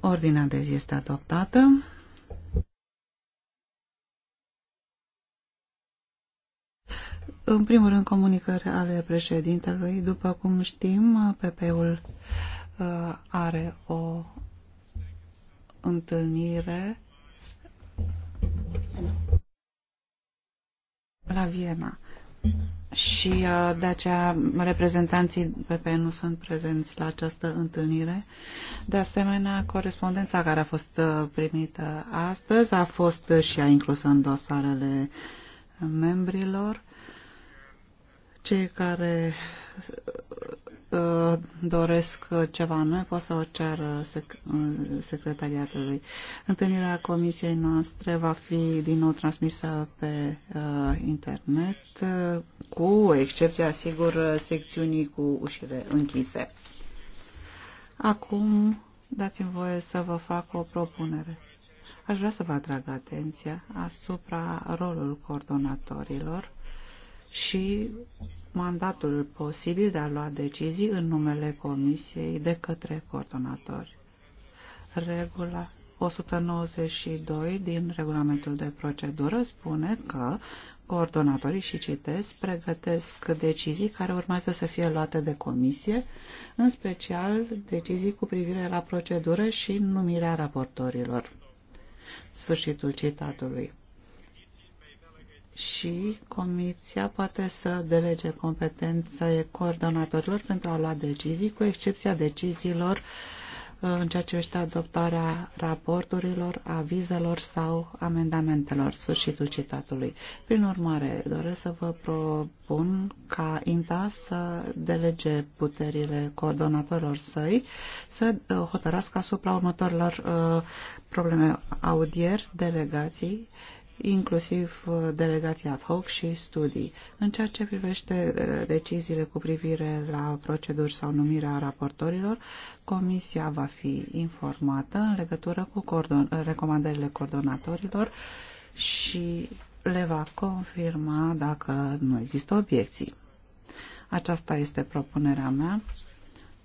Ordinea de zi este adoptată. În primul rând, comunicări ale președintelui. După cum știm, PP-ul uh, are o întâlnire la Viena și uh, de aceea reprezentanții PP nu sunt prezenți la această întâlnire. De asemenea, corespondența care a fost uh, primită astăzi a fost uh, și a inclusă în dosarele membrilor. Cei care Uh, doresc ceva nu pot să o cer uh, sec uh, secretariatului. Întâlnirea comisiei noastre va fi din nou transmisă pe uh, internet, cu excepția, sigur, secțiunii cu ușile închise. Acum, dați-mi voie să vă fac o propunere. Aș vrea să vă atrag atenția asupra rolul coordonatorilor și mandatul posibil de a lua decizii în numele Comisiei de către coordonatori. Regula 192 din regulamentul de procedură spune că coordonatorii și citesc pregătesc decizii care urmează să fie luate de comisie, în special decizii cu privire la procedură și numirea raportorilor. Sfârșitul citatului și Comisia poate să delege competențe coordonatorilor pentru a lua decizii, cu excepția deciziilor uh, în ceea ce este adoptarea raporturilor, avizelor sau amendamentelor, sfârșitul citatului. Prin urmare, doresc să vă propun ca INTA să delege puterile coordonatorilor săi să uh, hotărască asupra următorilor uh, probleme audieri, delegații, uh, inclusiv uh, delegații ad hoc și studii. În ceea ce privește uh, deciziile cu privire la proceduri sau numirea raportorilor, Comisia va fi informată în legătură cu coordon uh, recomandările coordonatorilor și le va confirma dacă nu există obiecții. Aceasta este propunerea mea.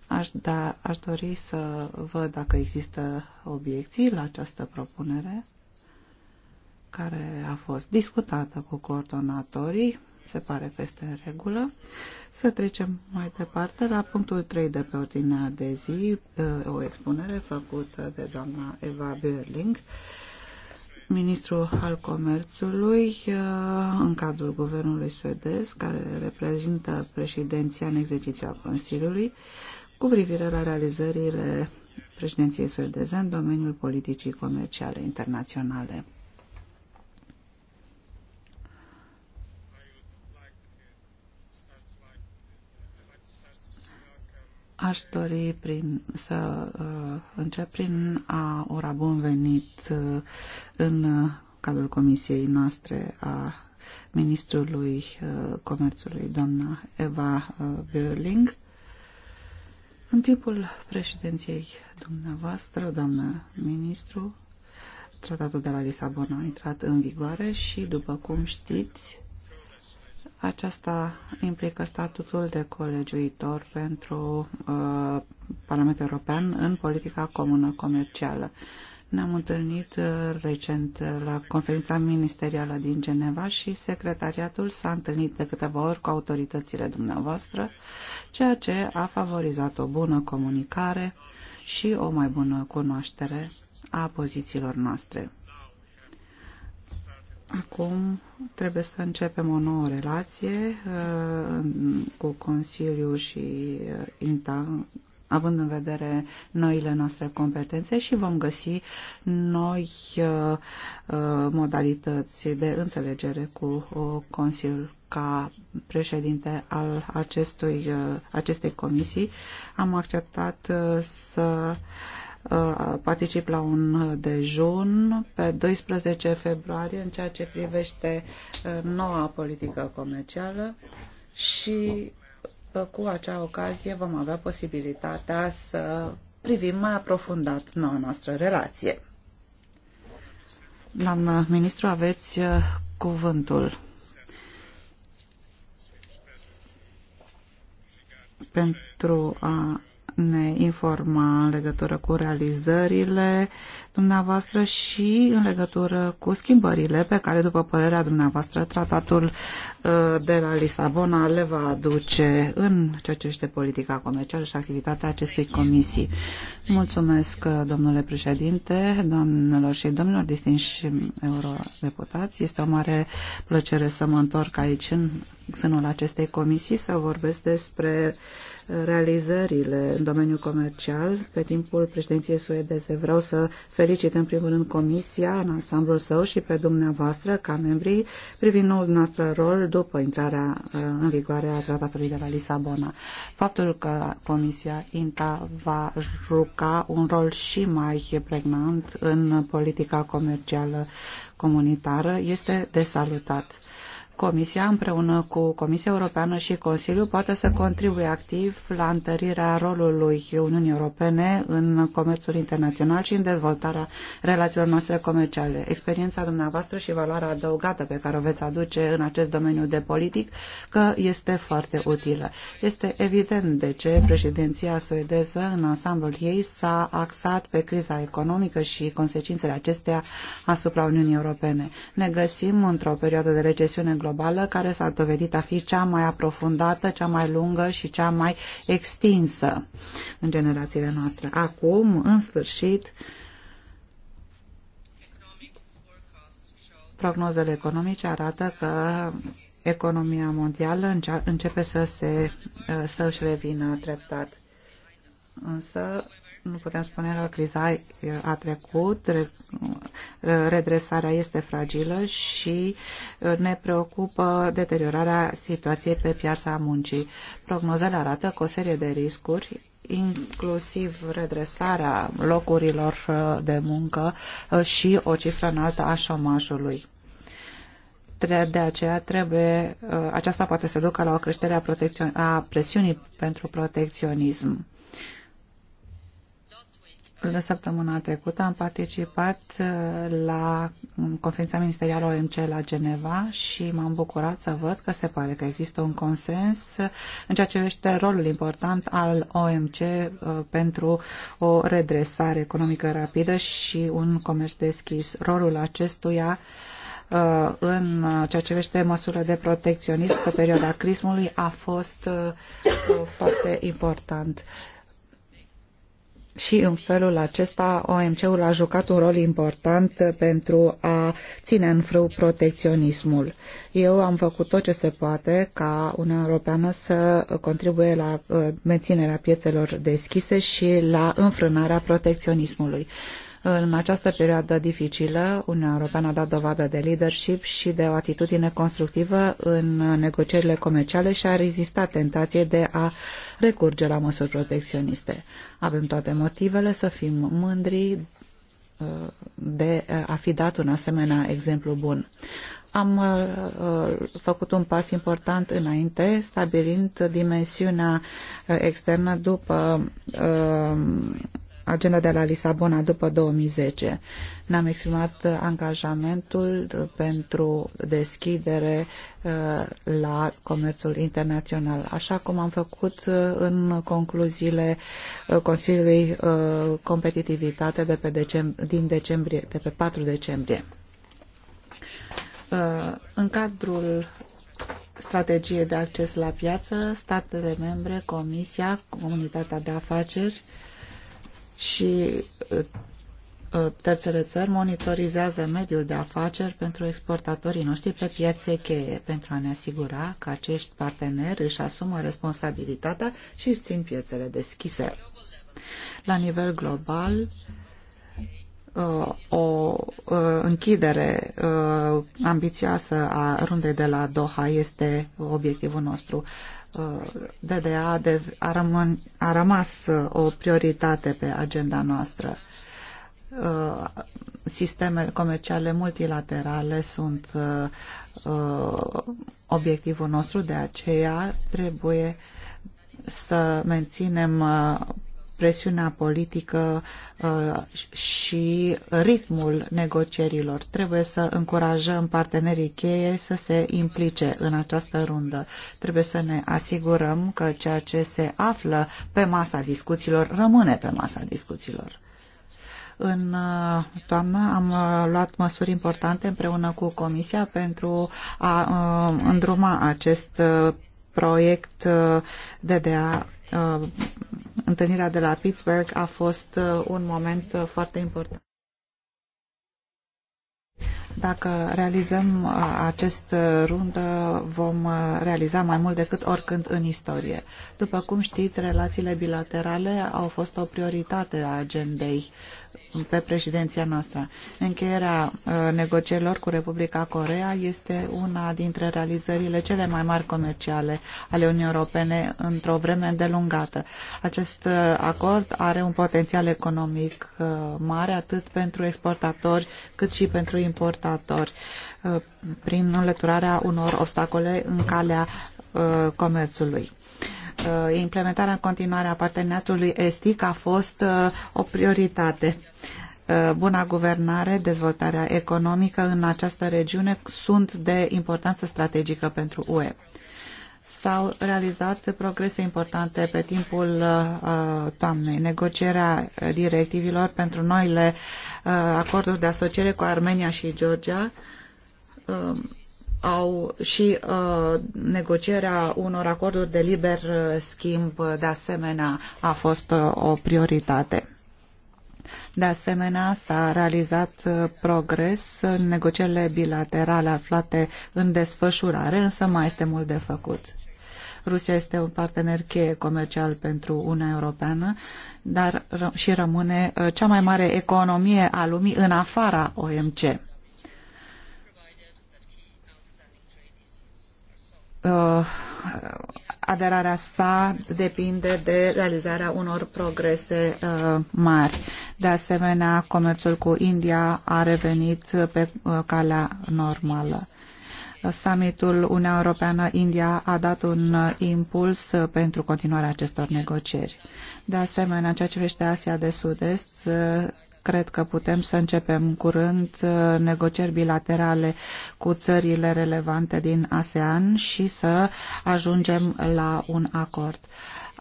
Aș, da, aș dori să văd dacă există obiecții la această propunere care a fost discutată cu coordonatorii, se pare că este în regulă. Să trecem mai departe la punctul 3 de pe ordinea de zi, eh, o expunere făcută de doamna Eva Berling, ministrul al comerțului eh, în cadrul guvernului suedez, care reprezintă președinția în exercițiu al Consiliului, cu privire la realizările președinției suedeze în domeniul politicii comerciale internaționale. Aș dori prin, să uh, încep prin a ura bun venit uh, în cadrul comisiei noastre a ministrului uh, comerțului, doamna Eva uh, Böling. În timpul președinției dumneavoastră, doamnă ministru, tratatul de la Lisabona a intrat în vigoare și, după cum știți, aceasta implică statutul de colegiuitor pentru uh, Parlamentul European în politica comună comercială. Ne-am întâlnit uh, recent la conferința ministerială din Geneva și secretariatul s-a întâlnit de câteva ori cu autoritățile dumneavoastră, ceea ce a favorizat o bună comunicare și o mai bună cunoaștere a pozițiilor noastre. Acum trebuie să începem o nouă relație uh, cu Consiliul și uh, INTA, având în vedere noile noastre competențe și vom găsi noi uh, modalități de înțelegere cu Consiliul ca președinte al acestui, acestei comisii. Am acceptat să Uh, particip la un uh, dejun pe 12 februarie în ceea ce privește uh, noua politică comercială și cu acea ocazie vom avea posibilitatea să privim mai aprofundat noua noastră relație. Doamnă ministru, aveți cuvântul. Pentru a ne informa în legătură cu realizările dumneavoastră și în legătură cu schimbările pe care, după părerea dumneavoastră, tratatul Uh, de la Lisabona le va aduce în ceea ce este politica comercială și activitatea acestei comisii. Mulțumesc, uh, domnule președinte, doamnelor și domnilor distinși eurodeputați. Este o mare plăcere să mă întorc aici în sânul acestei comisii să vorbesc despre realizările în domeniul comercial. Pe timpul președinției suedeze vreau să felicit în primul rând comisia în ansamblul său și pe dumneavoastră ca membrii privind noul noastră rol după intrarea uh, în vigoare a tratatului de la Lisabona. Faptul că Comisia INTA va juca un rol și mai pregnant în politica comercială comunitară este de salutat. Uh, Comisia împreună cu Comisia Europeană și Consiliul poate să contribuie activ la întărirea rolului Uniunii Europene în comerțul internațional și în dezvoltarea relațiilor noastre comerciale. Experiența dumneavoastră și valoarea adăugată pe care o veți aduce în acest domeniu de politic că este foarte utilă. Este evident de ce președinția suedeză în ansamblul ei s-a axat pe criza economică și consecințele acesteia asupra Uniunii Europene. Ne găsim într-o perioadă de recesiune globală globală care s-a dovedit a fi cea mai aprofundată, cea mai lungă și cea mai extinsă în generațiile noastre. Acum, în sfârșit, prognozele economice arată că economia mondială începe să, se, să își revină treptat. Însă nu putem spune că criza a trecut, redresarea este fragilă și uh, ne preocupă deteriorarea situației pe piața muncii. Prognozele arată că o serie de riscuri inclusiv redresarea locurilor uh, de muncă uh, și o cifră înaltă a șomajului. De aceea trebuie, aceasta poate să ducă la o creștere a, a presiunii pentru protecționism Săptămâna trecută am participat uh, la um, conferința ministerială OMC la Geneva și m-am bucurat să văd că se pare că există un consens uh, în ceea ce vește rolul important al OMC uh, pentru o redresare economică rapidă și un comerț deschis. Rolul acestuia în ceea ce vește măsură de protecționism pe perioada crismului a fost foarte important și în felul acesta OMC-ul a jucat un rol important pentru a ține în frâu protecționismul. Eu am făcut tot ce se poate ca Uniunea Europeană să contribuie la uh, menținerea piețelor deschise și la înfrânarea protecționismului. În această perioadă dificilă, Uniunea Europeană a dat dovadă de leadership și de o atitudine constructivă în negocierile comerciale și a rezistat tentației de a recurge la măsuri protecționiste. Avem toate motivele să fim mândri uh, de a fi dat un asemenea exemplu bun am uh, uh, făcut un pas important înainte, stabilind dimensiunea externă după agenda de la Lisabona după 2010. Ne-am exprimat uh, angajamentul uh, pentru deschidere uh, la comerțul internațional, așa cum am făcut în concluziile Consiliului Competitivitate de pe decembrie, din decembrie, de pe 4 decembrie. În cadrul strategiei de acces la piață, statele membre, Comisia, Comunitatea de Afaceri, și uh, uh, terțele țări monitorizează mediul de afaceri pentru exportatorii noștri pe piețe cheie, pentru a ne asigura că acești parteneri își asumă responsabilitatea și își țin piețele deschise. La nivel global, uh, o închidere ambițioasă a rundei de la Doha este obiectivul nostru. Uh, DDA a, rămân, a rămas uh, o prioritate pe agenda noastră. Uh, Sistemele comerciale multilaterale sunt obiectivul nostru, de aceea trebuie să menținem presiunea politică uh, și ritmul negocierilor. Trebuie să încurajăm partenerii cheie să se implice în această rundă. Trebuie să ne asigurăm că ceea ce se află pe masa discuțiilor rămâne pe masa discuțiilor. În uh, toamnă am uh, luat măsuri importante împreună cu Comisia pentru a îndruma acest proiect de DDA întâlnirea de la Pittsburgh a fost uh, un moment uh, foarte important. Dacă realizăm uh, acest rundă, vom uh, realiza mai mult decât oricând în istorie. După cum știți, relațiile bilaterale au fost o prioritate a agendei pe președinția noastră. Încheierea uh, negocierilor cu Republica Corea este una dintre realizările cele mai mari comerciale ale Uniunii Europene într-o vreme îndelungată. Acest acord are un potențial economic mare atât pentru exportatori cât și pentru importatori exportatori uh, prin înlăturarea unor obstacole în calea uh, comerțului uh, implementarea în continuare a parteneriatului estic a fost o prioritate. Buna guvernare, dezvoltarea economică în această regiune sunt de importanță strategică pentru UE s-au realizat progrese importante pe timpul uh, toamnei. Negocierea directivilor pentru noile uh, acorduri de asociere cu Armenia și Georgia uh, au și uh, negocierea unor acorduri de liber uh, schimb uh, de asemenea a fost uh, o prioritate. De asemenea, s-a realizat uh, progres în negocierile bilaterale aflate în desfășurare, însă mai este mult de făcut. Rusia este un partener cheie comercial pentru Uniunea Europeană, dar și rămâne uh, cea mai mare economie a lumii în afara OMC. Uh, aderarea sa depinde de realizarea unor progrese uh, mari. De asemenea, comerțul cu India a revenit pe calea normală. Summitul Uniunea Europeană-India a dat un uh, impuls uh, pentru continuarea acestor negocieri. De asemenea, în ceea ce privește Asia de Sud-Est, uh, cred că putem să începem curând negocieri bilaterale cu țările relevante din ASEAN și să ajungem la un acord.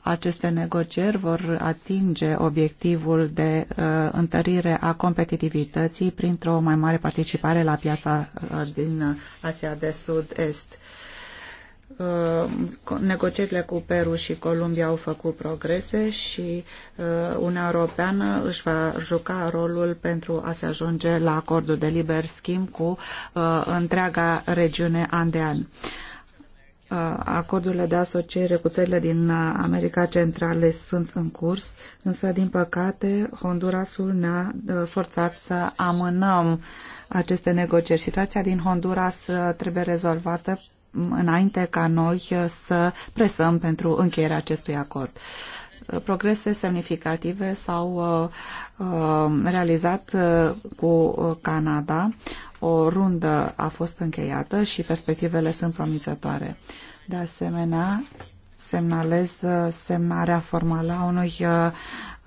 Aceste negocieri vor atinge obiectivul de uh, întărire a competitivității printr-o mai mare participare la piața uh, din Asia de Sud-Est. Uh, negocierile cu Peru și Columbia au făcut progrese și uh, Uniunea Europeană își va juca rolul pentru a se ajunge la acordul de liber schimb cu uh, întreaga regiune andean. Acordurile de asociere cu țările din America Centrale sunt în curs, însă, din păcate, Hondurasul ne-a forțat să amânăm aceste negocieri. Situația din Honduras trebuie rezolvată înainte ca noi să presăm pentru încheierea acestui acord. Progrese semnificative s-au realizat cu Canada o rundă a fost încheiată și perspectivele sunt promițătoare. De asemenea, semnalez uh, semnarea formală a unui uh,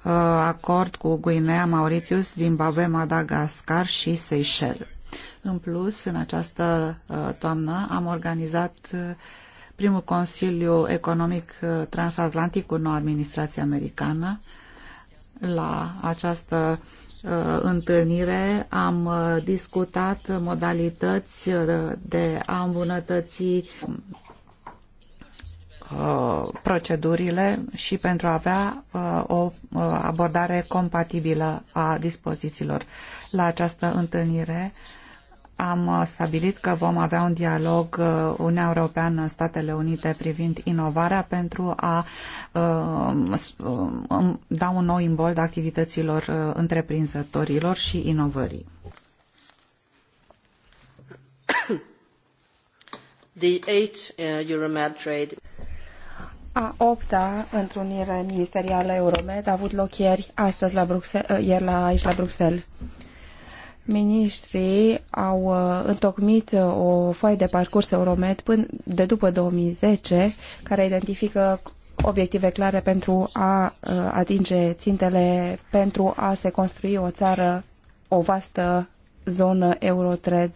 uh, acord cu Guinea, Mauritius, Zimbabwe, Madagascar și Seychelles. În plus, în această toamnă am organizat primul Consiliu Economic Transatlantic cu noua administrație americană. La această uh, Uh, întâlnire am uh, discutat modalități uh, de a îmbunătăți procedurile și pentru a avea o abordare compatibilă a dispozițiilor. La această întâlnire am uh, stabilit că vom avea un dialog uh, Uniunea Europeană-Statele Unite privind inovarea pentru a uh, uh da un nou imbold activităților întreprinzătorilor și inovării. The eight uh, Euromed trade a opta întrunire ministerială Euromed a avut loc ieri, astăzi la Bruxelles, ieri la, aici la Bruxelles. Ministrii au uh, întocmit uh, o foaie de parcurs Euromed până de după 2010 care identifică obiective clare pentru a uh, atinge țintele pentru a se construi o țară, o vastă zonă Eurotred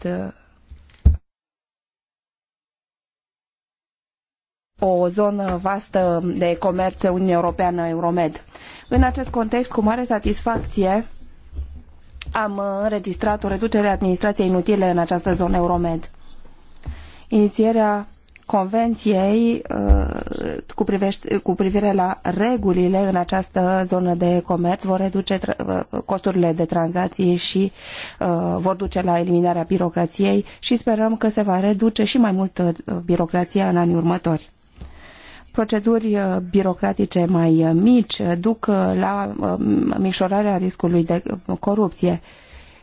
o zonă vastă de comerț Uniunea Europeană Euromed. În acest context, cu mare satisfacție, am uh, înregistrat o reducere a administrației inutile în această zonă Euromed. Inițierea convenției uh, cu, privește, cu privire la regulile în această zonă de comerț vor reduce uh, costurile de tranzacții și vor duce la eliminarea birocrației și sperăm că se va reduce și mai mult birocrația în anii următori. Proceduri uh, birocratice mai uh, mici uh, duc la micșorarea riscului de corupție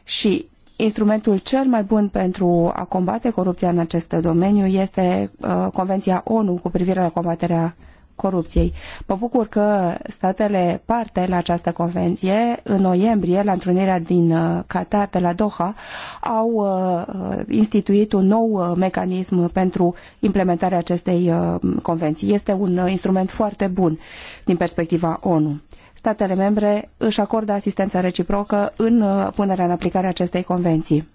și instrumentul cel mai bun pentru a combate corupția în acest domeniu este Convenția ONU cu privire la combaterea corupției. Mă bucur că statele parte la această convenție, în noiembrie, la întrunirea din uh, Qatar de la Doha, au uh, uh, instituit un nou mecanism pentru implementarea acestei convenții. Este un instrument foarte bun din perspectiva ONU statele membre își acordă asistența reciprocă în punerea în aplicare a acestei convenții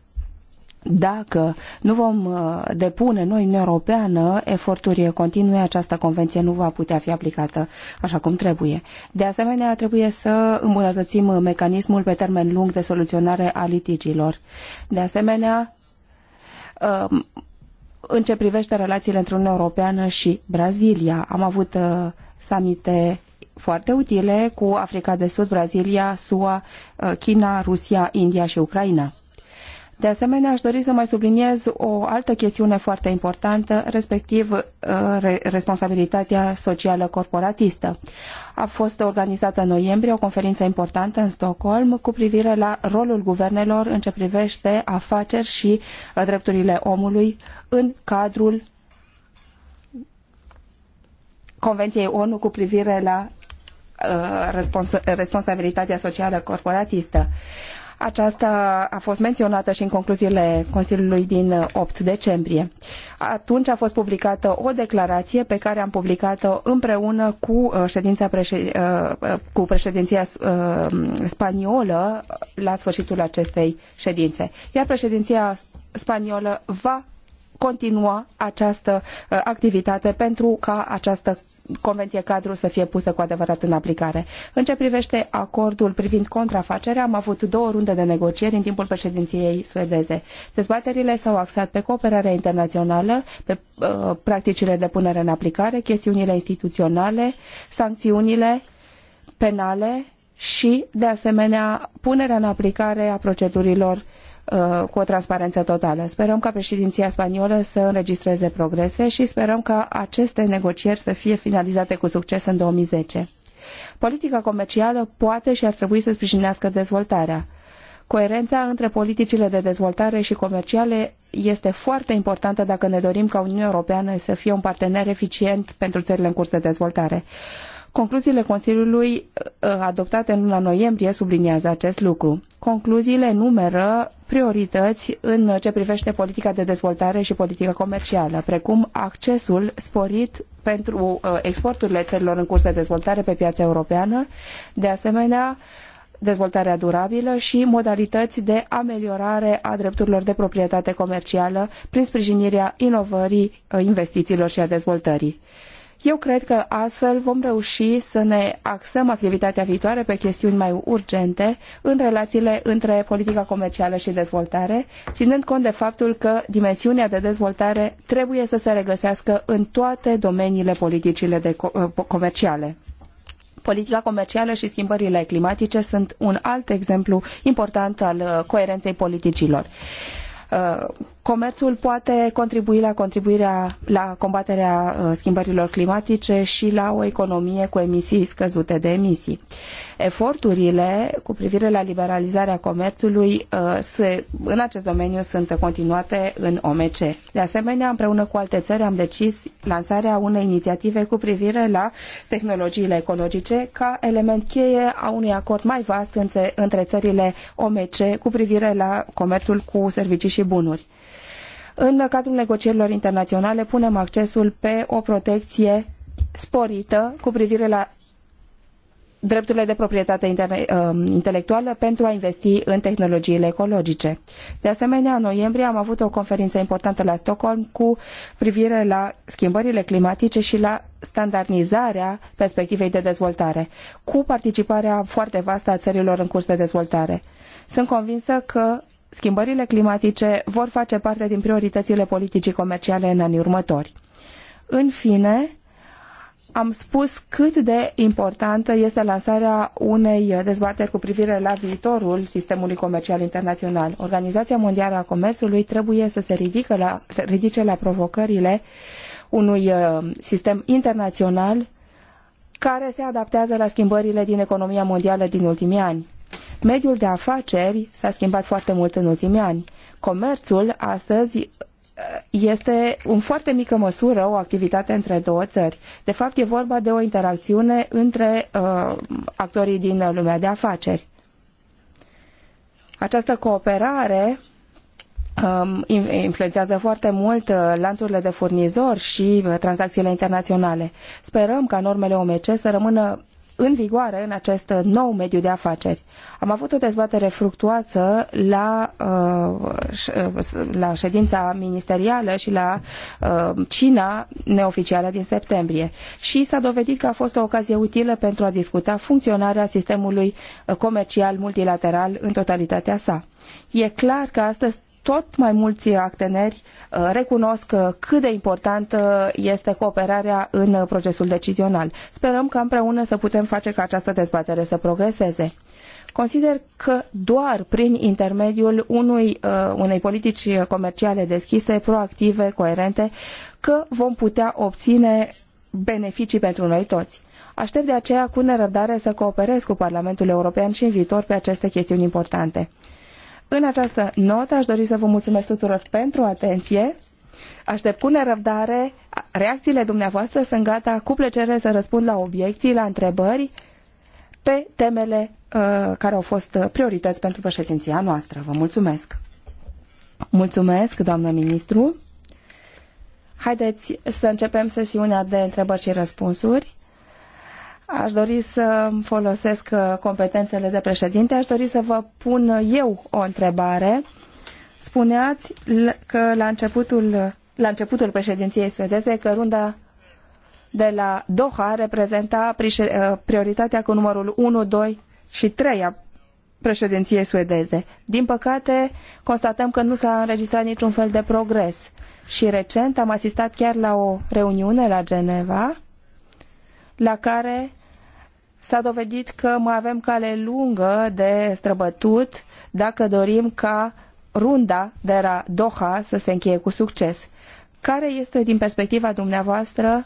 dacă nu vom uh, depune noi în Europeană eforturi continue, această convenție nu va putea fi aplicată așa cum trebuie. De asemenea, trebuie să îmbunătățim mecanismul pe termen lung de soluționare a litigiilor. De asemenea, um, în ce privește relațiile între Uniunea Europeană și Brazilia, am avut uh, summite foarte utile cu Africa de Sud, Brazilia, SUA, uh, China, Rusia, India și Ucraina. De asemenea, aș dori să mai subliniez o altă chestiune foarte importantă, respectiv uh, responsabilitatea socială corporatistă. A fost organizată în noiembrie o conferință importantă în Stockholm cu privire la rolul guvernelor în ce privește afaceri și uh, drepturile omului în cadrul Convenției ONU cu privire la uh, responsabilitatea socială corporatistă. Aceasta a fost menționată și în concluziile Consiliului din 8 decembrie. Atunci a fost publicată o declarație pe care am publicat-o împreună cu, uh, ședința președ... Uh, uh, cu președinția spaniolă la sfârșitul acestei ședințe. Iar președinția spaniolă va continua această activitate pentru ca această convenție cadru să fie pusă cu adevărat în aplicare. În ce privește acordul privind contrafacerea, am avut două runde de negocieri în timpul președinției suedeze. Dezbaterile s-au axat pe cooperarea internațională, pe uh, practicile de punere în aplicare, chestiunile instituționale, sancțiunile penale și, de asemenea, punerea în aplicare a procedurilor Uh, cu o transparență totală. Sperăm ca președinția spaniolă să înregistreze progrese și sperăm ca aceste negocieri să fie finalizate cu succes în 2010. Politica comercială poate și ar trebui să sprijinească dezvoltarea. Coerența între politicile de dezvoltare și comerciale este foarte importantă dacă ne dorim ca Uniunea Europeană să fie un partener eficient pentru țările în curs de dezvoltare. Concluziile Consiliului uh, uh, adoptate în luna noiembrie subliniază acest lucru. Concluziile numeră priorități în ce privește politica de dezvoltare și politica comercială, precum accesul sporit pentru uh, exporturile țărilor în curs de dezvoltare pe piața europeană, de asemenea dezvoltarea durabilă și modalități de ameliorare a drepturilor de proprietate comercială prin sprijinirea inovării, investițiilor și a dezvoltării. Eu cred că astfel vom reuși să ne axăm activitatea viitoare pe chestiuni mai urgente în relațiile între politica comercială și dezvoltare, ținând cont de faptul că dimensiunea de dezvoltare trebuie să se regăsească în toate domeniile politicile de uh, comerciale. Politica comercială și schimbările climatice sunt un alt exemplu important al uh, coerenței politicilor uh, Comerțul poate contribui la contribuirea la combaterea uh, schimbărilor climatice și la o economie cu emisii scăzute de emisii. Eforturile cu privire la liberalizarea comerțului uh, se, în acest domeniu sunt continuate în OMC. De asemenea, împreună cu alte țări am decis lansarea unei inițiative cu privire la tehnologiile ecologice ca element cheie a unui acord mai vast între țările OMC cu privire la comerțul cu servicii și bunuri. În cadrul negocierilor internaționale punem accesul pe o protecție sporită cu privire la drepturile de proprietate um, intelectuală pentru a investi în tehnologiile ecologice. De asemenea, în noiembrie am avut o conferință importantă la Stockholm cu privire la schimbările climatice și la standardizarea perspectivei de dezvoltare, cu participarea foarte vastă a țărilor în curs de dezvoltare. Sunt convinsă că schimbările climatice vor face parte din prioritățile politicii comerciale în anii următori. În fine, am spus cât de importantă este lansarea unei dezbateri cu privire la viitorul sistemului comercial internațional. Organizația Mondială a Comerțului trebuie să se ridică la, ridice la provocările unui uh, sistem internațional care se adaptează la schimbările din economia mondială din ultimii ani. Mediul de afaceri s-a schimbat foarte mult în ultimii ani. Comerțul astăzi uh, este în foarte mică măsură o activitate între două țări. De fapt, e vorba de o interacțiune între uh, actorii din lumea de afaceri. Această cooperare um, influențează foarte mult uh, lanțurile de furnizori și uh, tranzacțiile internaționale. Sperăm ca normele OMC să rămână în vigoare în acest nou mediu de afaceri. Am avut o dezbatere fructuoasă la, uh, la ședința ministerială și la uh, cina neoficială din septembrie și s-a dovedit că a fost o ocazie utilă pentru a discuta funcționarea sistemului comercial multilateral în totalitatea sa. E clar că astăzi tot mai mulți acteneri uh, recunosc uh, cât de importantă este cooperarea în uh, procesul decizional. Sperăm că împreună să putem face ca această dezbatere să progreseze. Consider că doar prin intermediul unui, unei politici comerciale deschise, proactive, coerente, că vom putea obține beneficii pentru noi toți. Aștept de aceea cu nerăbdare să cooperez cu Parlamentul European și în viitor pe aceste chestiuni importante. În această notă aș dori să vă mulțumesc tuturor pentru atenție. Aștept cu nerăbdare reacțiile dumneavoastră. Sunt gata cu plăcere să răspund la obiecții, la întrebări pe temele uh, care au fost priorități pentru președinția noastră. Vă mulțumesc! Mulțumesc, doamnă ministru! Haideți să începem sesiunea de întrebări și răspunsuri. Aș dori să folosesc uh, competențele de președinte. Aș dori să vă pun eu o întrebare. Spuneați că la începutul, la începutul președinției suedeze că runda de la Doha reprezenta uh, prioritatea cu numărul 1, 2 și 3 a președinției suedeze. Din păcate, constatăm că nu s-a înregistrat niciun fel de progres. Și recent am asistat chiar la o reuniune la Geneva la care s-a dovedit că mai avem cale lungă de străbătut dacă dorim ca runda de la Doha să se încheie cu succes. Care este, din perspectiva dumneavoastră,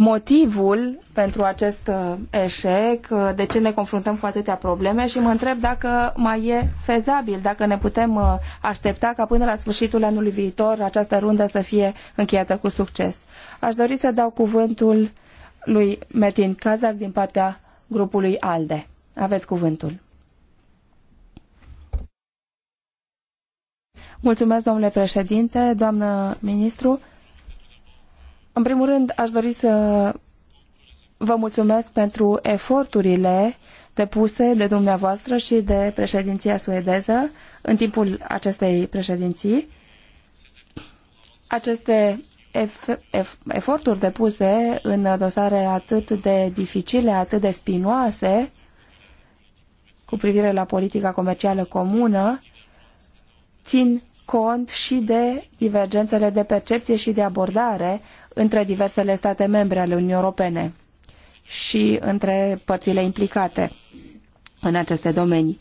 motivul pentru acest uh, eșec, uh, de ce ne confruntăm cu atâtea probleme și mă întreb dacă mai e fezabil, dacă ne putem uh, aștepta ca până la sfârșitul anului viitor această rundă să fie încheiată cu succes. Aș dori să dau cuvântul lui Metin Kazak din partea grupului ALDE. Aveți cuvântul. Mulțumesc, domnule președinte, doamnă ministru. În primul rând, aș dori să vă mulțumesc pentru eforturile depuse de dumneavoastră și de președinția suedeză în timpul acestei președinții. Aceste eforturi depuse în dosare atât de dificile, atât de spinoase cu privire la politica comercială comună, țin cont și de divergențele de percepție și de abordare între diversele state membre ale Uniunii Europene și între părțile implicate în aceste domenii.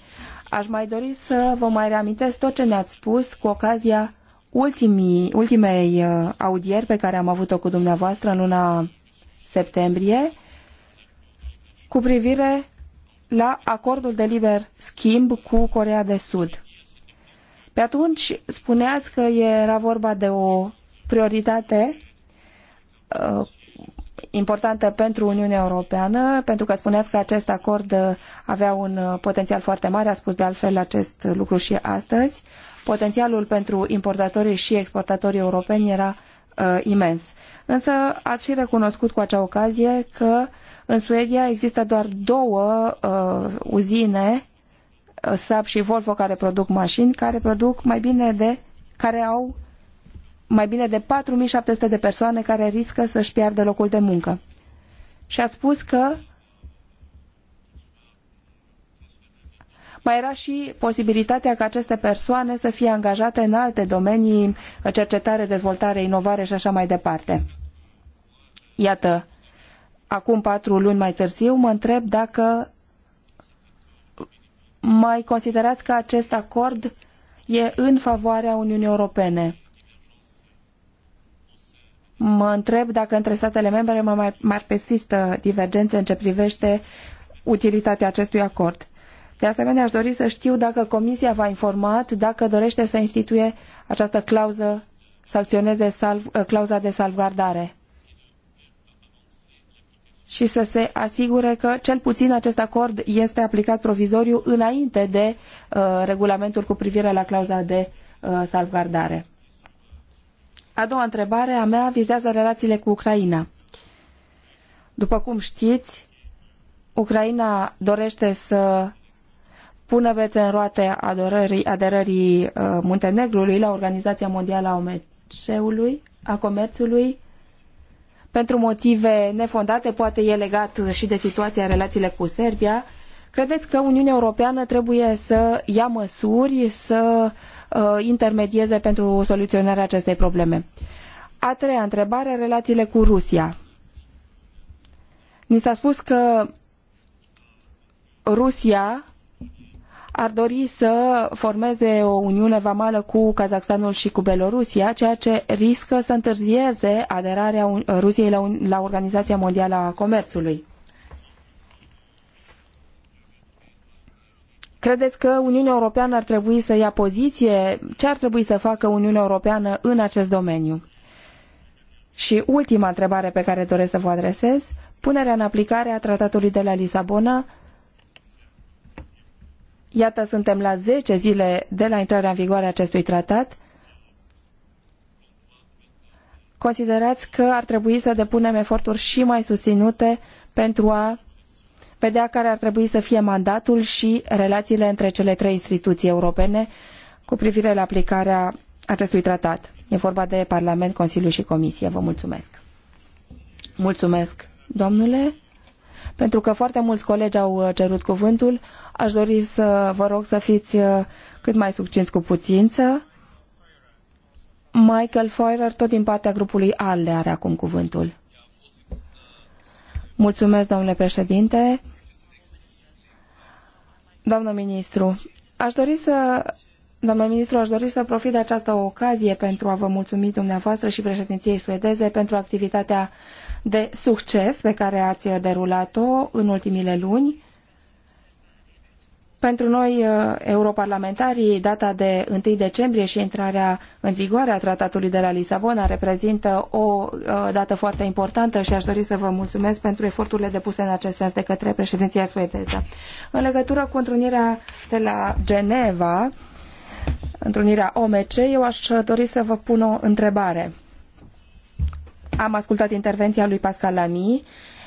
Aș mai dori să vă mai reamintesc tot ce ne-ați spus cu ocazia ultimii, ultimei uh, audieri pe care am avut-o cu dumneavoastră în luna septembrie cu privire la acordul de liber schimb cu Coreea de Sud. Pe atunci spuneați că era vorba de o prioritate Uh, importantă pentru Uniunea Europeană, pentru că spuneați că acest acord avea un uh, potențial foarte mare, a spus de altfel acest lucru și astăzi. Potențialul pentru importatorii și exportatorii europeni era uh, imens. Însă ați și recunoscut cu acea ocazie că în Suedia există doar două uh, uzine, uh, SAP și Volvo, care produc mașini, care produc mai bine de, care au mai bine de 4700 de persoane care riscă să-și piardă locul de muncă. Și ați spus că mai era și posibilitatea ca aceste persoane să fie angajate în alte domenii, cercetare, dezvoltare, inovare și așa mai departe. Iată, acum patru luni mai târziu, mă întreb dacă mai considerați că acest acord e în favoarea Uniunii Europene Mă întreb dacă între statele membre mai, mai persistă divergențe în ce privește utilitatea acestui acord. De asemenea, aș dori să știu dacă Comisia v-a informat dacă dorește să instituie această clauză, să salv, ă, clauza de salvgardare și să se asigure că cel puțin acest acord este aplicat provizoriu înainte de uh, regulamentul cu privire la clauza de uh, salvgardare. A doua întrebare a mea vizează relațiile cu Ucraina. După cum știți, Ucraina dorește să pună bețe în roate aderării, aderării uh, Muntenegrului la Organizația Mondială a Omeceului, a Comerțului, pentru motive nefondate, poate e legat și de situația relațiile cu Serbia, Credeți că Uniunea Europeană trebuie să ia măsuri, să uh, intermedieze pentru soluționarea acestei probleme? A treia întrebare, relațiile cu Rusia. Ni s-a spus că Rusia ar dori să formeze o uniune vamală cu Kazakhstanul și cu Belorusia, ceea ce riscă să întârzieze aderarea Rusiei la, la Organizația Mondială a Comerțului. Credeți că Uniunea Europeană ar trebui să ia poziție? Ce ar trebui să facă Uniunea Europeană în acest domeniu? Și ultima întrebare pe care doresc să vă adresez, punerea în aplicare a tratatului de la Lisabona. Iată, suntem la zece zile de la intrarea în vigoare a acestui tratat. Considerați că ar trebui să depunem eforturi și mai susținute pentru a vedea care ar trebui să fie mandatul și relațiile între cele trei instituții europene cu privire la aplicarea acestui tratat. E vorba de Parlament, Consiliu și Comisie. Vă mulțumesc. Mulțumesc, domnule. Pentru că foarte mulți colegi au uh, cerut cuvântul, aș dori să vă rog să fiți uh, cât mai succinți cu putință. Michael Feurer, tot din partea grupului ALDE, are acum cuvântul. Mulțumesc, domnule președinte. Doamnă ministru, aș dori să Doamnă ministru, aș dori să profit de această ocazie pentru a vă mulțumi dumneavoastră și președinției suedeze pentru activitatea de succes pe care ați derulat-o în ultimile luni pentru noi, uh, europarlamentarii, data de 1 decembrie și intrarea în vigoare a Tratatului de la Lisabona reprezintă o uh, dată foarte importantă și aș dori să vă mulțumesc pentru eforturile depuse în acest sens de către președinția suedeză. În legătură cu întrunirea de la Geneva, întrunirea OMC, eu aș dori să vă pun o întrebare. Am ascultat intervenția lui Pascal Lamy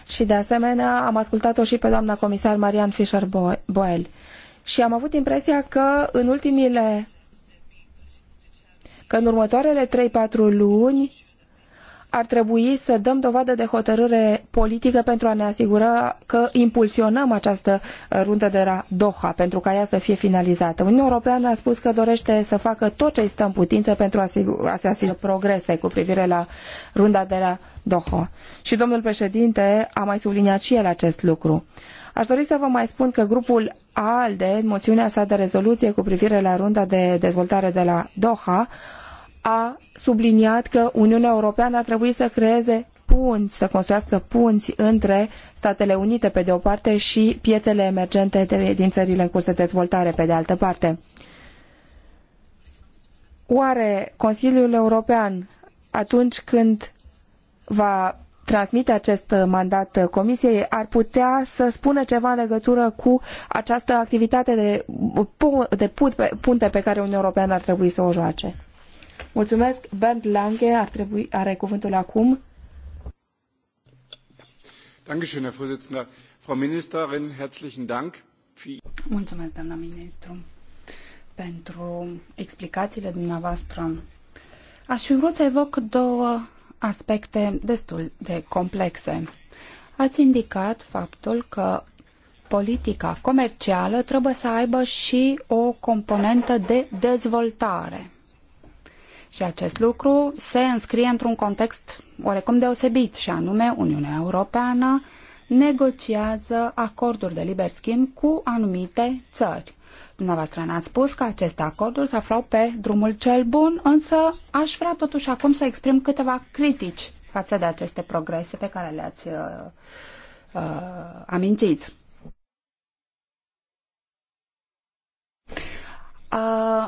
și de asemenea am ascultat-o și pe doamna comisar Marian Fischer-Boel și am avut impresia că în ultimile că în următoarele 3-4 luni ar trebui să dăm dovadă de hotărâre politică pentru a ne asigura că impulsionăm această uh, rundă de la Doha pentru ca ea să fie finalizată. Uniunea Europeană a spus că dorește să facă tot ce stă în putință pentru a, se asigura progrese cu privire la runda de la Doha. Și domnul președinte a mai subliniat și el acest lucru. Aș dori să vă mai spun că grupul ALDE, în moțiunea sa de rezoluție cu privire la runda de dezvoltare de la Doha, a subliniat că Uniunea Europeană ar trebui să creeze punți, să construiască punți între Statele Unite pe de o parte și piețele emergente de, din țările în curs de dezvoltare pe de altă parte. Oare Consiliul European atunci când va transmite acest mandat Comisiei ar putea să spună ceva în legătură cu această activitate de, de punte pe care Uniunea Europeană ar trebui să o joace. Mulțumesc. Bernd Lange ar trebui, are cuvântul acum. Dankeschön, Herr Vorsitzender. Frau Ministerin, herzlichen Dank. Mulțumesc, doamna ministru, pentru explicațiile dumneavoastră. Aș fi vrut să evoc două aspecte destul de complexe. Ați indicat faptul că politica comercială trebuie să aibă și o componentă de dezvoltare. Și acest lucru se înscrie într-un context oarecum deosebit, și anume Uniunea Europeană negociază acorduri de liber schimb cu anumite țări. Dumneavoastră ne-ați spus că aceste acorduri se aflau pe drumul cel bun, însă aș vrea totuși acum să exprim câteva critici față de aceste progrese pe care le-ați uh, uh, amintit. Uh,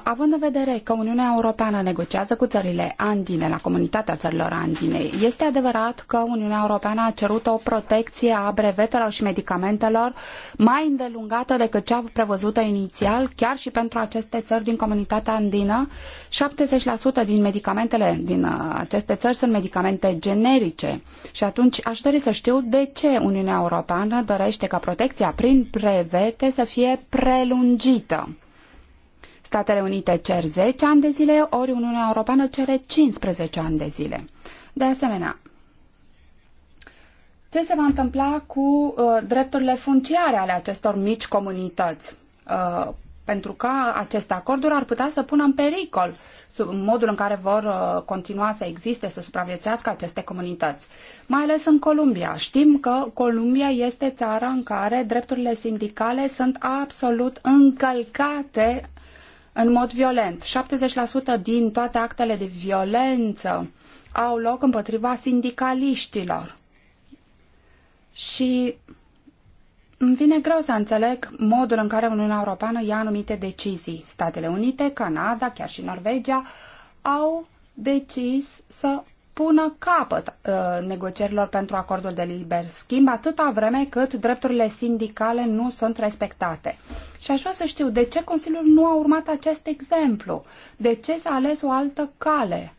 având în vedere că Uniunea Europeană negociază cu țările andine, la comunitatea țărilor andine, este adevărat că Uniunea Europeană a cerut o protecție a brevetelor și medicamentelor mai îndelungată decât cea prevăzută inițial, chiar și pentru aceste țări din comunitatea andină. 70% din medicamentele din uh, aceste țări sunt medicamente generice. Și atunci aș dori să știu de ce Uniunea Europeană dorește ca protecția prin brevete să fie prelungită Statele Unite cer 10 ani de zile, ori Uniunea Europeană cere 15 ani de zile. De asemenea, ce se va întâmpla cu uh, drepturile funciare ale acestor mici comunități? Uh, pentru că aceste acorduri ar putea să pună în pericol sub modul în care vor uh, continua să existe, să supraviețuiască aceste comunități. Mai ales în Columbia. Știm că Columbia este țara în care drepturile sindicale sunt absolut încălcate în mod violent. 70% din toate actele de violență au loc împotriva sindicaliștilor. Și îmi vine greu să înțeleg modul în care Uniunea Europeană ia anumite decizii. Statele Unite, Canada, chiar și Norvegia au decis să pună capăt uh, negocierilor pentru acordul de liber schimb atâta vreme cât drepturile sindicale nu sunt respectate. Și aș vrea să știu de ce Consiliul nu a urmat acest exemplu, de ce s-a ales o altă cale.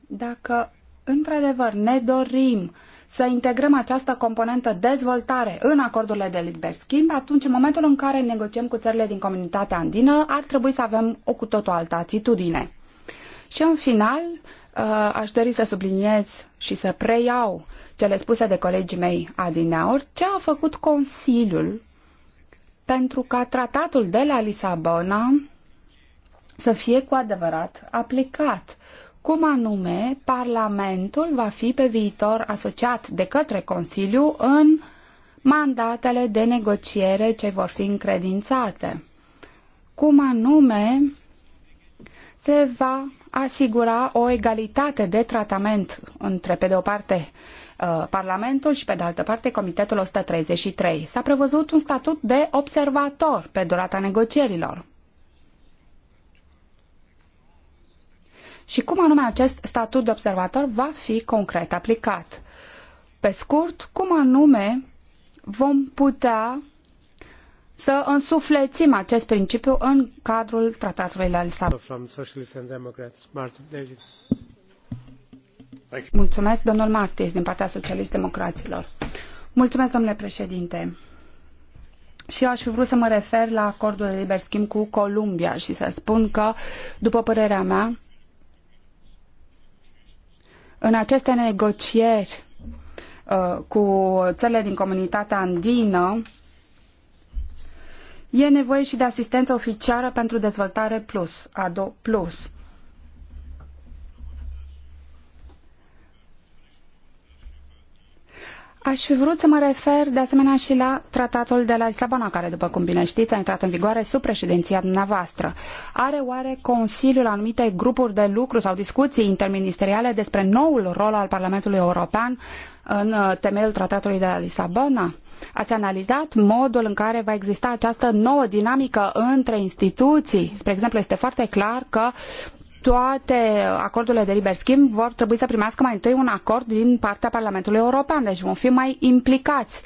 Dacă într-adevăr ne dorim să integrăm această componentă dezvoltare în acordurile de liber schimb, atunci în momentul în care negociem cu țările din comunitatea andină, ar trebui să avem o cu totul altă atitudine. Și în final, Uh, aș dori să subliniez și să preiau cele spuse de colegii mei adinaur. ce a făcut Consiliul pentru ca tratatul de la Lisabona să fie cu adevărat aplicat. Cum anume, Parlamentul va fi pe viitor asociat de către Consiliu în mandatele de negociere ce vor fi încredințate. Cum anume, se va asigura o egalitate de tratament între, pe de o parte, uh, Parlamentul și, pe de altă parte, Comitetul 133. S-a prevăzut un statut de observator pe durata negocierilor. Și cum anume acest statut de observator va fi concret aplicat? Pe scurt, cum anume vom putea să însuflețim acest principiu în cadrul tratatului de la Lisabona. Mulțumesc, domnul Martis, din partea Socialist Democraților. Mulțumesc, domnule președinte. Și eu aș fi vrut să mă refer la acordul de liber schimb cu Columbia și să spun că, după părerea mea, în aceste negocieri uh, cu țările din comunitatea andină, E nevoie și de asistență oficială pentru dezvoltare plus, ADO plus. Aș fi vrut să mă refer de asemenea și la tratatul de la Lisabona, care, după cum bine știți, a intrat în vigoare sub președinția dumneavoastră. Are oare Consiliul anumite grupuri de lucru sau discuții interministeriale despre noul rol al Parlamentului European în uh, temeiul tratatului de la Lisabona? Ați analizat modul în care va exista această nouă dinamică între instituții? Spre exemplu, este foarte clar că toate acordurile de liber schimb vor trebui să primească mai întâi un acord din partea Parlamentului European, deci vom fi mai implicați.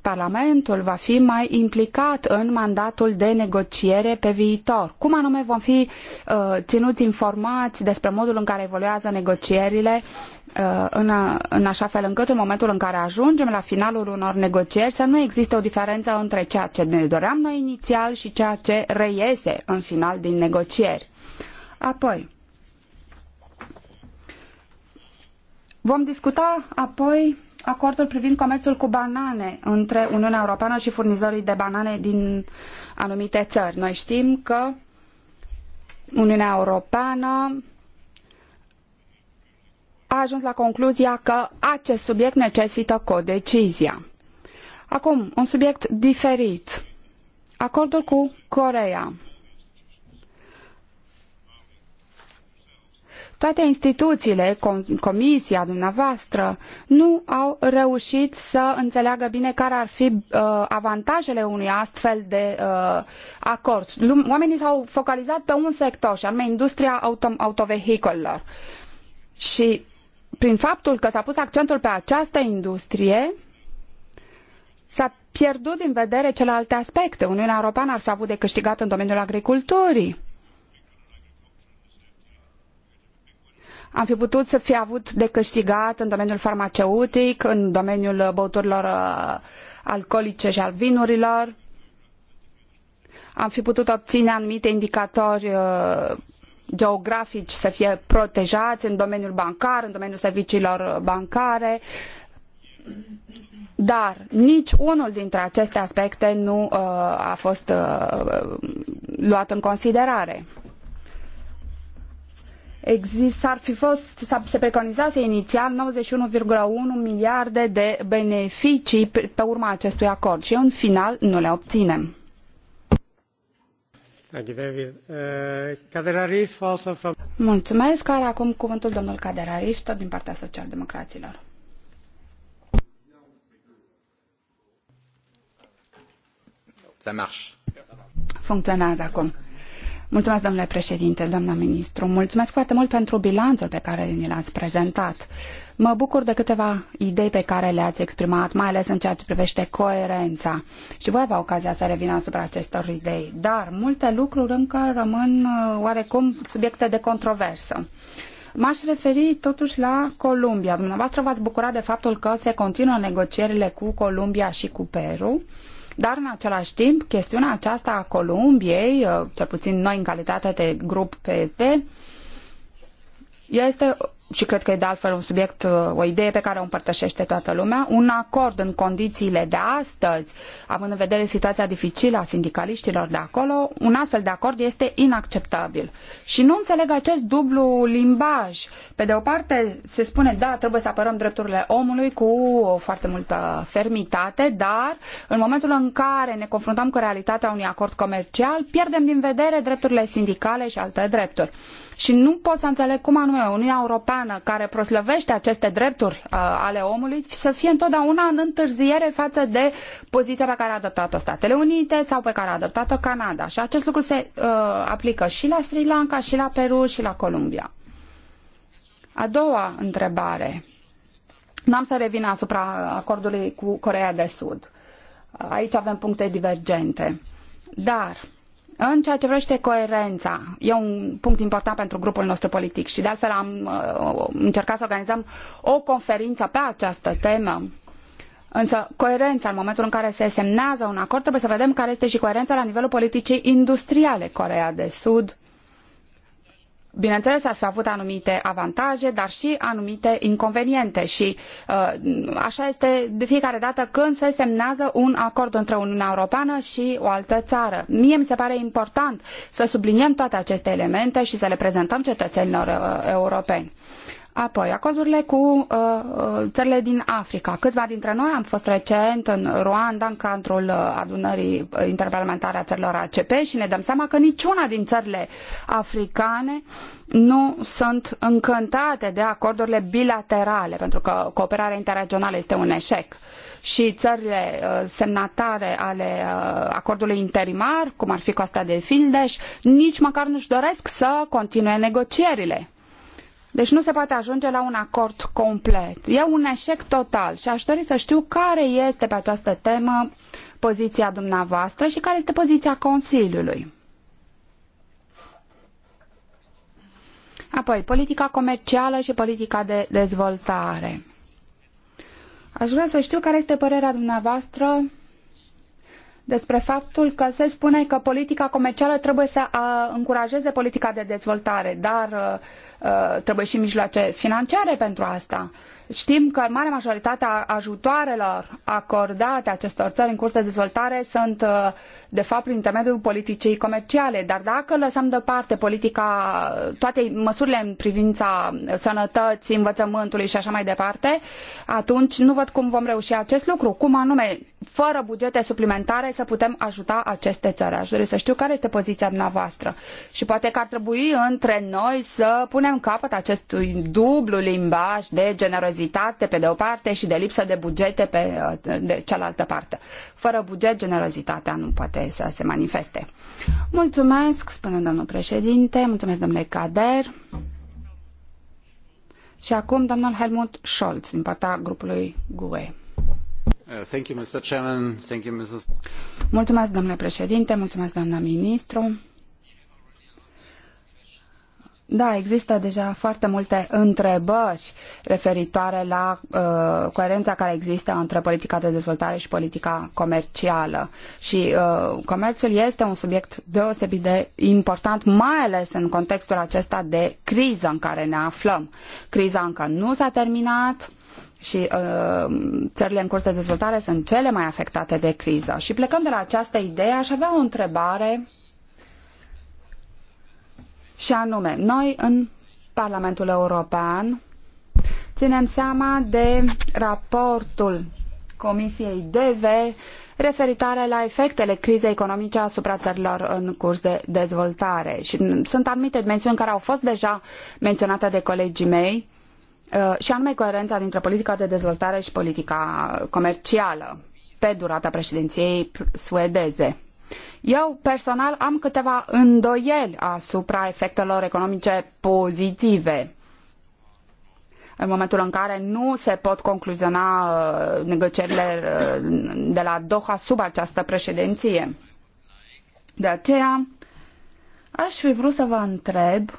Parlamentul va fi mai implicat în mandatul de negociere pe viitor. Cum anume vom fi uh, ținuți informați despre modul în care evoluează negocierile uh, în, a, în așa fel încât în momentul în care ajungem la finalul unor negocieri să nu existe o diferență între ceea ce ne doream noi inițial și ceea ce reiese în final din negocieri. Apoi, Vom discuta apoi acordul privind comerțul cu banane între Uniunea Europeană și furnizorii de banane din anumite țări. Noi știm că Uniunea Europeană a ajuns la concluzia că acest subiect necesită codecizia. Acum, un subiect diferit. Acordul cu Coreea. Toate instituțiile, comisia dumneavoastră, nu au reușit să înțeleagă bine care ar fi uh, avantajele unui astfel de uh, acord. Oamenii s-au focalizat pe un sector, și anume industria auto autovehicolelor. Și prin faptul că s-a pus accentul pe această industrie, s-a pierdut din vedere celelalte aspecte. Uniunea Europeană ar fi avut de câștigat în domeniul agriculturii am fi putut să fi avut de câștigat în domeniul farmaceutic, în domeniul băuturilor uh, alcoolice și al vinurilor. Am fi putut obține anumite indicatori uh, geografici să fie protejați în domeniul bancar, în domeniul serviciilor bancare, dar nici unul dintre aceste aspecte nu uh, a fost luat în considerare. Există, ar fi fost, se preconizase inițial 91,1 miliarde de beneficii pe urma acestui acord și în final nu le obținem. Uh, Mulțumesc. Are acum cuvântul domnul Kader Arif, tot din partea socialdemocraților. Ça Funcționează acum. Mulțumesc, domnule președinte, doamna ministru. Mulțumesc foarte mult pentru bilanțul pe care ni l-ați prezentat. Mă bucur de câteva idei pe care le-ați exprimat, mai ales în ceea ce privește coerența. Și voi avea ocazia să revin asupra acestor idei. Dar multe lucruri încă rămân uh, oarecum subiecte de controversă. M-aș referi totuși la Columbia. Dumneavoastră v-ați bucurat de faptul că se continuă negocierile cu Columbia și cu Peru. Dar în același timp, chestiunea aceasta a Columbiei, uh, cel puțin noi în calitate de grup PSD, este și cred că e de altfel un subiect, uh, o idee pe care o împărtășește toată lumea, un acord în condițiile de astăzi, având în vedere situația dificilă a sindicaliștilor de acolo, un astfel de acord este inacceptabil. Și nu înțeleg acest dublu limbaj. Pe de o parte se spune, da, trebuie să apărăm drepturile omului cu o foarte multă fermitate, dar în momentul în care ne confruntăm cu realitatea unui acord comercial, pierdem din vedere drepturile sindicale și alte drepturi. Și nu pot să înțeleg cum anume Uniunea Europeană, care proslăvește aceste drepturi uh, ale omului, să fie întotdeauna în întârziere față de poziția pe care a adoptat-o Statele Unite sau pe care a adoptat-o Canada. Și acest lucru se uh, aplică și la Sri Lanka, și la Peru, și la Columbia. A doua întrebare. N-am să revin asupra acordului cu Coreea de Sud. Aici avem puncte divergente. Dar în ceea ce vrește coerența, e un punct important pentru grupul nostru politic și de altfel am uh, încercat să organizăm o conferință pe această temă. Însă coerența, în momentul în care se semnează un acord, trebuie să vedem care este și coerența la nivelul politicii industriale. Coreea de Sud bineînțeles, ar fi avut anumite avantaje, dar și anumite inconveniente și uh, așa este de fiecare dată când se semnează un acord între Uniunea Europeană și o altă țară. Mie mi se pare important să subliniem toate aceste elemente și să le prezentăm cetățenilor uh, europeni. Apoi, acordurile cu uh, uh, țările din Africa. Câțiva dintre noi am fost recent în Rwanda în cadrul uh, adunării uh, interparlamentare a țărilor ACP și ne dăm seama că niciuna din țările africane nu sunt încântate de acordurile bilaterale, pentru că cooperarea interregională este un eșec. Și țările semnatare ale acordului interimar, cum ar fi Costa de Fildeș, nici măcar nu-și doresc să continue negocierile deci nu se poate ajunge la un acord complet. E un eșec total și aș dori să știu care este pe această temă poziția dumneavoastră și care este poziția Consiliului. Apoi, politica comercială și politica de dezvoltare. Aș vrea să știu care este părerea dumneavoastră despre faptul că se spune că politica comercială trebuie să încurajeze politica de dezvoltare, dar uh, uh, trebuie și mijloace financiare pentru asta. Știm că marea majoritate a ajutoarelor acordate acestor țări în curs de dezvoltare sunt, uh, de fapt, prin intermediul politicii comerciale. Dar dacă lăsăm deoparte politica, toate măsurile în privința sănătății, învățământului și așa mai departe, atunci nu văd cum vom reuși acest lucru. Cum anume fără bugete suplimentare să putem ajuta aceste țări. Aș dori să știu care este poziția dumneavoastră și poate că ar trebui între noi să punem capăt acestui dublu limbaj de generozitate pe de o parte și de lipsă de bugete pe uh, de cealaltă parte. Fără buget, generozitatea nu poate să se manifeste. Mulțumesc, spune domnul președinte, mulțumesc domnule Cader. Și acum domnul Helmut Scholz din partea grupului GUE. Uh, mulțumesc, președinte, mulțumesc, Da, există deja foarte multe întrebări referitoare la uh, coerența care există între politica de dezvoltare și politica comercială. Și uh, comerțul este un subiect deosebit de important, mai ales în contextul acesta de criză în care ne aflăm. Criza încă nu s-a terminat, și uh, țările în curs de dezvoltare sunt cele mai afectate de criză. Și plecând de la această idee, aș avea o întrebare și anume, noi în Parlamentul European ținem seama de raportul Comisiei DV referitoare la efectele crizei economice asupra țărilor în curs de dezvoltare. Și sunt anumite dimensiuni care au fost deja menționate de colegii mei, Uh, și anume coerența dintre politica de dezvoltare și politica comercială pe durata președinției suedeze. Eu personal am câteva îndoieli asupra efectelor economice pozitive în momentul în care nu se pot concluziona uh, negocierile uh, de la Doha sub această președinție. De aceea, aș fi vrut să vă întreb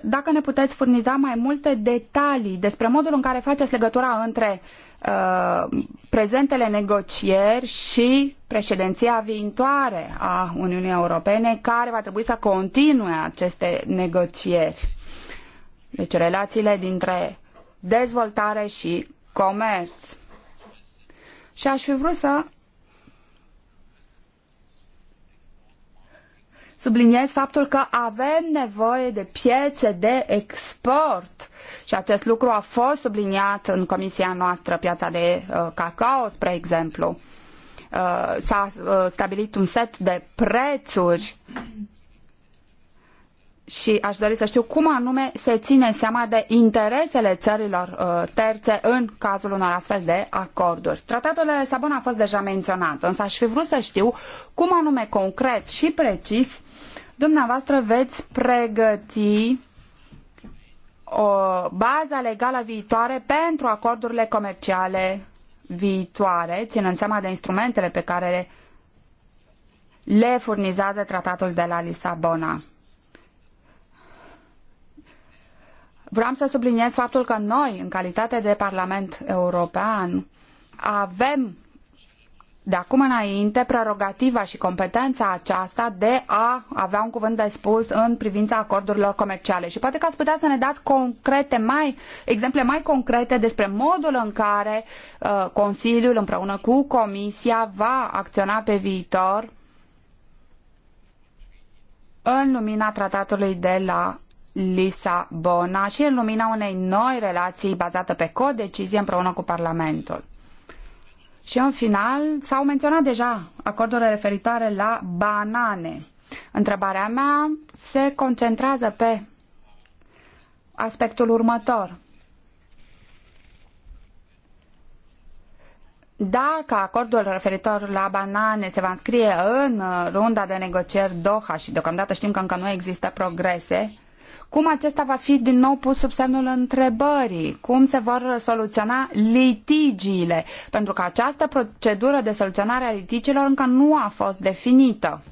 dacă ne puteți furniza mai multe detalii despre modul în care faceți legătura între uh, prezentele negocieri și președinția viitoare a Uniunii Europene, care va trebui să continue aceste negocieri. Deci relațiile dintre dezvoltare și comerț. Și aș fi vrut să subliniez faptul că avem nevoie de piețe de export și acest lucru a fost subliniat în comisia noastră, piața de uh, cacao, spre exemplu. Uh, s-a uh, stabilit un set de prețuri și aș dori să știu cum anume se ține seama de interesele țărilor uh, terțe în cazul unor astfel de acorduri. Tratatul de Lisabona a fost deja menționat, însă aș fi vrut să știu cum anume concret și precis dumneavoastră veți pregăti o bază legală viitoare pentru acordurile comerciale viitoare, ținând seama de instrumentele pe care le furnizează tratatul de la Lisabona. Vreau să subliniez faptul că noi, în calitate de Parlament European, avem de acum înainte prerogativa și competența aceasta de a avea un cuvânt de spus în privința acordurilor comerciale. Și poate că ați putea să ne dați concrete mai, exemple mai concrete despre modul în care uh, Consiliul împreună cu Comisia va acționa pe viitor în lumina tratatului de la Lisabona și în lumina unei noi relații bazate pe codecizie împreună cu Parlamentul. Și în final, s-au menționat deja acordurile referitoare la banane. Întrebarea mea se concentrează pe aspectul următor. Dacă acordul referitor la banane se va înscrie în uh, runda de negocieri Doha și deocamdată știm că încă nu există progrese, cum acesta va fi din nou pus sub semnul întrebării, cum se vor soluționa litigiile, pentru că această procedură de soluționare a litigiilor încă nu a fost definită.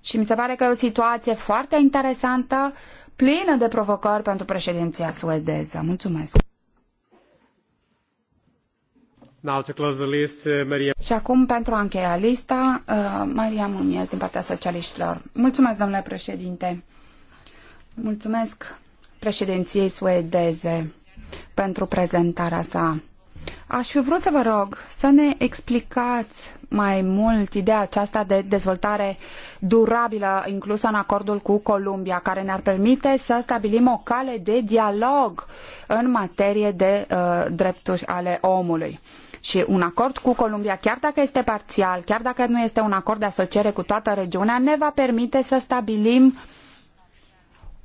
Și mi se pare că e o situație foarte interesantă, plină de provocări pentru președinția suedeză. Mulțumesc! Now to close the list, uh, Maria. Și acum, pentru a încheia lista, uh, Maria Muniez din partea socialiștilor. Mulțumesc, domnule președinte! Mulțumesc președinției suedeze pentru prezentarea sa. Aș fi vrut să vă rog să ne explicați mai mult ideea aceasta de dezvoltare durabilă inclusă în acordul cu Columbia, care ne-ar permite să stabilim o cale de dialog în materie de uh, drepturi ale omului. Și un acord cu Columbia, chiar dacă este parțial, chiar dacă nu este un acord de asociere cu toată regiunea, ne va permite să stabilim uh,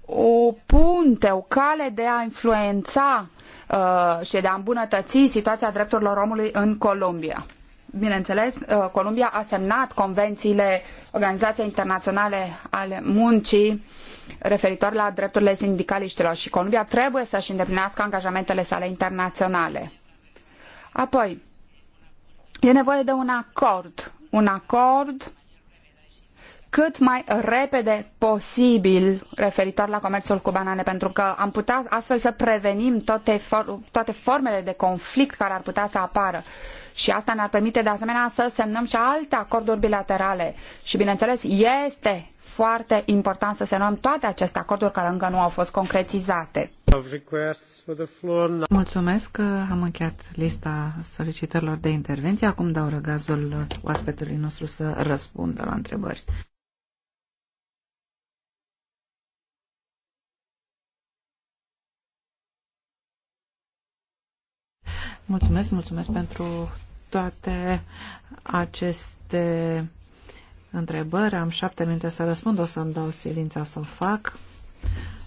o punte, o cale de a influența uh, și de a îmbunătăți situația drepturilor omului în Columbia. Bineînțeles, uh, Columbia a semnat convențiile Organizației Internaționale ale Muncii referitor la drepturile sindicaliștilor și Columbia trebuie să-și îndeplinească angajamentele sale internaționale. Apoi, e nevoie de un acord, un acord cât mai repede posibil referitor la comerțul cu banane, pentru că am putea astfel să prevenim toate, for toate formele de conflict care ar putea să apară. Și asta ne-ar permite de asemenea să semnăm și alte acorduri bilaterale. Și bineînțeles, este foarte important să semnăm toate aceste acorduri care încă nu au fost concretizate. Mulțumesc că am încheiat lista solicitărilor de intervenție. Acum dau răgazul oaspetului nostru să răspundă la întrebări. Mulțumesc, mulțumesc pentru toate aceste întrebări. Am șapte minute să răspund, o să-mi dau silința să o fac.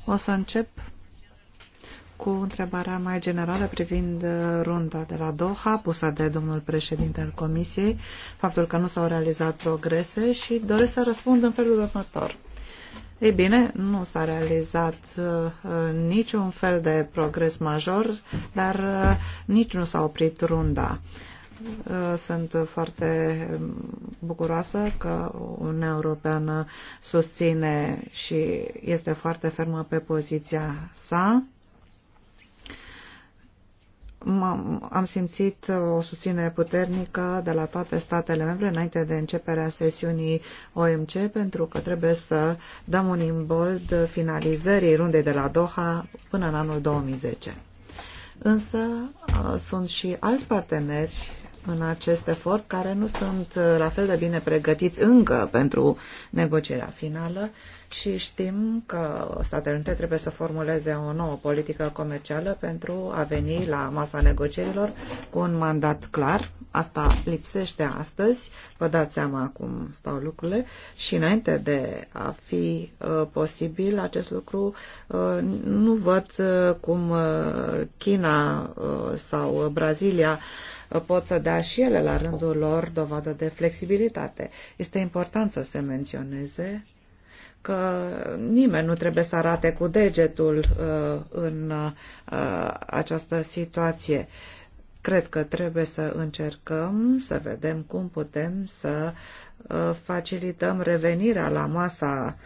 O să încep cu întrebarea mai generală privind uh, runda de la Doha, pusă de domnul președinte al Comisiei, faptul că nu s-au realizat progrese și doresc să răspund în felul următor. Ei bine, nu s-a realizat uh, niciun fel de progres major, dar uh, nici nu s-a oprit runda. Uh, sunt foarte bucuroasă că Uniunea Europeană susține și este foarte fermă pe poziția sa am simțit o susținere puternică de la toate statele membre înainte de începerea sesiunii OMC pentru că trebuie să dăm un imbold finalizării rundei de la Doha până în anul 2010. Însă uh, sunt și alți parteneri în acest efort, care nu sunt uh, la fel de bine pregătiți încă pentru negocierea finală și știm că Statele Unite trebuie să formuleze o nouă politică comercială pentru a veni la masa negocierilor cu un mandat clar. Asta lipsește astăzi, vă dați seama cum stau lucrurile și înainte de a fi uh, posibil acest lucru, uh, nu văd uh, cum uh, China uh, sau Brazilia pot să dea și ele la rândul lor dovadă de flexibilitate. Este important să se menționeze că nimeni nu trebuie să arate cu degetul uh, în uh, această situație. Uh, Cred că trebuie să încercăm să vedem cum putem să uh, facilităm revenirea la masa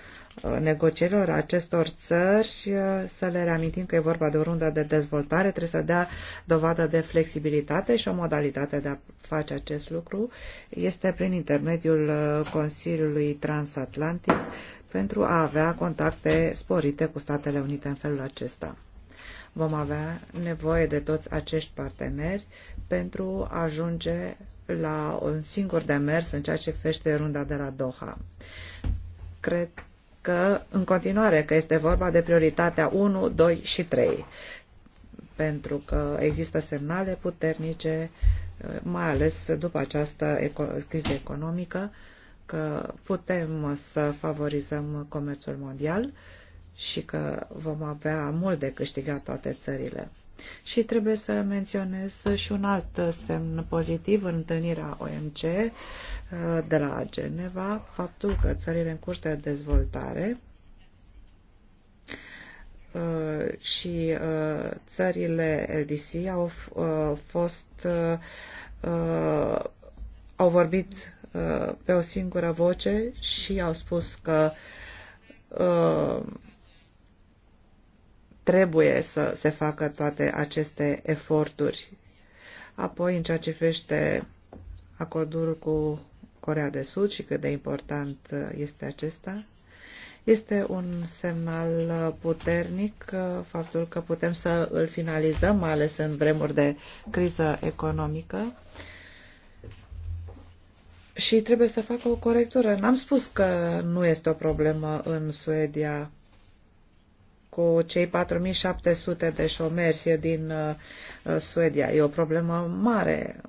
uh, negocierilor acestor țări, uh, să le reamintim că e vorba de o rundă de dezvoltare, trebuie să dea dovadă de flexibilitate și o modalitate de a face acest lucru este prin intermediul Consiliului Transatlantic pentru a avea contacte sporite cu Statele Unite în felul acesta. Vom avea nevoie de toți acești parteneri pentru a ajunge la un singur demers în ceea ce fește runda de la Doha. Cred că, în continuare, că este vorba de prioritatea 1, 2 și 3, pentru că există semnale puternice, mai ales după această criză economică, că putem să favorizăm comerțul mondial, și că vom avea mult de câștigat toate țările. Și trebuie să menționez și un alt semn pozitiv în întâlnirea OMC uh, de la Geneva, faptul că țările în curs de dezvoltare uh, și uh, țările LDC au fost au vorbit pe o singură voce și au spus că trebuie să se facă toate aceste eforturi. Apoi, în ceea ce privește acordul cu Corea de Sud și cât de important este acesta, este un semnal puternic uh, faptul că putem să îl finalizăm, mai ales în vremuri de criză economică. Și trebuie să facă o corectură. N-am spus că nu este o problemă în Suedia cu cei 4700 de șomeri din uh, Suedia. E o problemă mare,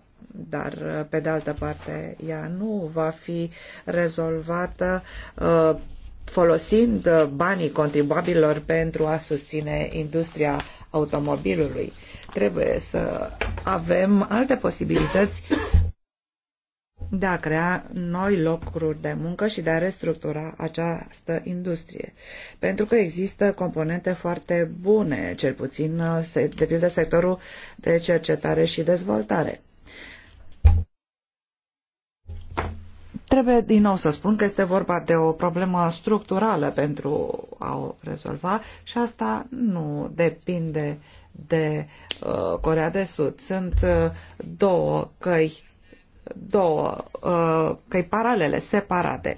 dar uh, pe de altă parte ea nu va fi rezolvată uh, folosind banii contribuabililor pentru a susține industria automobilului. Trebuie să avem alte posibilități de a crea noi locuri de muncă și de a restructura această industrie. Pentru că există componente foarte bune, cel puțin de pildă sectorul de cercetare și dezvoltare. Trebuie din nou să spun că este vorba de o problemă structurală pentru a o rezolva și asta nu depinde de uh, Corea de Sud. Sunt uh, două căi două uh, căi paralele, separate.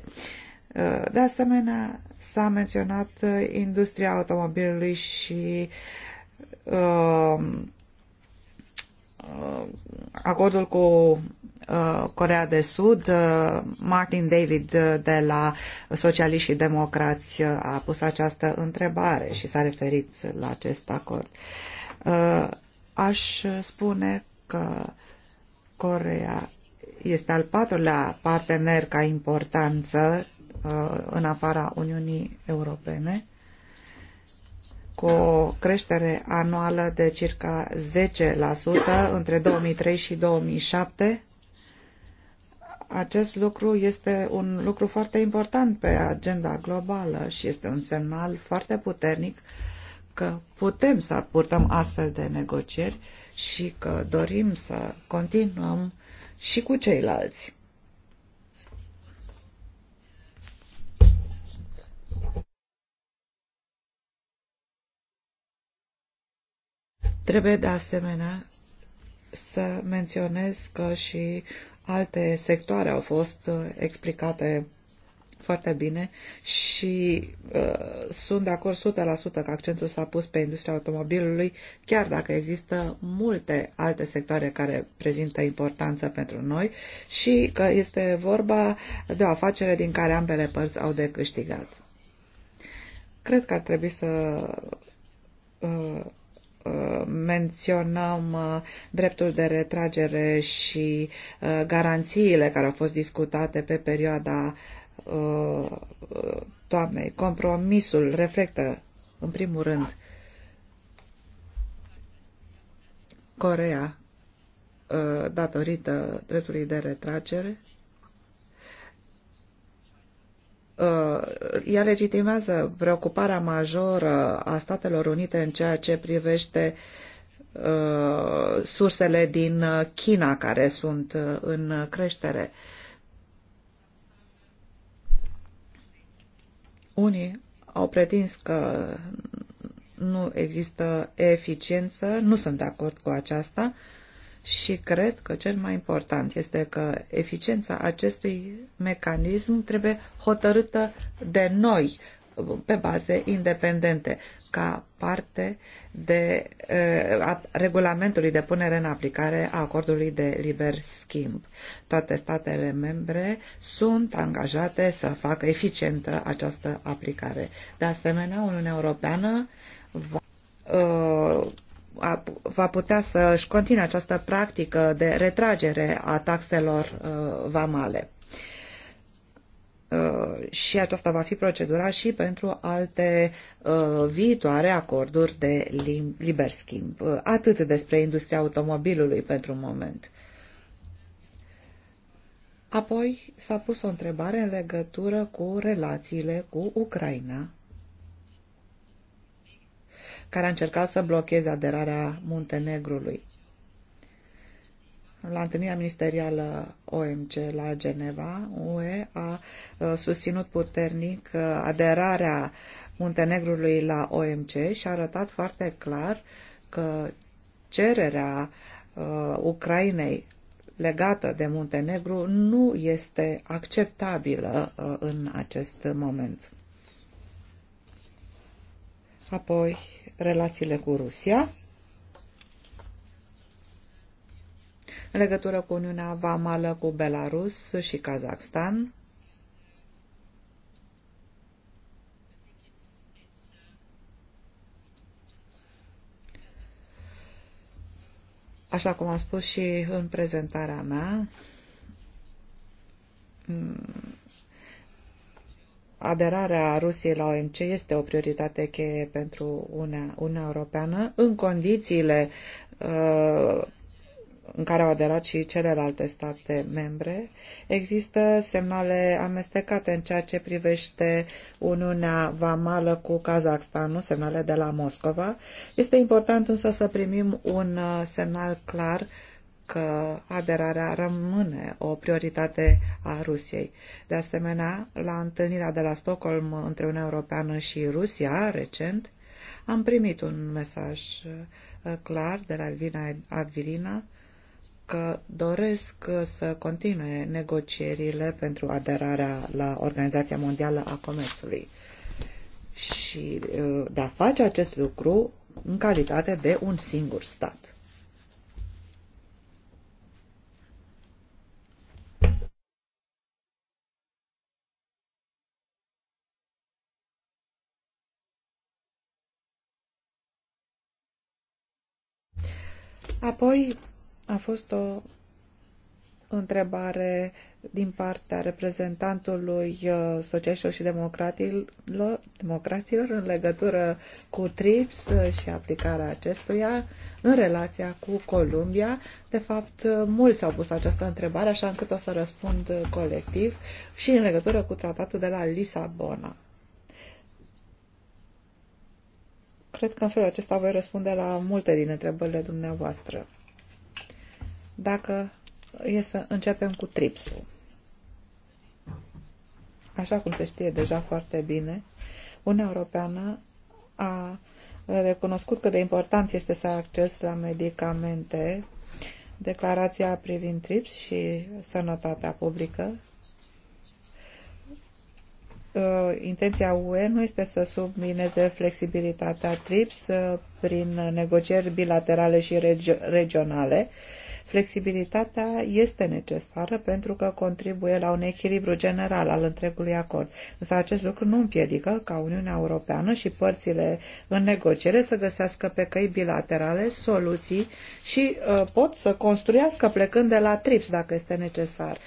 Uh, de asemenea, s-a menționat uh, industria automobilului și acordul cu Corea de Sud, Martin David de la Socialiști și Democrați a pus această întrebare și s-a referit la acest acord. Aș spune că Corea este al patrulea partener ca importanță uh, în afara Uniunii Europene, cu o creștere anuală de circa 10% între 2003 și 2007. Acest lucru este un lucru foarte important pe agenda globală și este un semnal foarte puternic că putem să purtăm astfel de negocieri și că dorim să continuăm și cu ceilalți. Trebuie de asemenea să menționez că și alte sectoare au fost uh, explicate foarte bine și uh, sunt de acord 100% că accentul s-a pus pe industria automobilului, chiar dacă există multe alte sectoare care prezintă importanță pentru noi și că este vorba de o afacere din care ambele părți au de câștigat. Cred că ar trebui să uh, uh menționăm uh, dreptul de retragere și uh, garanțiile care au fost discutate pe perioada uh, toamnei. Compromisul reflectă, în primul rând, Corea uh, datorită dreptului de retragere. Uh, ea legitimează preocuparea majoră a Statelor Unite în ceea ce privește uh, sursele din China care sunt în creștere. Unii au pretins că nu există eficiență, nu sunt de acord cu aceasta și cred că cel mai important este că eficiența acestui mecanism trebuie hotărâtă de noi pe baze independente ca parte de uh, a regulamentului de punere în aplicare a acordului de liber schimb. Toate statele membre sunt angajate să facă eficientă această aplicare. De asemenea, Uniunea Europeană va uh, va putea să și continue această practică de retragere a taxelor uh, vamale. Uh, și aceasta va fi procedura și pentru alte uh, viitoare acorduri de liber schimb. Uh, atât despre industria automobilului pentru un moment. Apoi s-a pus o întrebare în legătură cu relațiile cu Ucraina, care a încercat să blocheze aderarea Muntenegrului la întâlnirea ministerială OMC la Geneva, UE a uh, susținut puternic uh, aderarea Muntenegrului la OMC și a arătat foarte clar că cererea uh, Ucrainei legată de Muntenegru nu este acceptabilă uh, în acest moment. Apoi, relațiile cu Rusia. în legătură cu Uniunea Vamală cu Belarus și Kazakhstan. Așa cum am spus și în prezentarea mea, aderarea Rusiei la OMC este o prioritate cheie pentru Uniunea Europeană în condițiile uh, în care au aderat și celelalte state membre. Există semnale amestecate în ceea ce privește Uniunea Vamală cu Kazakhstanul, semnale de la Moscova. Este important însă să primim un uh, semnal clar că aderarea rămâne o prioritate a Rusiei. De asemenea, la întâlnirea de la Stockholm între Uniunea Europeană și Rusia, recent, am primit un mesaj uh, clar de la Elvina Advirina că doresc să continue negocierile pentru aderarea la Organizația Mondială a Comerțului și de a face acest lucru în calitate de un singur stat. Apoi, a fost o întrebare din partea reprezentantului uh, Socialiștilor și Democratilor, Democraților în legătură cu TRIPS uh, și aplicarea acestuia în relația cu Columbia. De fapt, uh, mulți au pus această întrebare, așa încât o să răspund colectiv și în legătură cu tratatul de la Lisabona. Cred că în felul acesta voi răspunde la multe din întrebările dumneavoastră dacă e să începem cu tripsul. Așa cum se știe deja foarte bine, Uniunea Europeană a recunoscut cât de important este să ai acces la medicamente, declarația privind TRIPS și sănătatea publică. Uh, intenția UE nu este să submineze flexibilitatea TRIPS uh, prin negocieri bilaterale și regionale, Flexibilitatea este necesară pentru că contribuie la un echilibru general al întregului acord, însă acest lucru nu împiedică ca Uniunea Europeană și părțile în negociere să găsească pe căi bilaterale soluții și uh, pot să construiască plecând de la TRIPS dacă este necesar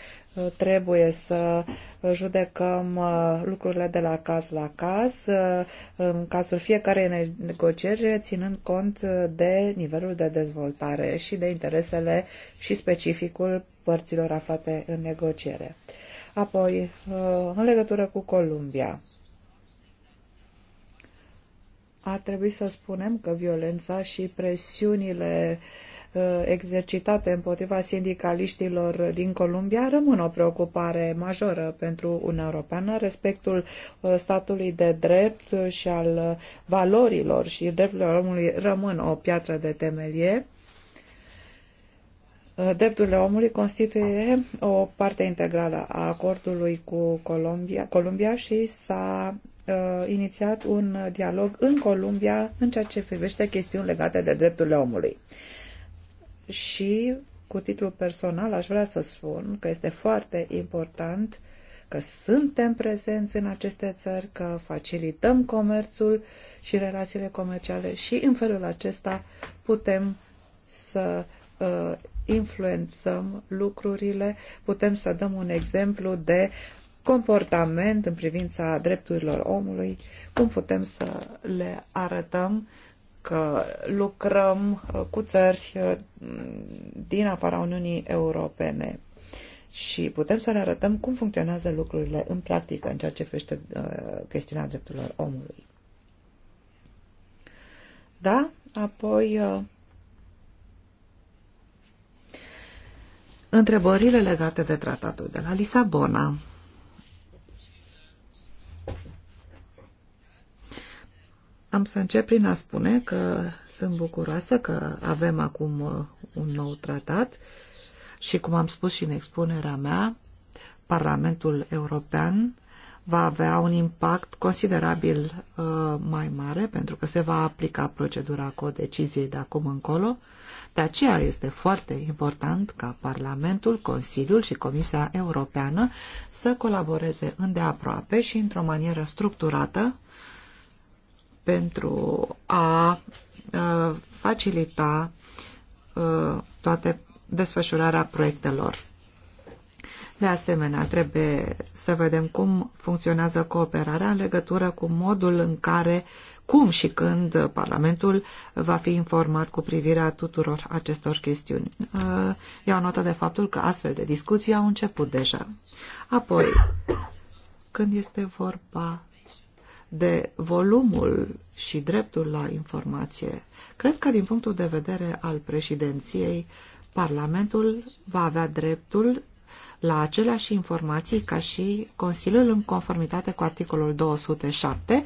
trebuie să judecăm uh, lucrurile de la caz la caz, uh, în cazul fiecarei negocieri, ținând cont de nivelul de dezvoltare și de interesele și specificul părților aflate în negociere. Apoi, uh, în legătură cu Columbia, ar trebui să spunem că violența și presiunile uh, Uh, exercitate împotriva sindicaliștilor din Columbia rămân o preocupare majoră pentru Uniunea Europeană. Respectul uh, statului de drept și al uh, valorilor și drepturilor omului rămân o piatră de temelie. Drepturile omului constituie o parte integrală a acordului cu Columbia, Columbia și s-a uh, inițiat un dialog în Columbia în ceea ce privește chestiuni legate de drepturile omului și cu titlu personal aș vrea să spun că este foarte important că suntem prezenți în aceste țări, că facilităm comerțul și relațiile comerciale și în felul acesta putem să uh, influențăm lucrurile, putem să dăm un exemplu de comportament în privința drepturilor omului, cum putem să le arătăm că lucrăm uh, cu țări uh, din afara Uniunii Europene și putem să le arătăm cum funcționează lucrurile în practică în ceea ce privește uh, chestiunea drepturilor omului. Da? Apoi întrebările legate de tratatul de la Lisabona. Am să încep prin a spune că sunt bucuroasă că avem acum uh, un nou tratat și, cum am spus și în expunerea mea, Parlamentul European va avea un impact considerabil uh, mai mare pentru că se va aplica procedura codeciziei de acum încolo. De aceea este foarte important ca Parlamentul, Consiliul și Comisia Europeană să colaboreze îndeaproape și într-o manieră structurată pentru a facilita toate desfășurarea proiectelor. De asemenea, trebuie să vedem cum funcționează cooperarea în legătură cu modul în care, cum și când Parlamentul va fi informat cu privirea tuturor acestor chestiuni. Iau notă de faptul că astfel de discuții au început deja. Apoi, când este vorba de volumul și dreptul la informație, cred că din punctul de vedere al președinției, Parlamentul va avea dreptul la aceleași informații ca și Consiliul în conformitate cu articolul 207,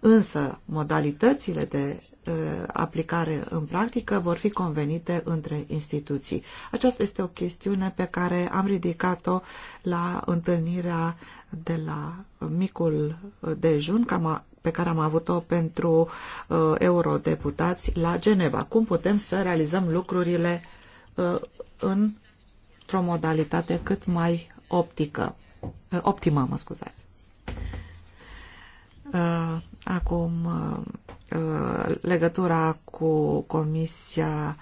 însă modalitățile de Uh, aplicare în practică vor fi convenite între instituții. Aceasta este o chestiune pe care am ridicat-o la întâlnirea de la micul dejun, cam pe care am avut-o pentru uh, eurodeputați la Geneva. Cum putem să realizăm lucrurile uh, într-o modalitate cât mai optică, uh, optimă, mă scuzați. Uh, acum, uh, Uh, legătura cu Comisia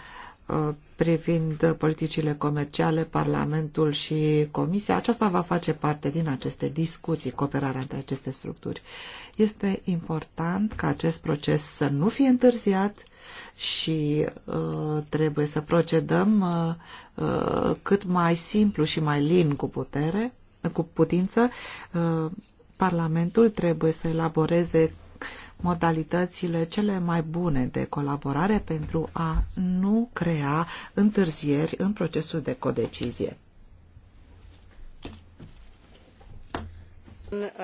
uh, privind politicile comerciale, Parlamentul și Comisia. Aceasta va face parte din aceste discuții, cooperarea între aceste structuri. Este important ca acest proces să nu fie întârziat și uh, trebuie să procedăm uh, uh, cât mai simplu și mai lin cu putere, cu putință. Uh, Parlamentul trebuie să elaboreze modalitățile cele mai bune de colaborare pentru a nu crea întârzieri în procesul de codecizie.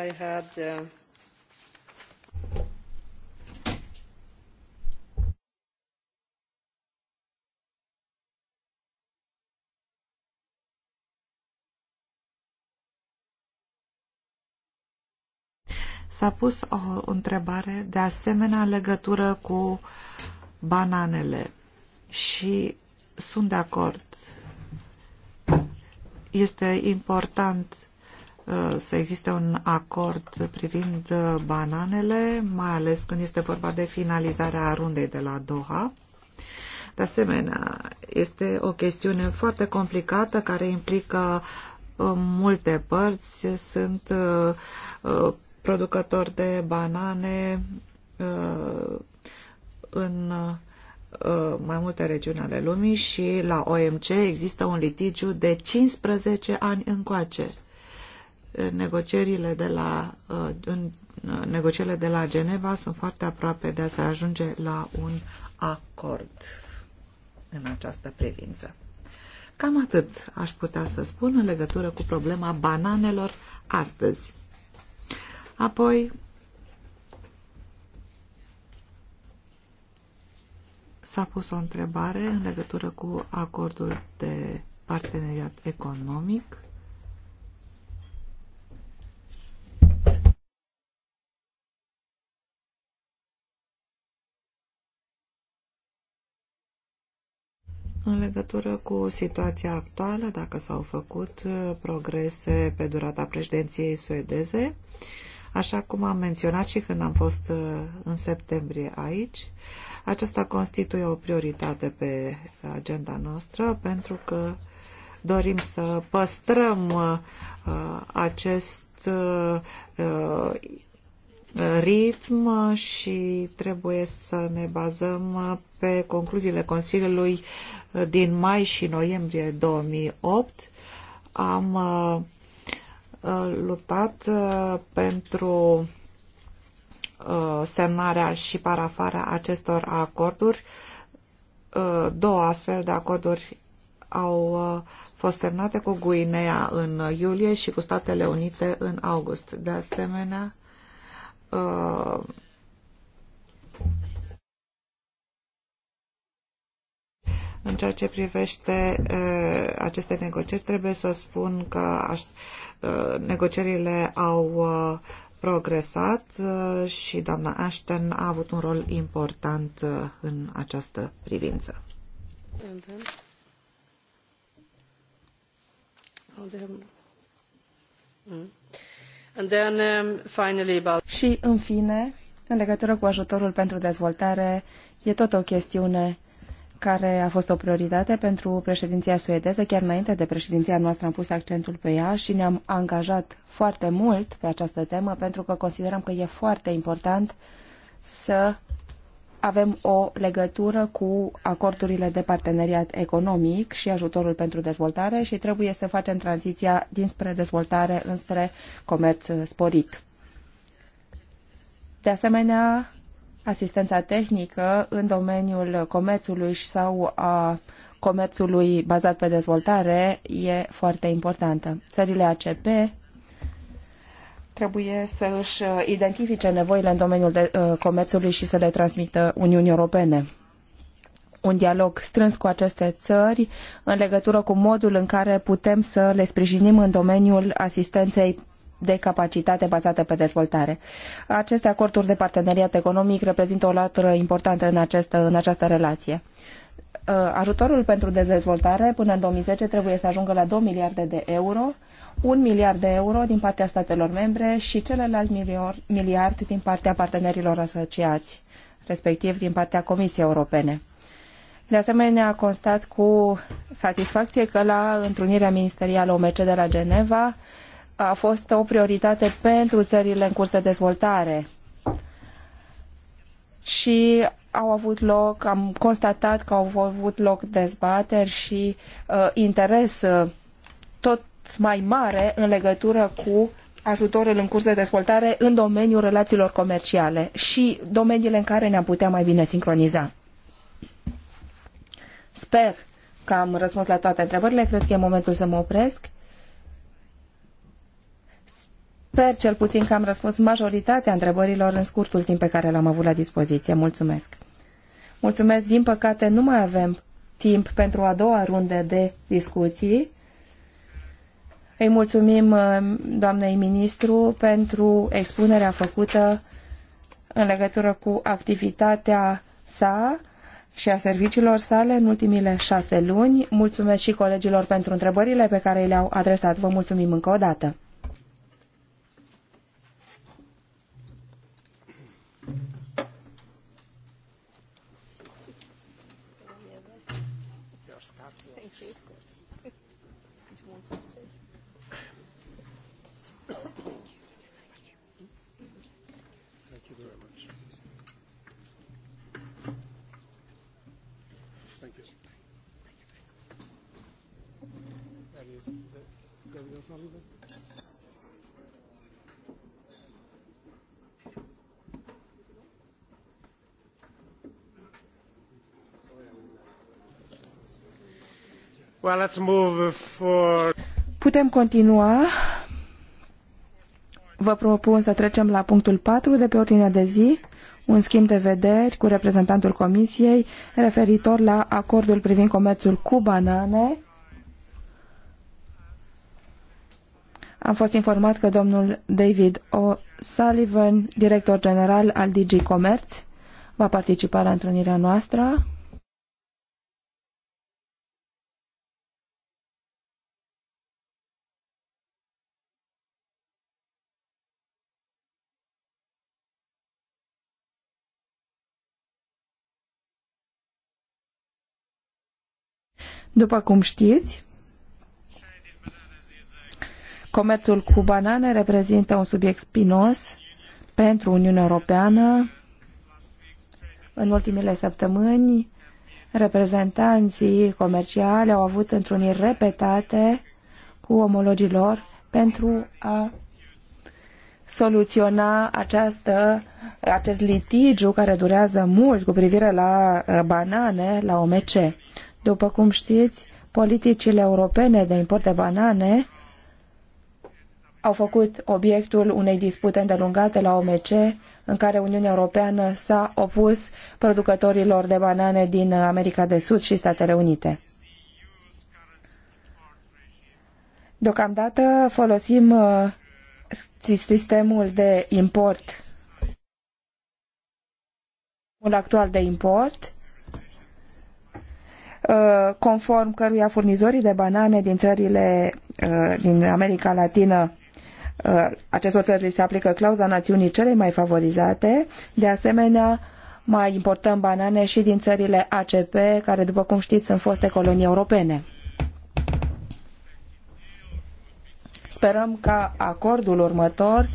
I had, uh... S-a pus o întrebare de asemenea în legătură cu bananele și sunt de acord. Este important uh, să existe un acord privind uh, bananele, mai ales când este vorba de finalizarea rundei de la Doha. De asemenea, este o chestiune foarte complicată care implică uh, multe părți. Sunt producători de banane uh, în uh, mai multe regiuni ale lumii și la OMC există un litigiu de 15 ani încoace. Negocierile de la, uh, în, negocierile de la Geneva sunt foarte aproape de a se ajunge la un acord în această privință. Cam atât aș putea să spun în legătură cu problema bananelor astăzi. Apoi, s-a pus o întrebare în legătură cu acordul de parteneriat economic. În legătură cu situația actuală, dacă s-au făcut uh, progrese pe durata președinției suedeze, uh, Așa cum am menționat și când am fost uh, în septembrie aici, aceasta constituie o prioritate pe agenda noastră pentru că dorim să păstrăm uh, acest uh, ritm și trebuie să ne bazăm pe concluziile Consiliului din mai și noiembrie 2008. Am Uh, luptat uh, pentru uh, semnarea și parafarea acestor acorduri. Două astfel de acorduri au fost semnate cu Guinea în iulie și cu Statele Unite în august. De asemenea, În ceea ce privește uh, aceste negocieri, trebuie să spun că aș, uh, negocierile au uh, progresat uh, și doamna Ashton a avut un rol important uh, în această privință. And um, Și, în fine, în legătură cu ajutorul pentru dezvoltare, e tot o chestiune care a fost o prioritate pentru președinția suedeză. Chiar înainte de președinția noastră am pus accentul pe ea și ne-am angajat foarte mult pe această temă pentru că considerăm că e foarte important să avem o legătură cu acordurile de parteneriat economic și ajutorul pentru dezvoltare și trebuie să facem tranziția dinspre dezvoltare înspre comerț sporit. De asemenea, asistența tehnică în domeniul comerțului sau a comerțului bazat pe dezvoltare e foarte importantă. Țările ACP trebuie să își identifice nevoile în domeniul de, uh, comerțului și să le transmită Uniunii Europene. Un dialog strâns cu aceste țări în legătură cu modul în care putem să le sprijinim în domeniul asistenței de capacitate bazată pe dezvoltare. Aceste acorduri de parteneriat economic reprezintă o latură importantă în, această în această relație. Uh, ajutorul pentru dezvoltare până în 2010 trebuie să ajungă la 2 miliarde de euro, 1 miliard de euro din partea statelor membre și celălalt miliard din partea partenerilor asociați, respectiv din partea Comisiei Europene. De asemenea, a constat cu satisfacție că la întrunirea ministerială OMC de la Geneva, a fost o prioritate pentru țările în curs de dezvoltare și au avut loc, am constatat că au avut loc dezbateri și uh, interes uh, tot mai mare în legătură cu ajutorul în curs de dezvoltare în domeniul relațiilor comerciale și domeniile în care ne-am putea mai bine sincroniza. Sper că am răspuns la toate întrebările, cred că e momentul să mă opresc Sper cel puțin că am răspuns majoritatea întrebărilor în scurtul timp pe care l-am avut la dispoziție. Mulțumesc! Mulțumesc! Din păcate nu mai avem timp pentru a doua runde de discuții. Îi mulțumim uh, doamnei ministru pentru expunerea făcută în legătură cu activitatea sa și a serviciilor sale în ultimile șase luni. Mulțumesc și colegilor pentru întrebările pe care le-au adresat. Vă mulțumim încă o dată. Putem continua. Vă propun să trecem la punctul 4 de pe ordinea de zi, un schimb de vederi cu reprezentantul Comisiei referitor la acordul privind comerțul cu banane. Am fost informat că domnul David O'Sullivan, director general al DG Comerț, va participa la întâlnirea noastră. După cum știți, comerțul cu banane reprezintă un subiect spinos pentru Uniunea Europeană. În ultimile săptămâni, reprezentanții comerciali au avut întruniri repetate cu omologilor pentru a soluționa această, acest litigiu care durează mult cu privire la uh, banane, la OMC. După cum știți, politicile europene de import de banane au făcut obiectul unei dispute îndelungate la OMC, în care Uniunea Europeană s-a opus producătorilor de banane din America de Sud și Statele Unite. Deocamdată folosim uh, sistemul de import, sistemul actual de import, Uh, conform căruia furnizorii de banane din țările uh, din America Latină uh, acestor țări li se aplică clauza națiunii cele mai favorizate. De asemenea, mai importăm banane și din țările ACP, care, după cum știți, sunt foste colonii europene. Sperăm ca acordul următor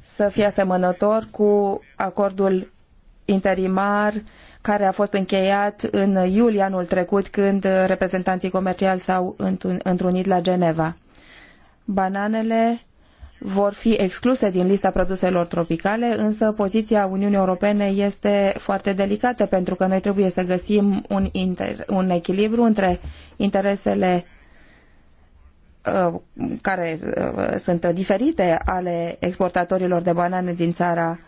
să fie asemănător cu acordul interimar uh, care a fost încheiat în iulie anul trecut când reprezentanții comerciali s-au întrunit la Geneva. Bananele vor fi excluse din lista produselor tropicale, însă poziția Uniunii Europene este foarte delicată pentru că noi trebuie să găsim un, inter, un echilibru între interesele uh, care uh, sunt diferite ale exportatorilor de banane din țara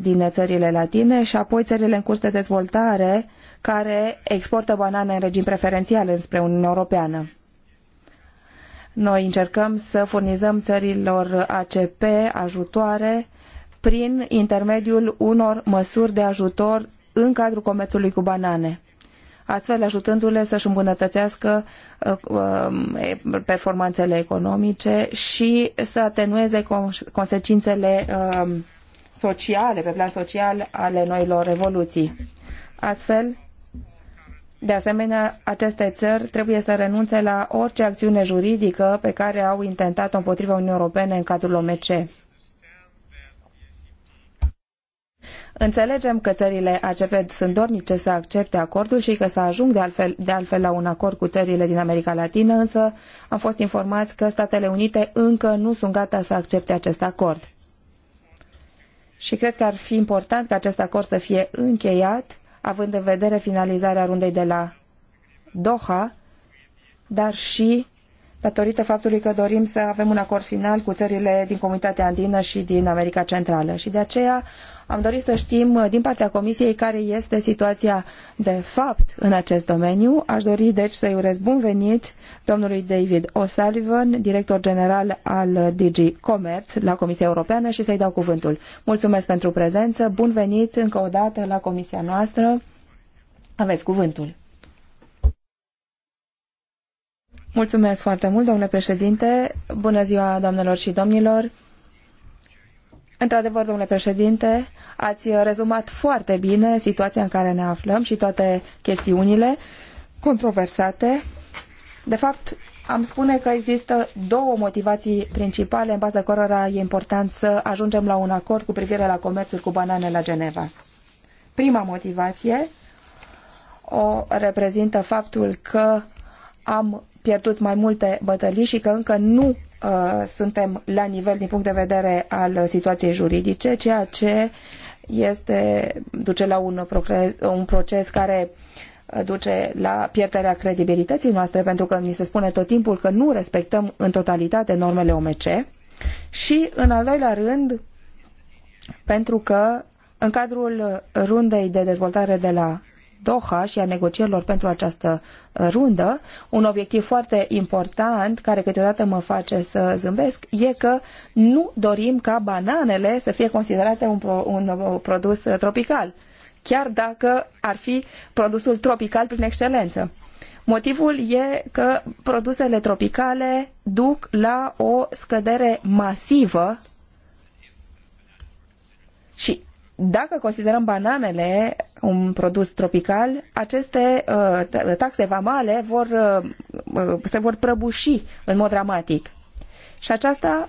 din țările latine și apoi țările în curs de dezvoltare care exportă banane în regim preferențial înspre Uniunea Europeană. Noi încercăm să furnizăm țărilor ACP ajutoare prin intermediul unor măsuri de ajutor în cadrul comerțului cu banane, astfel ajutându-le să-și îmbunătățească uh, uh, performanțele economice și să atenueze consecințele uh, sociale, pe plan social ale noilor revoluții. Astfel, de asemenea, aceste țări trebuie să renunțe la orice acțiune juridică pe care au intentat-o împotriva Uniunii Europene în cadrul OMC. Înțelegem că țările ACP sunt dornice să accepte acordul și că să ajung de altfel, de altfel la un acord cu țările din America Latină, însă am fost informați că Statele Unite încă nu sunt gata să accepte acest acord și cred că ar fi important ca acest acord să fie încheiat, având în vedere finalizarea rundei de la Doha, dar și datorită faptului că dorim să avem un acord final cu țările din comunitatea andină și din America Centrală. Și de aceea am dorit să știm uh, din partea Comisiei care este situația de fapt în acest domeniu. Aș dori deci să-i urez bun venit domnului David O'Sullivan, director general al uh, DG Comerț la Comisia Europeană și să-i dau cuvântul. Mulțumesc pentru prezență, bun venit încă o dată la Comisia noastră. Aveți cuvântul. Mulțumesc foarte mult, domnule președinte. Bună ziua, doamnelor și domnilor. Într-adevăr, domnule președinte, ați rezumat foarte bine situația în care ne aflăm și toate chestiunile controversate. De fapt, am spune că există două motivații principale în baza cărora e important să ajungem la un acord cu privire la comerțul cu banane la Geneva. Prima motivație o reprezintă faptul că am pierdut mai multe bătălii și că încă nu uh, suntem la nivel din punct de vedere al situației juridice, ceea ce este, duce la un, un proces care duce la pierderea credibilității noastre, pentru că ni se spune tot timpul că nu respectăm în totalitate normele OMC și, în al doilea rând, pentru că în cadrul rundei de dezvoltare de la Doha și a negocierilor pentru această uh, rundă, un obiectiv foarte important care câteodată mă face să zâmbesc e că nu dorim ca bananele să fie considerate un, un uh, produs uh, tropical, chiar dacă ar fi produsul tropical prin excelență. Motivul e că produsele tropicale duc la o scădere masivă și dacă considerăm bananele un produs tropical, aceste uh, taxe vamale vor, uh, se vor prăbuși în mod dramatic. Și aceasta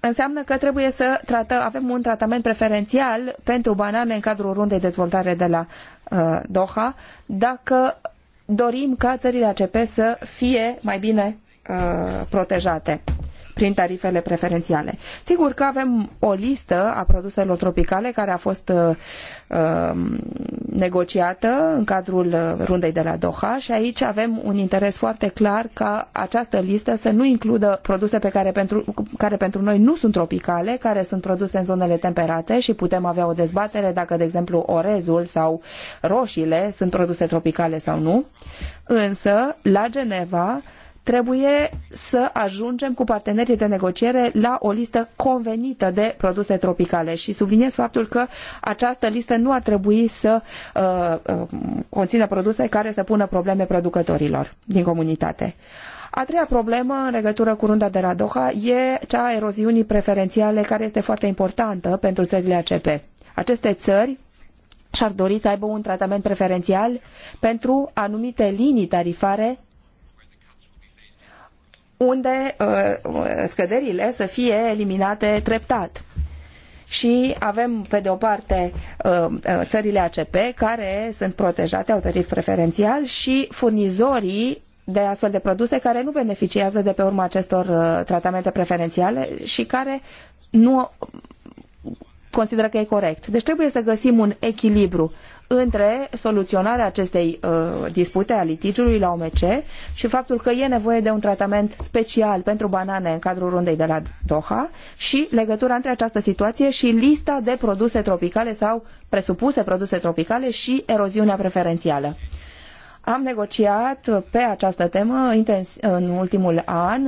înseamnă că trebuie să trată, avem un tratament preferențial pentru banane în cadrul rundei dezvoltare de la uh, Doha, dacă dorim ca țările ACP să fie mai bine uh, protejate prin tarifele preferențiale. Sigur că avem o listă a produselor tropicale care a fost uh, um, negociată în cadrul uh, rundei de la Doha și aici avem un interes foarte clar ca această listă să nu includă produse pe care pentru, care pentru noi nu sunt tropicale, care sunt produse în zonele temperate și putem avea o dezbatere dacă, de exemplu, orezul sau roșiile sunt produse tropicale sau nu. Însă, la Geneva, Trebuie să ajungem cu partenerii de negociere la o listă convenită de produse tropicale și subliniez faptul că această listă nu ar trebui să uh, uh, conțină produse care să pună probleme producătorilor din comunitate. A treia problemă în legătură cu runda de la Doha e cea a eroziunii preferențiale care este foarte importantă pentru țările ACP. Aceste țări și-ar dori să aibă un tratament preferențial pentru anumite linii tarifare unde uh, scăderile să fie eliminate treptat și avem pe de o parte uh, uh, țările ACP care sunt protejate, au tarif preferențial și furnizorii de astfel de produse care nu beneficiază de pe urma acestor tratamente preferențiale și care nu consideră că e corect. Deci trebuie să găsim un echilibru între soluționarea acestei uh, dispute a litigiului la OMC și faptul că e nevoie de un tratament special pentru banane în cadrul rundei de la Doha și legătura între această situație și lista de produse tropicale sau presupuse produse tropicale și eroziunea preferențială. Am negociat pe această temă intens, în ultimul an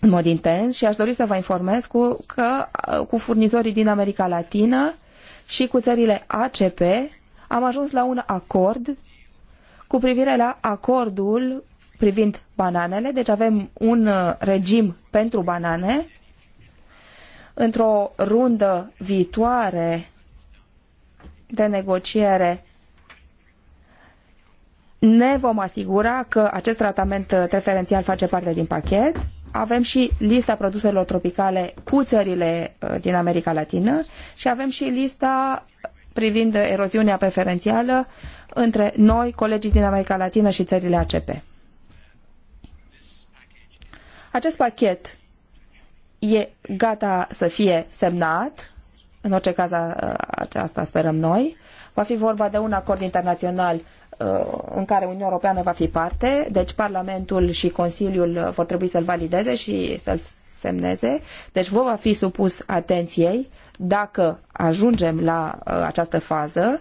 în mod intens și aș dori să vă informez cu, că, cu furnizorii din America Latină și cu țările ACP am ajuns la un acord cu privire la acordul privind bananele, deci avem un uh, regim pentru banane. Într-o rundă viitoare de negociere ne vom asigura că acest tratament uh, preferențial face parte din pachet. Avem și lista produselor tropicale cu țările uh, din America Latină și avem și lista privind eroziunea preferențială între noi, colegii din America Latină și țările ACP. Acest pachet e gata să fie semnat, în orice caz aceasta sperăm noi. Va fi vorba de un acord internațional uh, în care Uniunea Europeană va fi parte, deci Parlamentul și Consiliul uh, vor trebui să-l valideze și să-l semneze, deci vă va fi supus atenției dacă ajungem la uh, această fază,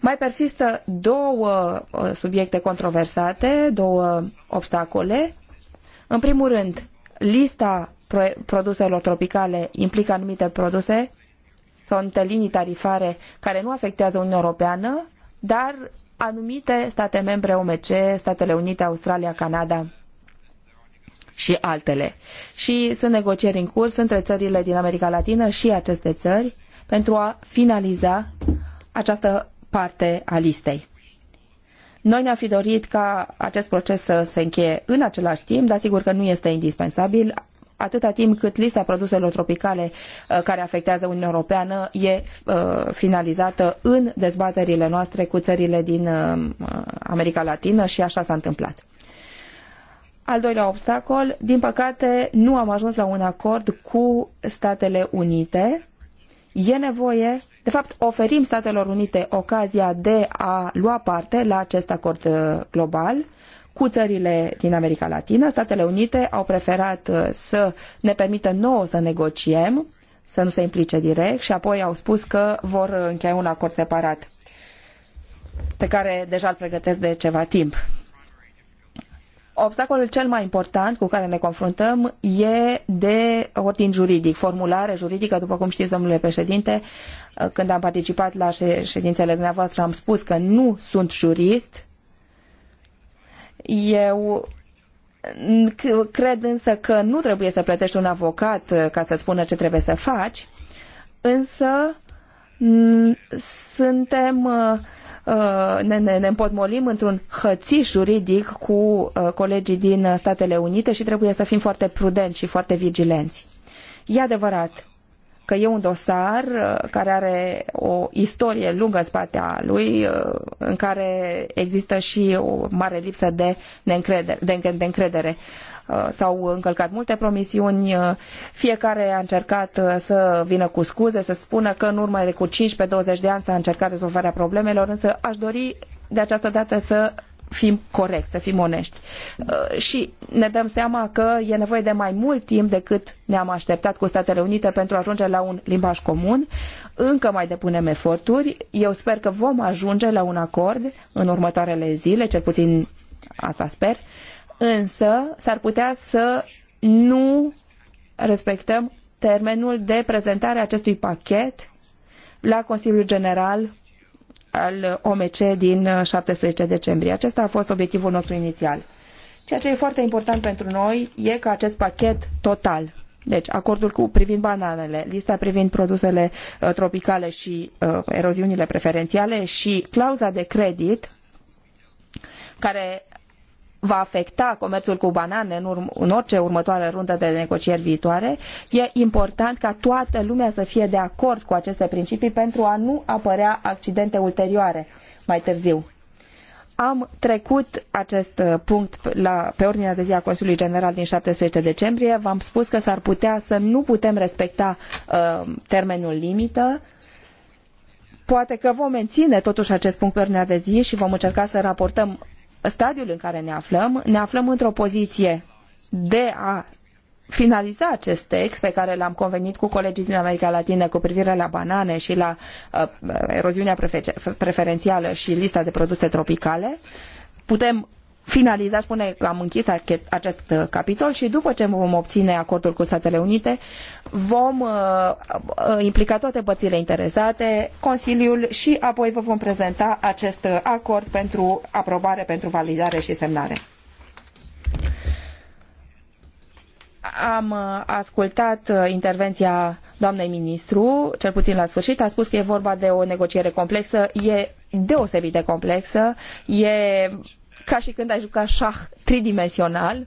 mai persistă două uh, subiecte controversate, două obstacole. În primul rând, lista produselor tropicale implică anumite produse sau anumite linii tarifare care nu afectează Uniunea Europeană, dar anumite state membre OMC, Statele Unite, Australia, Canada și altele. Și sunt negocieri în curs între țările din America Latină și aceste țări pentru a finaliza această parte a listei. Noi ne-am fi dorit ca acest proces să se încheie în același timp, dar sigur că nu este indispensabil atâta timp cât lista produselor tropicale uh, care afectează Uniunea Europeană e uh, finalizată în dezbaterile noastre cu țările din uh, America Latină și așa s-a întâmplat. Al doilea obstacol, din păcate, nu am ajuns la un acord cu Statele Unite. E nevoie, de fapt, oferim Statelor Unite ocazia de a lua parte la acest acord uh, global cu țările din America Latină. Statele Unite au preferat uh, să ne permită nouă să negociem, să nu se implice direct și apoi au spus că vor încheia un acord separat pe care deja îl pregătesc de ceva timp obstacolul cel mai important cu care ne confruntăm e de ordin juridic, formulare juridică, după cum știți, domnule președinte, când am participat la ședințele dumneavoastră am spus că nu sunt jurist. Eu cred însă că nu trebuie să plătești un avocat uh, ca să-ți spună ce trebuie să faci, însă suntem uh, Uh, ne, ne, ne împotmolim într-un hățiș juridic cu uh, colegii din uh, Statele Unite și trebuie să fim foarte prudenți și foarte vigilenți. E adevărat că e un dosar care are o istorie lungă în spatea lui, în care există și o mare lipsă de, de, de încredere. Uh, s-au încălcat multe promisiuni, uh, fiecare a încercat uh, să vină cu scuze, să spună că în urmă de cu 15-20 de ani s-a încercat rezolvarea problemelor, însă aș dori de această dată să fim corecți, să fim onești. Și ne dăm seama că e nevoie de mai mult timp decât ne-am așteptat cu Statele Unite pentru a ajunge la un limbaj comun. Încă mai depunem eforturi. Eu sper că vom ajunge la un acord în următoarele zile, cel puțin asta sper. Uh, însă s-ar putea să nu respectăm termenul de prezentare a acestui pachet la Consiliul General al OMC din 17 uh, decembrie. Acesta a fost obiectivul nostru inițial. Ceea ce e foarte important pentru noi e că acest pachet total, deci acordul cu privind bananele, lista privind produsele uh, tropicale și uh, eroziunile preferențiale și clauza de credit care va afecta comerțul cu banane în, urm- în orice următoare rundă de negocieri viitoare, e important ca toată lumea să fie de acord cu aceste principii pentru a nu apărea accidente ulterioare mai târziu. Am trecut acest uh, punct la, pe ordinea de zi a Consiliului General din 17 decembrie. V-am spus că s-ar putea să nu putem respecta uh, termenul limită, poate că vom menține totuși acest punct pe ordinea de zi și vom încerca să raportăm stadiul în care ne aflăm, ne aflăm într-o poziție de a finaliza acest text pe care l-am convenit cu colegii din America Latină cu privire la banane și la uh, eroziunea prefer preferențială și lista de produse tropicale, putem finaliza, spune că am închis acest uh, capitol și după ce vom obține acordul cu Statele Unite, vom uh, uh, implica toate părțile interesate, Consiliul și apoi vă vom prezenta acest acord pentru aprobare, pentru validare și semnare. Am ascultat intervenția doamnei ministru, cel puțin la sfârșit, a spus că e vorba de o negociere complexă, e deosebit de complexă, e ca și când ai juca șah tridimensional,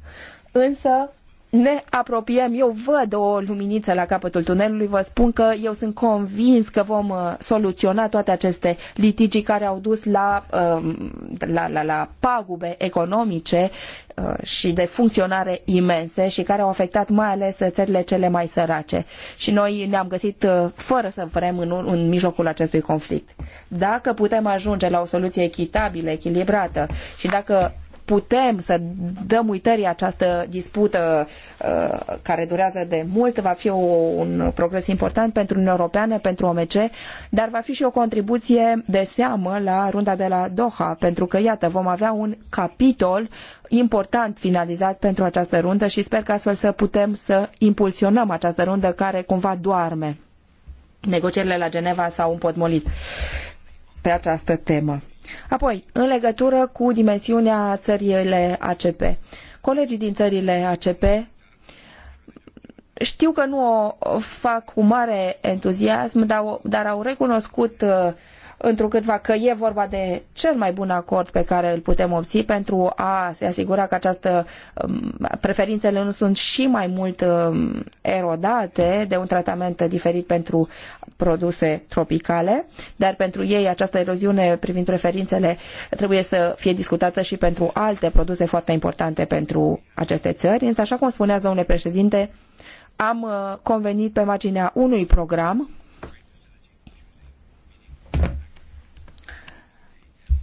însă ne apropiem, eu văd o luminiță la capătul tunelului, vă spun că eu sunt convins că vom uh, soluționa toate aceste litigi care au dus la, um, la, la, la pagube economice uh, și de funcționare imense și care au afectat mai ales țările cele mai sărace. Și noi ne-am găsit uh, fără să vrem în, în mijlocul acestui conflict. Dacă putem ajunge la o soluție echitabilă, echilibrată și dacă putem să dăm uitării această dispută uh, care durează de mult. Va fi un progres important pentru Uniunea Europeană, pentru OMC, dar va fi și o contribuție de seamă la runda de la Doha, pentru că, iată, vom avea un capitol important finalizat pentru această rundă și sper că astfel să putem să impulsionăm această rundă care cumva doarme. Negocierile la Geneva s-au împotmolit pe această temă. Apoi, în legătură cu dimensiunea țările ACP. Colegii din țările ACP știu că nu o fac cu mare entuziasm, dar, au recunoscut uh, întrucâtva că e vorba de cel mai bun acord pe care îl putem obține pentru a se asigura că această um, preferințele nu sunt și mai mult um, erodate de un tratament diferit pentru produse tropicale, dar pentru ei această eroziune privind preferințele trebuie să fie discutată și pentru alte produse foarte importante pentru aceste țări. Însă, așa cum spunea domnule președinte, am uh, convenit pe marginea unui program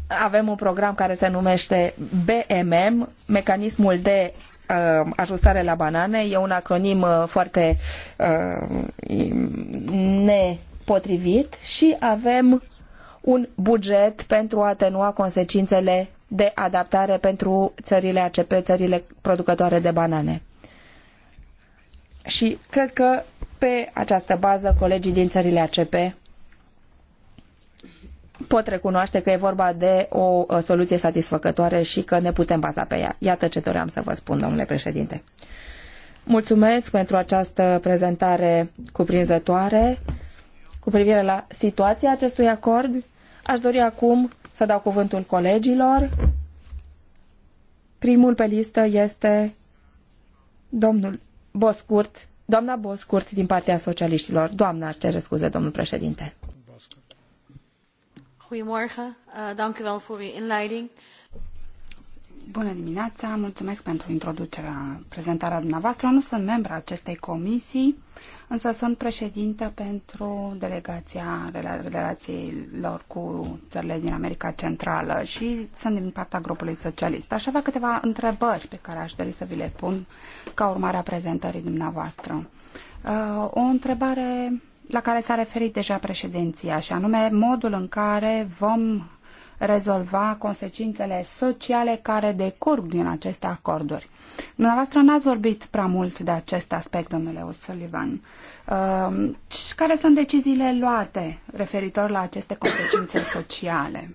avem un program care se numește BMM, Mecanismul de uh, ajustare la banane. E un acronim uh, foarte uh, ne potrivit și avem un buget pentru a atenua consecințele de adaptare pentru țările ACP, țările producătoare de banane. Și cred că pe această bază colegii din țările ACP pot recunoaște că e vorba de o soluție satisfăcătoare și că ne putem baza pe ea. Iată ce doream să vă spun, domnule președinte. Mulțumesc pentru această prezentare cuprinzătoare cu privire la situația acestui acord. Aș dori acum să dau cuvântul colegilor. Primul pe listă este domnul Boscurt, doamna Boscurt din partea socialiștilor. Doamna, ar cere scuze, domnul președinte. Goedemorgen, uh, dank u wel voor uw inleiding. Uh, Bună dimineața, mulțumesc pentru introducerea, prezentarea dumneavoastră. Eu nu sunt membra acestei comisii, însă sunt președintă pentru delegația relațiilor cu țările din America Centrală și sunt din partea grupului socialist. Aș avea câteva întrebări pe care aș dori să vi le pun ca urmare a prezentării dumneavoastră. Uh, o întrebare la care s-a referit deja președinția, și anume modul în care vom rezolva consecințele sociale care decurg din aceste acorduri. Dumneavoastră n-ați vorbit prea mult de acest aspect, domnule O'Sullivan. Uh, care sunt deciziile luate referitor la aceste consecințe sociale?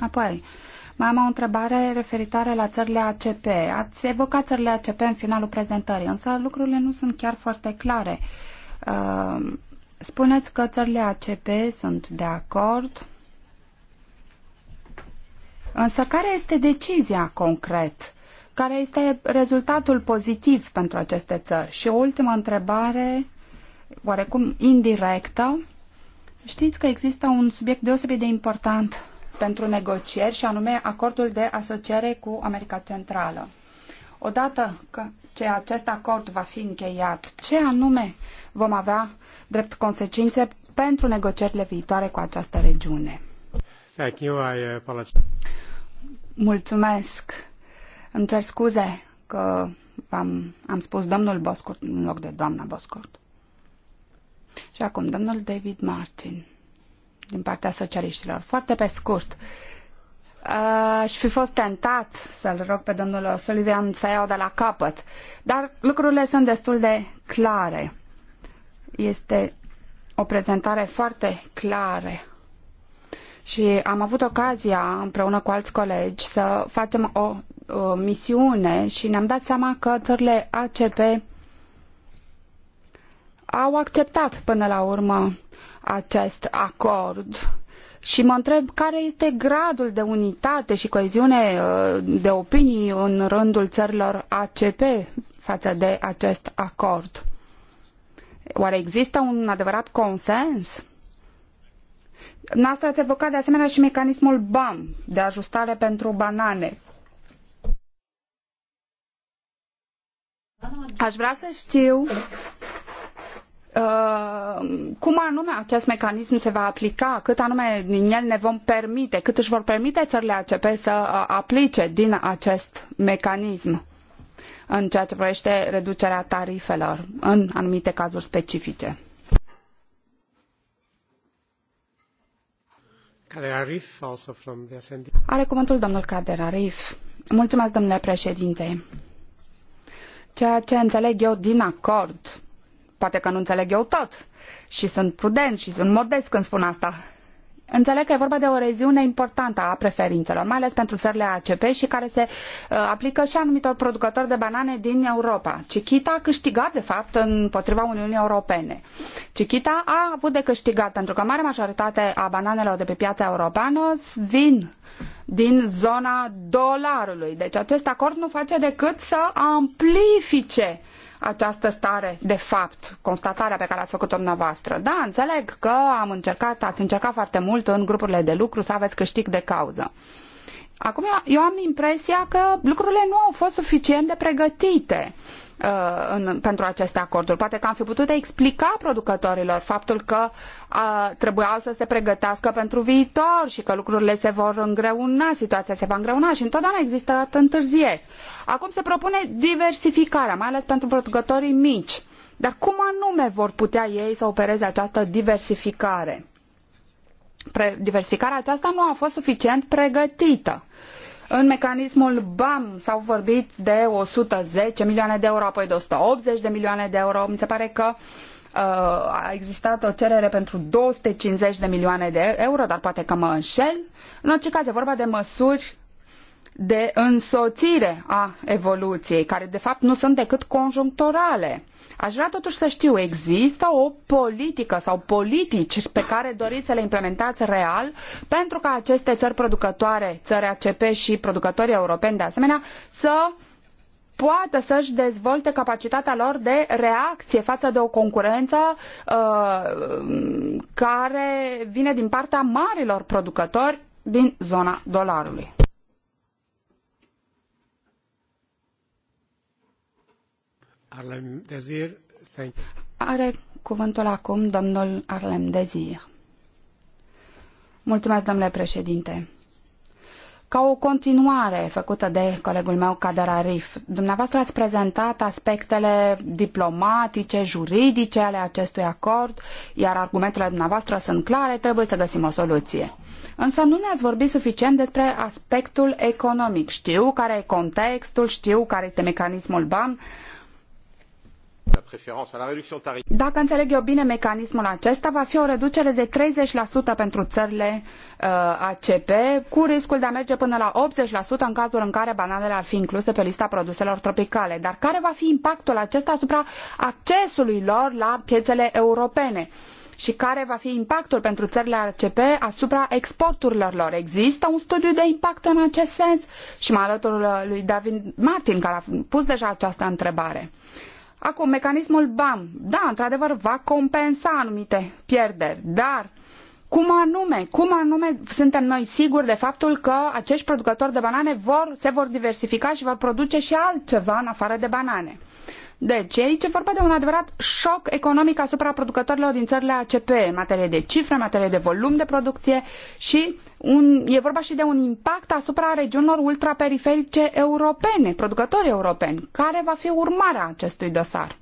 Apoi, mai am o întrebare referitoare la țările ACP. Ați evocat țările ACP în finalul prezentării, însă lucrurile nu sunt chiar foarte clare. Uh, spuneți că țările ACP sunt de acord Însă care este decizia concret? Care este rezultatul pozitiv pentru aceste țări? Și o ultimă întrebare, oarecum indirectă. Știți că există un subiect deosebit de important pentru negocieri și anume acordul de asociere cu America Centrală. Odată ce acest acord va fi încheiat, ce anume vom avea drept consecințe pentru negocierile viitoare cu această regiune? Thank you, Mulțumesc. Îmi cer scuze că am am spus domnul Boscurt în loc de doamna Boscurt. Și acum domnul David Martin, din partea socialiștilor. Foarte pe scurt, aș fi fost tentat să-l rog pe domnul Sullivan să iau de la capăt, dar lucrurile sunt destul de clare. Este o prezentare foarte clară și am avut ocazia împreună cu alți colegi să facem o, o misiune și ne-am dat seama că țările ACP au acceptat până la urmă acest acord și mă întreb care este gradul de unitate și coeziune uh, de opinii în rândul țărilor ACP față de acest acord. Oare există un adevărat consens? Noastră ați evocat de asemenea și mecanismul BAM de ajustare pentru banane. Aș vrea să știu Uh, cum anume acest mecanism se va aplica, cât anume din el ne vom permite, cât își vor permite țările ACP să uh, aplice din acest mecanism în ceea ce privește reducerea tarifelor în anumite cazuri specifice. Are cuvântul domnul Kader Arif. Mulțumesc, domnule președinte. Ceea ce înțeleg eu din acord, poate că nu înțeleg eu tot, și sunt prudent și sunt modest când spun asta, Înțeleg că e vorba de o reziune importantă a preferințelor, mai ales pentru țările ACP și care se uh, aplică și anumitor producători de banane din Europa. Chichita a câștigat, de fapt, împotriva Uniunii Europene. Chichita a avut de câștigat pentru că mare majoritate a bananelor de pe piața europeană vin din zona dolarului. Deci acest acord nu face decât să amplifice uh, această stare de fapt, constatarea pe care ați făcut-o dumneavoastră. Da, înțeleg că am încercat, ați încercat foarte mult în grupurile de lucru să aveți câștig de cauză. Acum eu am impresia că lucrurile nu au fost suficient de pregătite. Uh, în, pentru aceste acorduri. Poate că am fi putut explica producătorilor faptul că uh, trebuiau să se pregătească pentru viitor și că lucrurile se vor îngreuna, situația se va îngreuna și întotdeauna există întârzieri. Acum se propune diversificarea, mai ales pentru producătorii mici. Dar cum anume vor putea ei să opereze această diversificare? Pre diversificarea aceasta nu a fost suficient pregătită. Uh, în mecanismul BAM s-au vorbit de 110 milioane de euro, apoi de 180 de milioane de euro. Mi se pare că uh, a existat o cerere pentru 250 de milioane de euro, dar poate că mă înșel. În orice caz, e vorba de măsuri de însoțire a evoluției, care de fapt nu sunt decât conjuncturale. Aș vrea totuși să știu, există o politică sau politici pe care doriți să le implementați real pentru ca aceste țări producătoare, țări ACP și producătorii europeni de asemenea, să poată să-și dezvolte capacitatea lor de reacție față de o concurență uh, care vine din partea marilor producători din zona dolarului. Arlem Desir, thank Are cuvântul acum domnul Arlem Desir. Mulțumesc, domnule președinte. Ca o continuare făcută de colegul meu, Kader Arif, dumneavoastră ați prezentat aspectele diplomatice, juridice ale acestui acord, iar argumentele dumneavoastră sunt clare, trebuie să găsim o soluție. Însă nu ne-ați vorbit suficient despre aspectul economic. Știu care e contextul, știu care este mecanismul BAM, dacă înțeleg eu bine mecanismul acesta, va fi o reducere de 30% pentru țările uh, ACP, cu riscul de a merge până la 80% în cazul în care bananele ar fi incluse pe lista produselor tropicale. Dar care va fi impactul acesta asupra accesului lor la piețele europene? și care va fi impactul pentru țările ACP asupra exporturilor lor. Există un studiu de impact în acest sens? Și mă alătur uh, lui David Martin, care a pus deja această întrebare. Acum, mecanismul BAM, da, într-adevăr, va compensa anumite pierderi, dar cum anume, cum anume suntem noi siguri de faptul că acești producători de banane vor, se vor diversifica și vor produce și altceva în afară de banane? Deci, aici e vorba de un adevărat șoc economic asupra producătorilor din țările ACP, în materie de cifre, în materie de volum de producție și un, e vorba și de un impact asupra regiunilor ultraperiferice europene, producători europeni. Care va fi urmarea acestui dosar?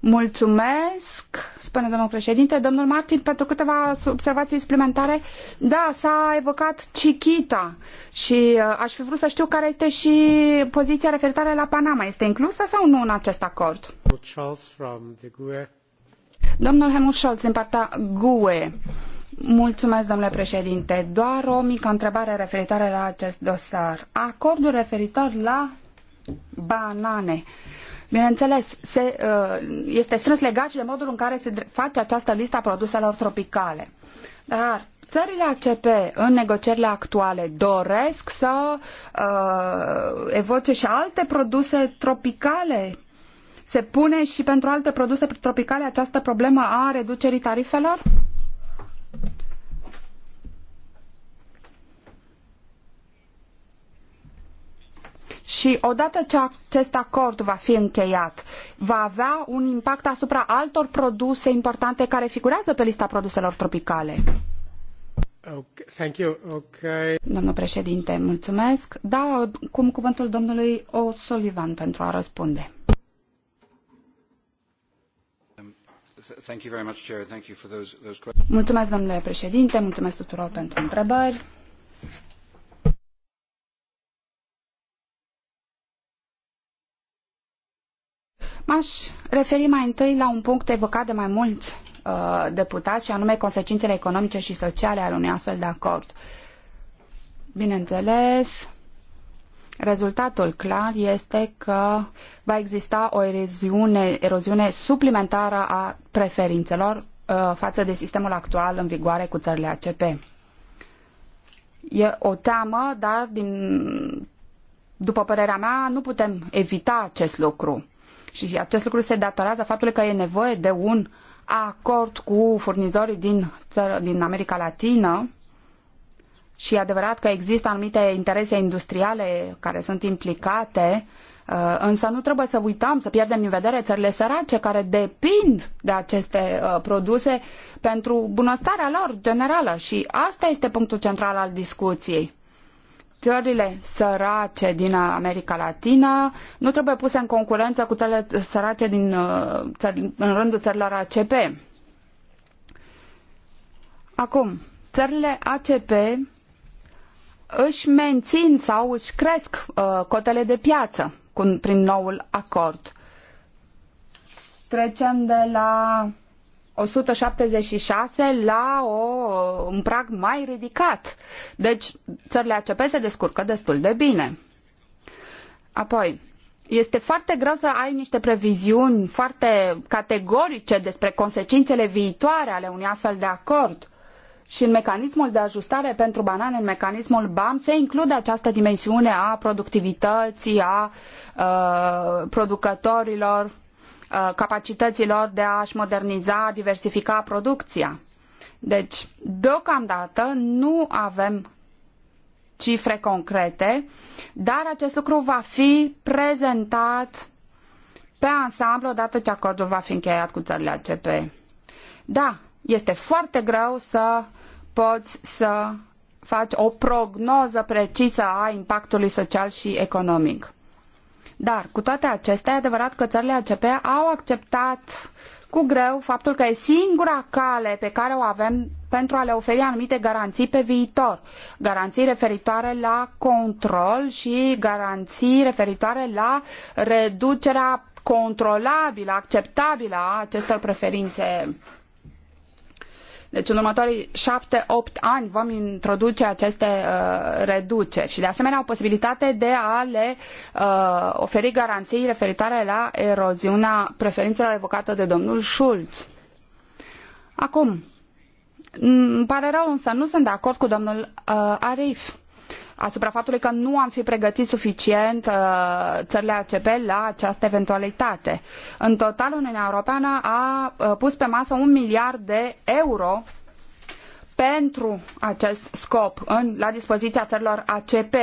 Mulțumesc, spune domnul președinte. Domnul Martin, pentru câteva observații suplimentare. Da, s-a evocat Chiquita și uh, aș fi vrut să știu care este și poziția referitoare la Panama. Este inclusă sau nu în acest acord? Domnul Helmut Scholz, din partea GUE. Mulțumesc, domnule președinte. Doar o mică întrebare referitoare la acest dosar. Acordul referitor la banane. Uh, bineînțeles, se, uh, este strâns legat și de modul în care se face această listă a produselor tropicale. Dar țările ACP în negocierile actuale doresc să uh, evoce și alte produse tropicale? Se pune și pentru alte produse tropicale această problemă a reducerii tarifelor? și odată ce acest acord va fi încheiat, va avea un impact asupra altor produse importante care figurează pe lista produselor tropicale. Okay, thank you. Okay. Domnul președinte, mulțumesc. Da, cum cuvântul domnului O'Sullivan pentru a răspunde. Mulțumesc, domnule președinte, mulțumesc tuturor pentru întrebări. M-aș referi mai întâi la un punct evocat de mai mulți uh, deputați și anume consecințele economice și sociale ale unui astfel de acord. Bineînțeles, rezultatul clar este că va exista o eroziune, eroziune suplimentară a preferințelor uh, față de sistemul actual în vigoare cu țările ACP. E o teamă, dar din, după părerea mea nu putem evita acest lucru și acest lucru se datorează faptului că e nevoie de un acord cu furnizorii din, țară, din America Latină și e adevărat că există anumite interese industriale care sunt implicate, uh, însă nu trebuie să uităm, să pierdem din vedere țările sărace care depind de aceste uh, produse pentru bunăstarea lor generală și asta este punctul central al discuției țările sărace din America Latină nu trebuie puse în concurență cu țările sărace din, uh, în rândul țărilor ACP. Acum, țările ACP își mențin sau își cresc uh, cotele de piață cu, prin noul acord. Trecem de la 176 la o, un prag mai ridicat. Deci, țările ACP se descurcă destul de bine. Apoi, este foarte greu să ai niște previziuni foarte categorice despre consecințele viitoare ale unui astfel de acord. Și în mecanismul de ajustare pentru banane, în mecanismul BAM, se include această dimensiune a productivității, a uh, producătorilor, Uh, capacităților de a-și moderniza, diversifica producția. Deci, deocamdată nu avem cifre concrete, dar acest lucru va fi prezentat pe ansamblu odată ce acordul va fi încheiat cu țările ACP. Da, este foarte greu să poți să faci o prognoză precisă a impactului social și economic. Dar, cu toate acestea, e adevărat că țările ACP au acceptat cu greu faptul că e singura cale pe care o avem pentru a le oferi anumite garanții pe viitor. Garanții referitoare la control și garanții referitoare la reducerea controlabilă, acceptabilă a acestor preferințe deci în următorii 7-8 ani vom introduce aceste uh, reduceri și de asemenea o posibilitate de a le uh, oferi garanții referitoare la eroziunea preferințelor evocată de domnul Schulz. Acum, îmi pare rău, însă nu sunt de acord cu domnul uh, Arif asupra faptului că nu am fi pregătit suficient uh, țările ACP la această eventualitate. În total, Uniunea Europeană a uh, pus pe masă un miliard de euro pentru acest scop în, la dispoziția țărilor ACP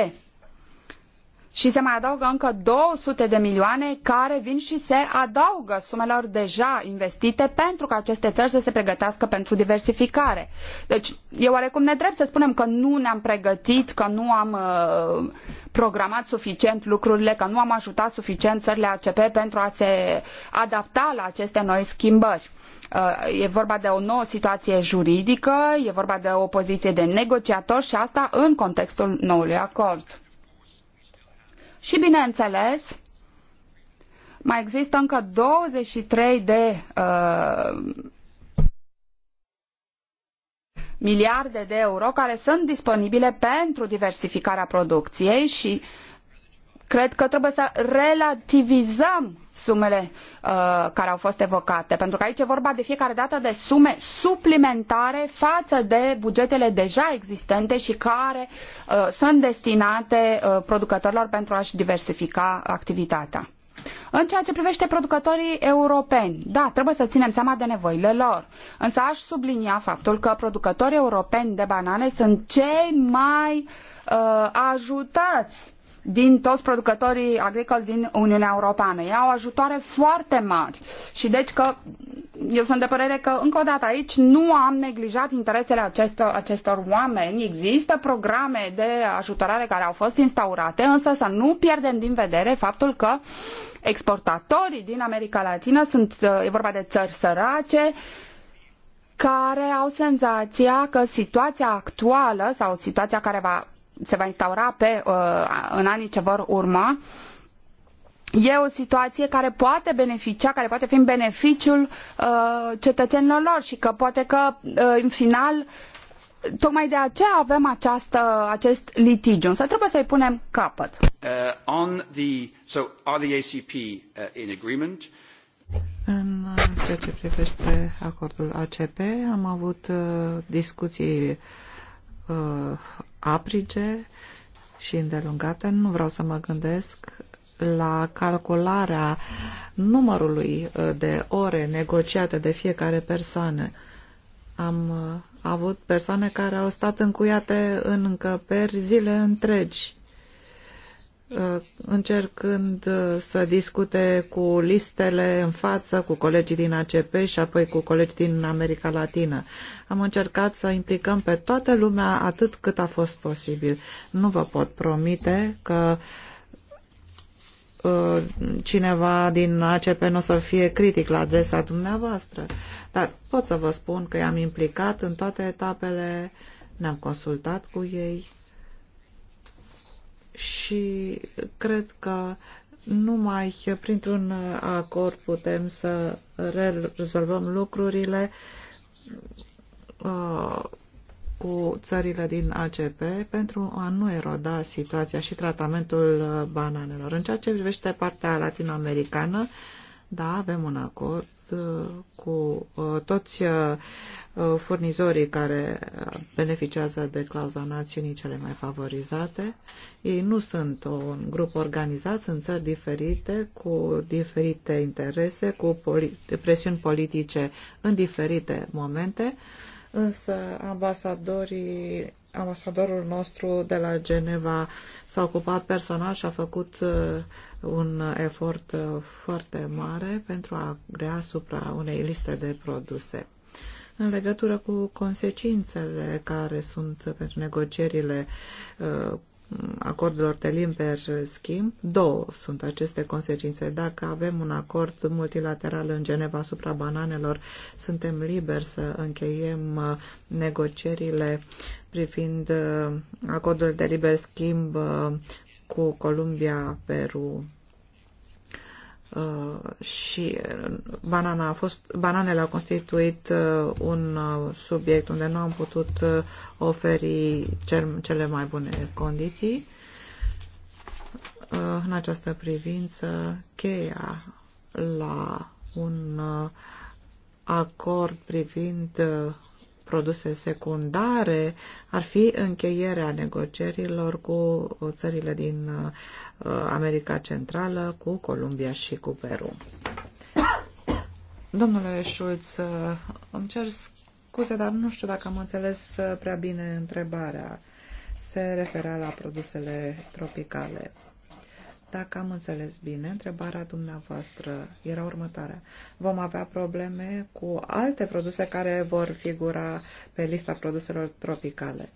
și se mai adaugă încă 200 de milioane care vin și se adaugă sumelor deja investite pentru ca aceste țări să se pregătească pentru diversificare. Deci e oarecum nedrept să spunem că nu ne-am pregătit, că nu am uh, programat suficient lucrurile, că nu am ajutat suficient țările ACP pentru a se adapta la aceste noi schimbări. Uh, e vorba de o nouă situație juridică, e vorba de o poziție de negociator și asta în contextul noului acord. Și bineînțeles, mai există încă 23 de uh, miliarde de euro care sunt disponibile pentru diversificarea producției și cred că trebuie să relativizăm sumele uh, care au fost evocate, pentru că aici e vorba de fiecare dată de sume suplimentare față de bugetele deja existente și care uh, sunt destinate uh, producătorilor pentru a-și diversifica activitatea. În ceea ce privește producătorii europeni, da, trebuie să ținem seama de nevoile lor, însă aș sublinia faptul că producătorii europeni de banane sunt cei mai uh, ajutați din toți producătorii agricoli din Uniunea Europeană. Ei au ajutoare foarte mari și deci că eu sunt de părere că încă o dată aici nu am neglijat interesele acestor, acestor oameni. Există programe de ajutorare care au fost instaurate, însă să nu pierdem din vedere faptul că exportatorii din America Latină sunt, e vorba de țări sărace, care au senzația că situația actuală sau situația care va se va instaura pe, uh, în anii ce vor urma, e o situație care poate beneficia, care poate fi în beneficiul uh, cetățenilor lor și că poate că uh, în final tocmai de aceea avem această, acest litigiu, însă trebuie să-i punem capăt. Uh, the, so are the ACP in agreement? În ceea ce privește acordul ACP, am avut discuții uh, aprige și îndelungate. Nu vreau să mă gândesc la calcularea numărului uh, de ore negociate de fiecare persoană. Am uh, avut persoane care au stat încuiate în încăperi zile întregi Uh, încercând uh, să discute cu listele în față, cu colegii din ACP și apoi cu colegi din America Latină. Am încercat să implicăm pe toată lumea atât cât a fost posibil. Nu vă pot promite că uh, cineva din ACP nu o să fie critic la adresa dumneavoastră, dar pot să vă spun că i-am implicat în toate etapele, ne-am consultat cu ei și cred că numai printr-un acord putem să rezolvăm lucrurile uh, cu țările din ACP pentru a nu eroda situația și tratamentul uh, bananelor. În ceea ce privește partea latinoamericană, americană da, avem un acord uh, cu uh, toți uh, furnizorii care beneficiază de clauza națiunii cele mai favorizate. Ei nu sunt un grup organizat, sunt țări diferite, cu diferite interese, cu presiuni politice în diferite momente, însă ambasadorii ambasadorul nostru de la Geneva s-a ocupat personal și a făcut uh, un efort uh, foarte mare pentru a crea asupra unei liste de produse. În legătură cu consecințele care sunt pentru negocierile uh, acordurilor de limper schimb, două sunt aceste consecințe. Dacă avem un acord multilateral în Geneva asupra bananelor, suntem liberi să încheiem negocierile privind uh, acordul de liber schimb uh, cu Columbia, Peru uh, și banana a fost, bananele au constituit un subiect unde nu am putut oferi cel, cele mai bune condiții. În această privință, cheia la un acord privind produse secundare, ar fi încheierea negocierilor cu țările din uh, America Centrală, cu Columbia și cu Peru. Domnule Schulz, uh, îmi cer scuze, dar nu știu dacă am înțeles uh, prea bine întrebarea. Se referea la produsele tropicale. Dacă am înțeles bine, întrebarea dumneavoastră era următoarea. Vom avea probleme cu alte produse care vor figura pe lista produselor tropicale.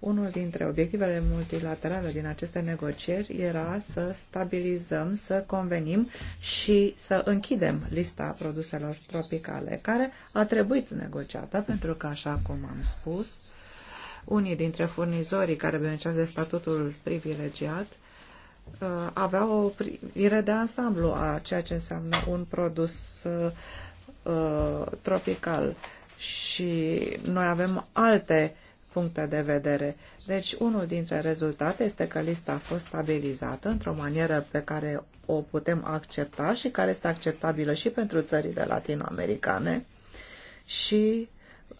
Unul dintre obiectivele multilaterale din aceste negocieri era să stabilizăm, să convenim și să închidem lista produselor tropicale, care a trebuit negociată, pentru că, așa cum am spus, unii dintre furnizorii care beneficiază de statutul privilegiat Uh, avea o privire de ansamblu a ceea ce înseamnă un produs uh, tropical și noi avem alte puncte de vedere. Deci, unul dintre rezultate este că lista a fost stabilizată într-o manieră pe care o putem accepta și care este acceptabilă și pentru țările latinoamericane și,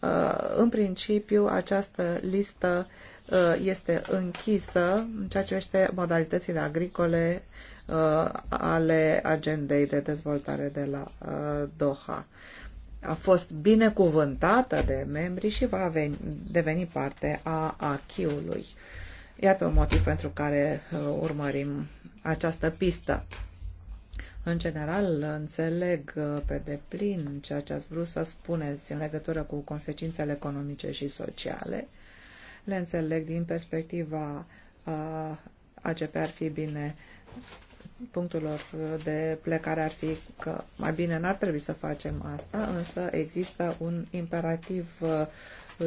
uh, în principiu, această listă uh, Uh, este închisă în ceea ce este modalitățile agricole uh, ale agendei de dezvoltare de la uh, Doha. A fost binecuvântată de membri și va deveni parte a achiului. Iată un motiv pentru care urmărim această pistă. În general, înțeleg pe deplin ceea ce ați vrut să spuneți în legătură cu consecințele economice și sociale le înțeleg din perspectiva pe ar fi bine lor de plecare ar fi că mai bine n-ar trebui să facem asta, însă există un imperativ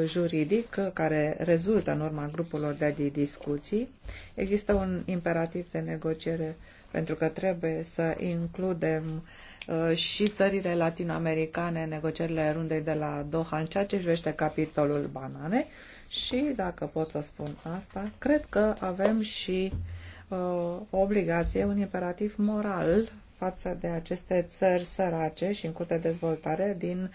juridic care rezultă în urma grupurilor de discuții. Există un imperativ de negociere uh, pentru că trebuie să includem uh, și țările latinoamericane în negocierile rundei de la Doha în ceea ce privește capitolul banane și, dacă pot să spun asta, cred că avem și o uh, obligație, un imperativ moral față de aceste țări sărace și în curte de dezvoltare din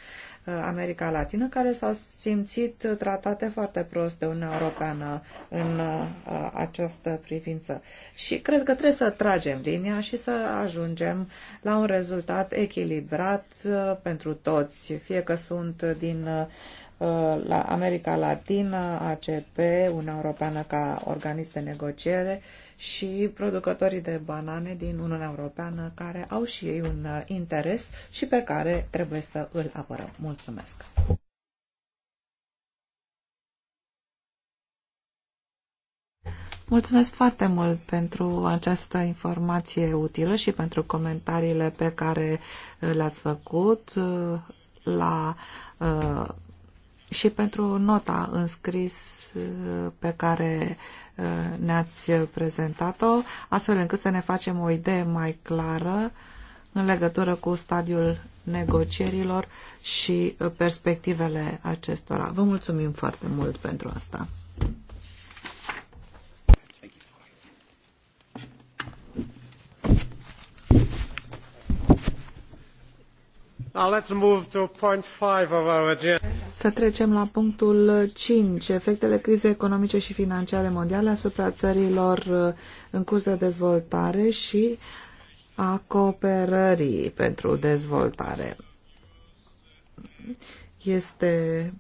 America Latină, care s-au simțit tratate foarte prost de Uniunea Europeană în uh, această privință. Și cred că trebuie să tragem linia și să ajungem la un rezultat echilibrat uh, pentru toți, fie că sunt din uh, Uh, la America Latină, ACP, Uniunea Europeană ca organism de negociere și producătorii de banane din Uniunea Europeană care au și ei un uh, interes și pe care trebuie să îl apărăm. Mulțumesc! Mulțumesc foarte mult pentru această informație utilă și pentru comentariile pe care uh, le-ați făcut la și pentru nota înscris uh, pe care uh, ne-ați prezentat-o, astfel încât să ne facem o idee mai clară în legătură cu stadiul negocierilor și uh, perspectivele acestora. Vă mulțumim foarte mult pentru asta. Să trecem la punctul 5, efectele crizei economice și financiare mondiale asupra țărilor uh, în curs de dezvoltare și a cooperării pentru dezvoltare. Este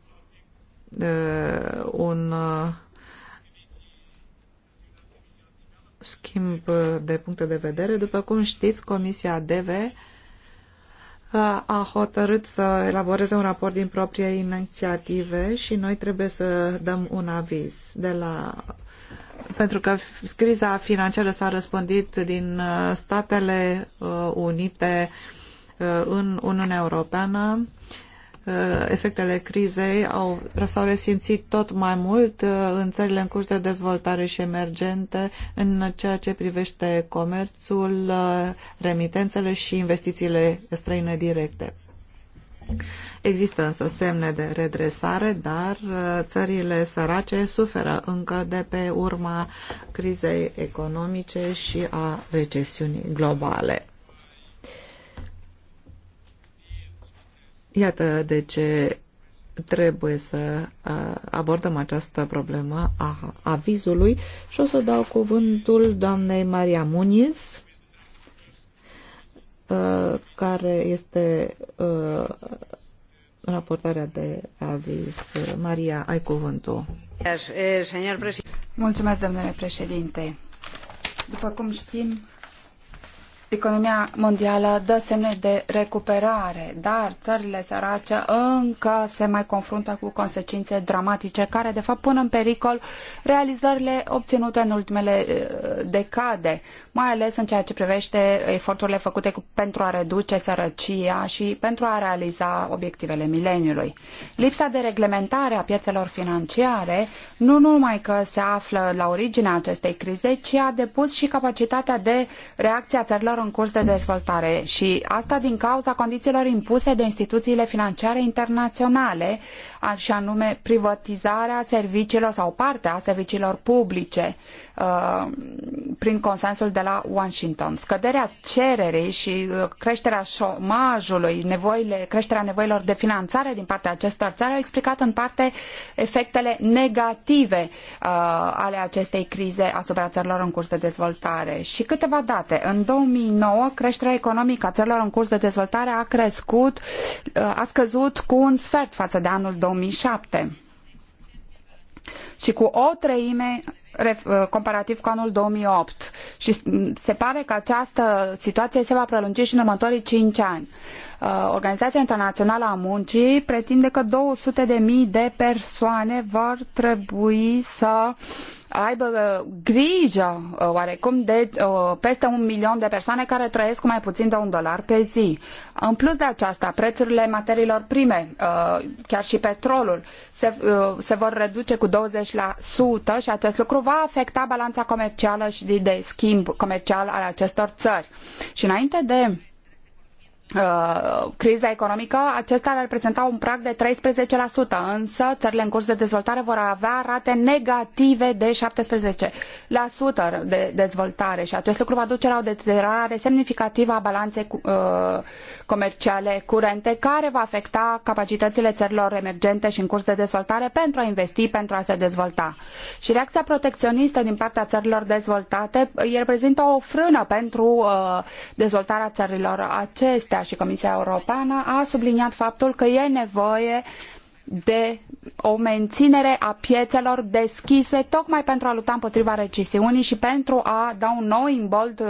uh, un uh, schimb de puncte de vedere. După cum știți, Comisia DV uh, a hotărât să elaboreze un raport din proprie inițiative și noi trebuie să dăm un aviz de la pentru că criza financiară s-a răspândit din uh, Statele uh, Unite uh, în Uniunea Europeană Uh, efectele crizei au, s-au resimțit tot mai mult uh, în țările în curs de dezvoltare și emergente în ceea ce privește comerțul, uh, remitențele și investițiile străine directe. Există însă semne de redresare, dar țările sărace suferă încă de pe urma crizei economice și a recesiunii globale. Iată de ce trebuie să abordăm această problemă a avizului și o să dau cuvântul doamnei Maria Muniz, care este raportarea de aviz. Maria, ai cuvântul. Mulțumesc, domnule președinte. După cum știm, economia mondială dă semne de recuperare, dar țările sărace încă se mai confruntă cu consecințe dramatice care, de fapt, pun în pericol realizările obținute în ultimele eh, decade, mai ales în ceea ce privește eforturile făcute pentru a reduce sărăcia și pentru a realiza obiectivele mileniului. Lipsa de reglementare a piețelor financiare nu numai că se află la originea acestei crize, ci a depus și capacitatea de reacție a țărilor în curs de dezvoltare și asta din cauza condițiilor impuse de instituțiile financiare internaționale, și anume privatizarea serviciilor sau partea serviciilor publice Uh, prin consensul de la Washington. Scăderea cererii și uh, creșterea șomajului, nevoile, creșterea nevoilor de finanțare din partea acestor țări au explicat în parte efectele negative uh, ale acestei crize asupra țărilor în curs de dezvoltare. Și câteva date. În 2009, creșterea economică a țărilor în curs de dezvoltare a crescut, uh, a scăzut cu un sfert față de anul 2007 și cu o treime Uh, comparativ cu anul 2008 și se pare că această situație se va prelungi și în următorii 5 ani. Uh, Organizația Internațională a Muncii pretinde că 200.000 de de persoane vor trebui să uh, aibă uh, grijă uh, oarecum de uh, peste un milion de persoane care trăiesc cu mai puțin de un dolar pe zi. În plus de aceasta, prețurile materiilor prime, chiar și petrolul, se, se vor reduce cu 20% și acest lucru va afecta balanța comercială și de schimb comercial al acestor țări. Și înainte de Uh, criza economică, acesta reprezenta un prag de 13%, însă țările în curs de dezvoltare vor avea rate negative de 17% de dezvoltare și acest lucru va duce la o deteriorare semnificativă a balanței uh, comerciale curente, care va afecta capacitățile țărilor emergente și în curs de dezvoltare pentru a investi, pentru a se dezvolta. Și reacția protecționistă din partea țărilor dezvoltate reprezintă o frână pentru uh, dezvoltarea țărilor acestea Comisia și Comisia Europeană a subliniat faptul că e nevoie de o menținere a piețelor deschise tocmai pentru a lupta împotriva recesiunii și pentru a da un nou imbold uh,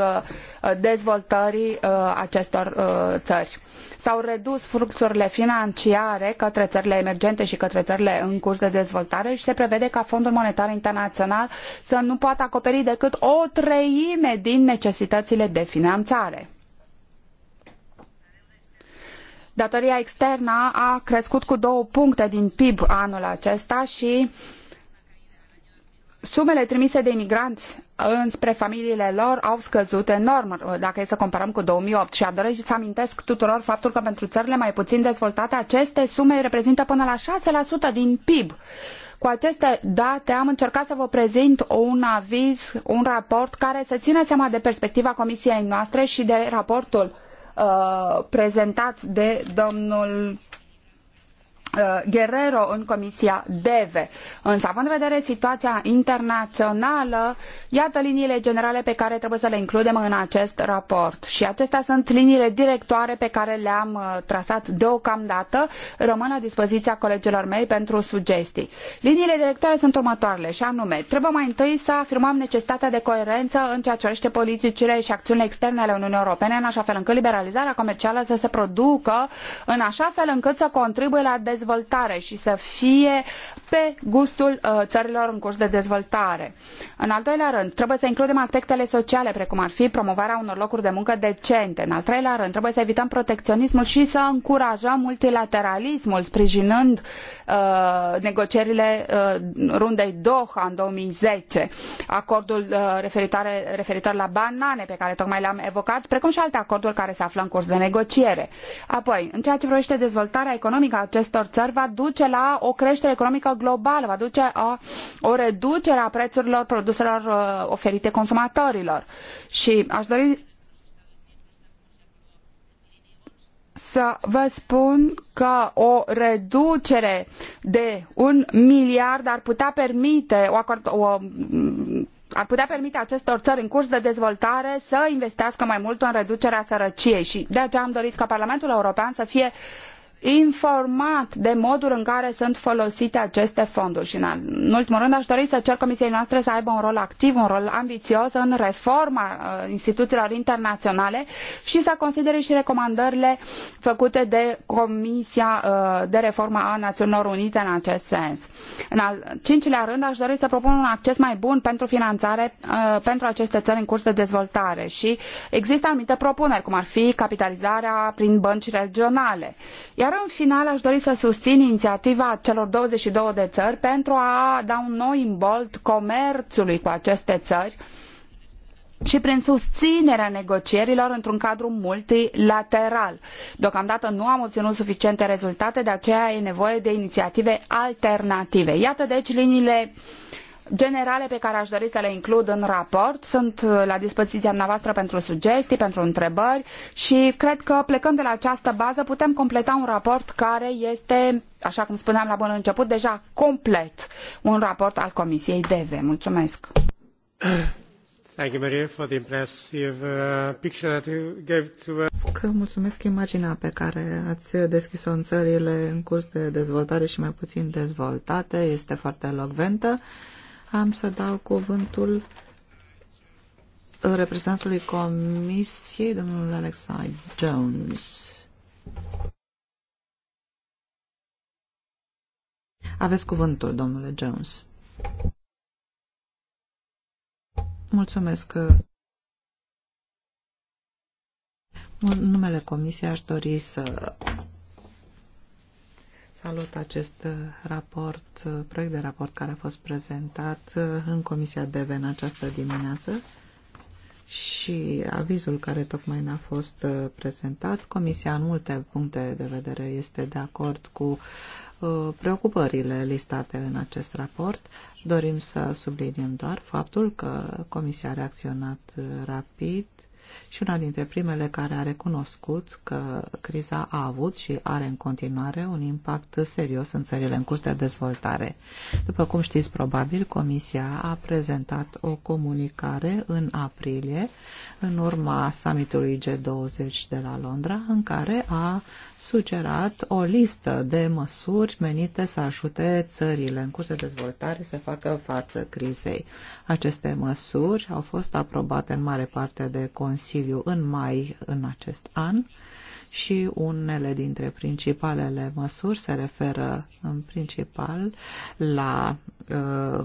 dezvoltării uh, acestor uh, țări. S-au redus fluxurile financiare către țările emergente și către țările în curs de dezvoltare și se prevede ca Fondul Monetar Internațional să nu poată acoperi decât o treime din necesitățile de finanțare. Datoria externă a crescut cu două puncte din PIB anul acesta și sumele trimise de imigranți înspre familiile lor au scăzut enorm dacă e să comparăm cu 2008 și doresc să amintesc tuturor faptul că pentru țările mai puțin dezvoltate aceste sume reprezintă până la 6% din PIB. Cu aceste date am încercat să vă prezint un aviz, un raport care să țină seama de perspectiva comisiei noastre și de raportul Uh, prezentat de domnul Uh, Guerrero în Comisia DEVE. Însă, având în vedere situația internațională, iată liniile generale pe care trebuie să le includem în acest raport. Și acestea sunt liniile directoare pe care le-am uh, trasat deocamdată. Rămân la dispoziția colegilor mei pentru sugestii. Liniile directoare sunt următoarele și anume, trebuie mai întâi să afirmăm necesitatea de coerență în ceea ce privește politicile și acțiunile externe ale Uniunii Europene, în așa fel încât liberalizarea comercială să se producă, în așa fel încât să contribuie la dez- dezvoltare și să fie pe gustul uh, țărilor în curs de dezvoltare. În al doilea rând, trebuie să includem aspectele sociale, precum ar fi promovarea unor locuri de muncă decente. În al treilea rând, trebuie să evităm protecționismul și să încurajăm multilateralismul, sprijinând uh, negocierile uh, rundei Doha în 2010, acordul uh, referitor la banane pe care tocmai l am evocat, precum și alte acorduri care se află în curs de negociere. Apoi, în ceea ce privește dezvoltarea economică a acestor ări va duce la o creștere economică globală, va duce la o reducere a prețurilor produselor uh, oferite consumatorilor. Și aș dori să vă spun că o reducere de un miliard ar putea permite o, acord, o ar putea permite acestor țări în curs de dezvoltare să investească mai mult în reducerea sărăciei și de aceea am dorit ca Parlamentul European să fie informat de modul în care sunt folosite aceste fonduri. Și în ultimul rând aș dori să cer Comisiei noastre să aibă un rol activ, un rol ambițios în reforma uh, instituțiilor internaționale și să considere și recomandările făcute de Comisia uh, de Reformă a Națiunilor Unite în acest sens. În al cincilea rând aș dori să propun un acces mai bun pentru finanțare uh, pentru aceste țări în curs de dezvoltare și există anumite propuneri, cum ar fi capitalizarea prin bănci regionale. Iar dar în final aș dori să susțin inițiativa celor 22 de țări pentru a da un nou imbolt comerțului cu aceste țări și prin susținerea negocierilor într-un cadru multilateral. Deocamdată nu am obținut suficiente rezultate, de aceea e nevoie de inițiative alternative. Iată deci liniile uh, generale pe care aș dori să le includ în raport. Sunt uh, la dispoziția noastră pentru sugestii, pentru întrebări și cred că plecând de la această bază putem completa un raport care este, așa cum spuneam la bun început, deja complet un raport al Comisiei DEVE. Mulțumesc! Thank you, Maria, for the impressive uh, picture that you gave to us. Mulțumesc imaginea pe care ați deschis-o în țările în curs de dezvoltare și mai puțin dezvoltate. Este foarte elocventă. Uh, am să dau cuvântul reprezentantului Comisiei, domnul Alexei Jones. Aveți cuvântul, domnule Jones. Mulțumesc. În numele Comisiei aș dori să Salut acest uh, raport, uh, proiect de raport care a fost prezentat uh, în Comisia DEVE în această dimineață și avizul care tocmai ne-a fost prezentat. Comisia în multe puncte de vedere este de acord cu preocupările listate în acest raport. Dorim să subliniem doar faptul că Comisia a reacționat rapid și una dintre primele care a recunoscut că criza a avut și are în continuare un impact serios în țările în curs de dezvoltare. După cum știți probabil, Comisia a prezentat o comunicare în aprilie în urma summitului G20 de la Londra, în care a sugerat o listă de măsuri menite să ajute țările în curs de dezvoltare să facă față crizei. Aceste măsuri au fost aprobate în mare parte de Consiliu în mai în acest an și unele dintre principalele măsuri se referă în principal la uh,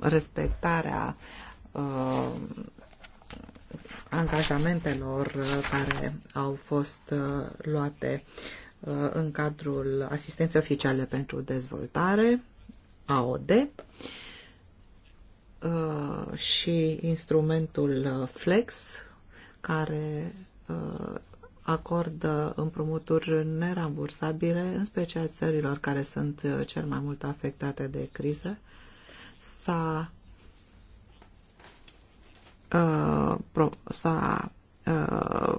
respectarea uh, angajamentelor uh, care au fost uh, luate uh, în cadrul asistenței oficiale pentru dezvoltare, AOD, și instrumentul FLEX, care acordă împrumuturi nerambursabile, în special țărilor care sunt cel mai mult afectate de criză. S-a Uh, s-a uh,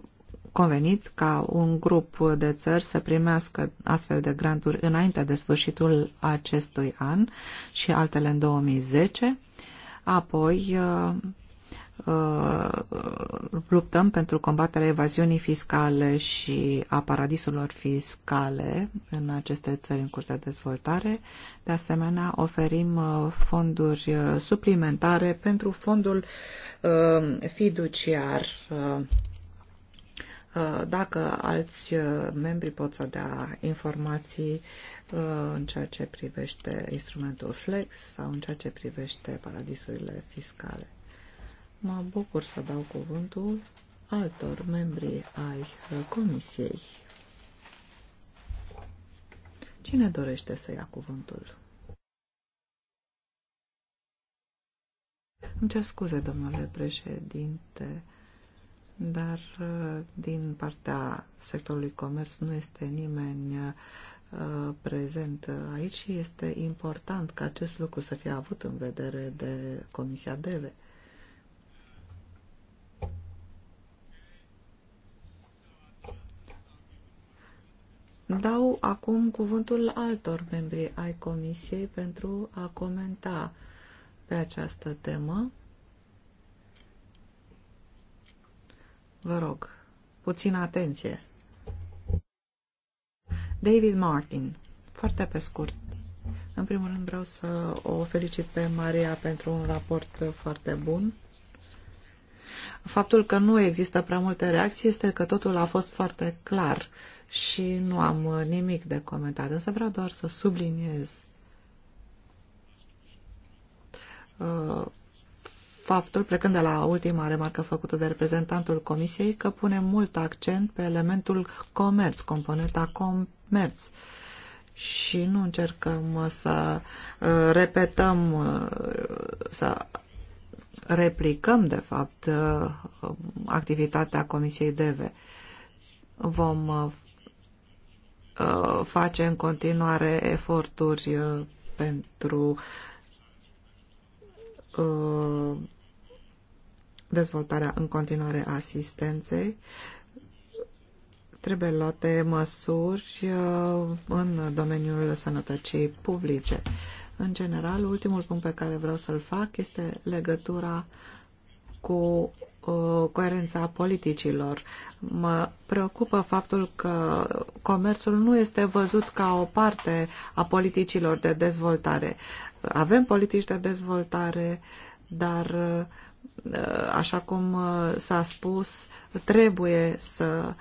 convenit ca un grup de țări să primească astfel de granturi înainte de sfârșitul acestui an și altele în 2010. Apoi uh, Uh, luptăm pentru combaterea evaziunii fiscale și a paradisurilor fiscale în aceste țări în curs de dezvoltare. De asemenea, oferim uh, fonduri uh, suplimentare pentru fondul fiduciar. Dacă alți membri pot să dea informații în ceea ce privește instrumentul Flex sau în ceea ce privește paradisurile fiscale. Mă bucur să dau cuvântul altor membri ai uh, comisiei. Cine dorește să ia cuvântul? Îmi cer scuze, domnule președinte, dar uh, din partea sectorului comerț nu este nimeni uh, prezent aici și este important ca acest lucru să fie avut în vedere de Comisia DEVE. Dau acum cuvântul altor membri ai Comisiei pentru a comenta pe această temă. Vă rog, puțină atenție. David Martin, foarte pe scurt. În primul rând vreau să o felicit pe Maria pentru un raport foarte bun. Faptul că nu există prea multe reacții este că totul a fost foarte clar. Uh, și nu am uh, nimic de comentat, însă vreau doar să subliniez uh, faptul, plecând de la ultima remarcă făcută de reprezentantul Comisiei, că pune mult accent pe elementul comerț, componenta comerț și nu încercăm uh, să repetăm, să replicăm, de fapt, activitatea Comisiei DEVE. Vom Uh, face în continuare eforturi uh, pentru uh, dezvoltarea în continuare a asistenței. Trebuie luate măsuri în domeniul sănătății publice. În general, ultimul punct pe care vreau să-l fac este legătura cu coerența politicilor. Mă preocupă faptul că comerțul nu este văzut ca o parte a politicilor de dezvoltare. Avem politici de dezvoltare, dar uh, așa cum uh, s-a spus, trebuie să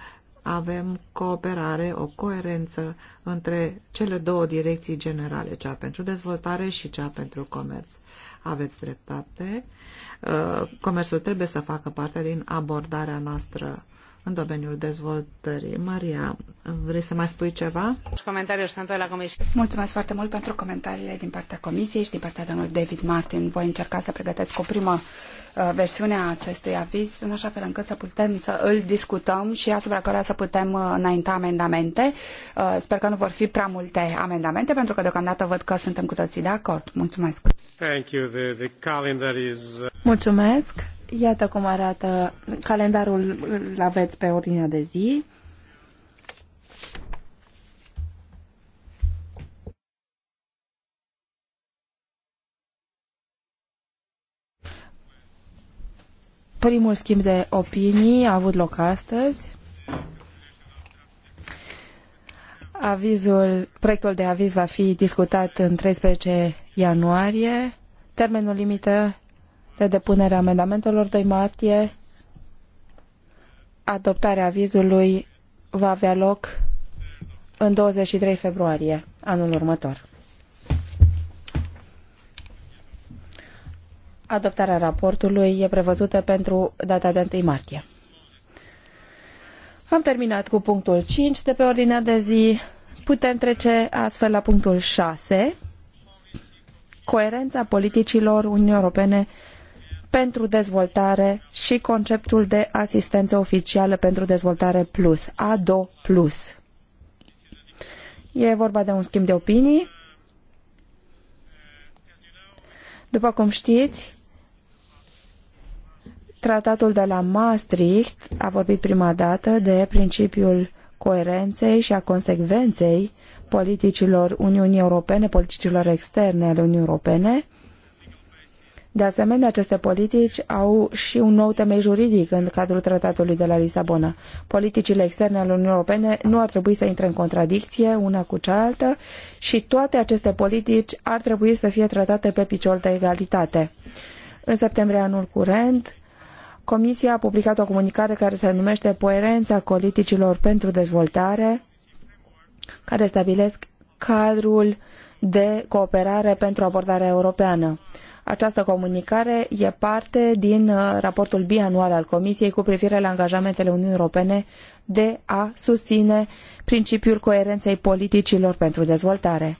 avem cooperare, o coerență între cele două direcții generale, cea pentru dezvoltare și cea pentru comerț. Aveți dreptate. Uh, Uh, comerțul trebuie să facă parte din abordarea noastră în domeniul dezvoltării. Maria, vrei să mai spui ceva? Mulțumesc foarte mult pentru comentariile din partea Comisiei și din partea domnului David Martin. Voi încerca să pregătesc o primă uh, versiune a acestui aviz, în așa fel încât să putem să îl discutăm și asupra care să putem uh, înainta amendamente. Uh, sper că nu vor fi prea multe amendamente, pentru că deocamdată văd că suntem cu toții de acord. Mulțumesc! Thank you. The, the calendar is... Mulțumesc! Iată cum arată calendarul, îl aveți pe ordinea de zi. Primul schimb de opinii a avut loc astăzi. Avizul, proiectul de aviz va fi discutat în 13 ianuarie. Termenul limită de depunere a amendamentelor 2 martie. Adoptarea avizului va avea loc în 23 februarie anul următor. Adoptarea raportului e prevăzută pentru data de 1 martie. Am terminat cu punctul 5 de pe ordinea de zi. Putem trece astfel la punctul 6, coerența politicilor Uniunii Europene pentru dezvoltare și conceptul de asistență oficială pentru dezvoltare plus, ADO plus. E vorba de un schimb de opinii. După cum știți, tratatul de la Maastricht a vorbit prima dată de principiul coerenței și a consecvenței politicilor Uniunii Europene, politicilor externe ale Uniunii Europene de asemenea, aceste politici au și un nou temei juridic în cadrul tratatului de la Lisabona. Politicile externe ale Uniunii Europene nu ar trebui să intre în contradicție una cu cealaltă și toate aceste politici ar trebui să fie tratate pe picior de egalitate. În septembrie anul curent, Comisia a publicat o comunicare care se numește Poerența politicilor pentru dezvoltare, care stabilesc cadrul de cooperare pentru abordarea europeană. Această comunicare e parte din uh, raportul bianual al Comisiei cu privire la angajamentele Uniunii Europene de a susține principiul coerenței politicilor pentru dezvoltare.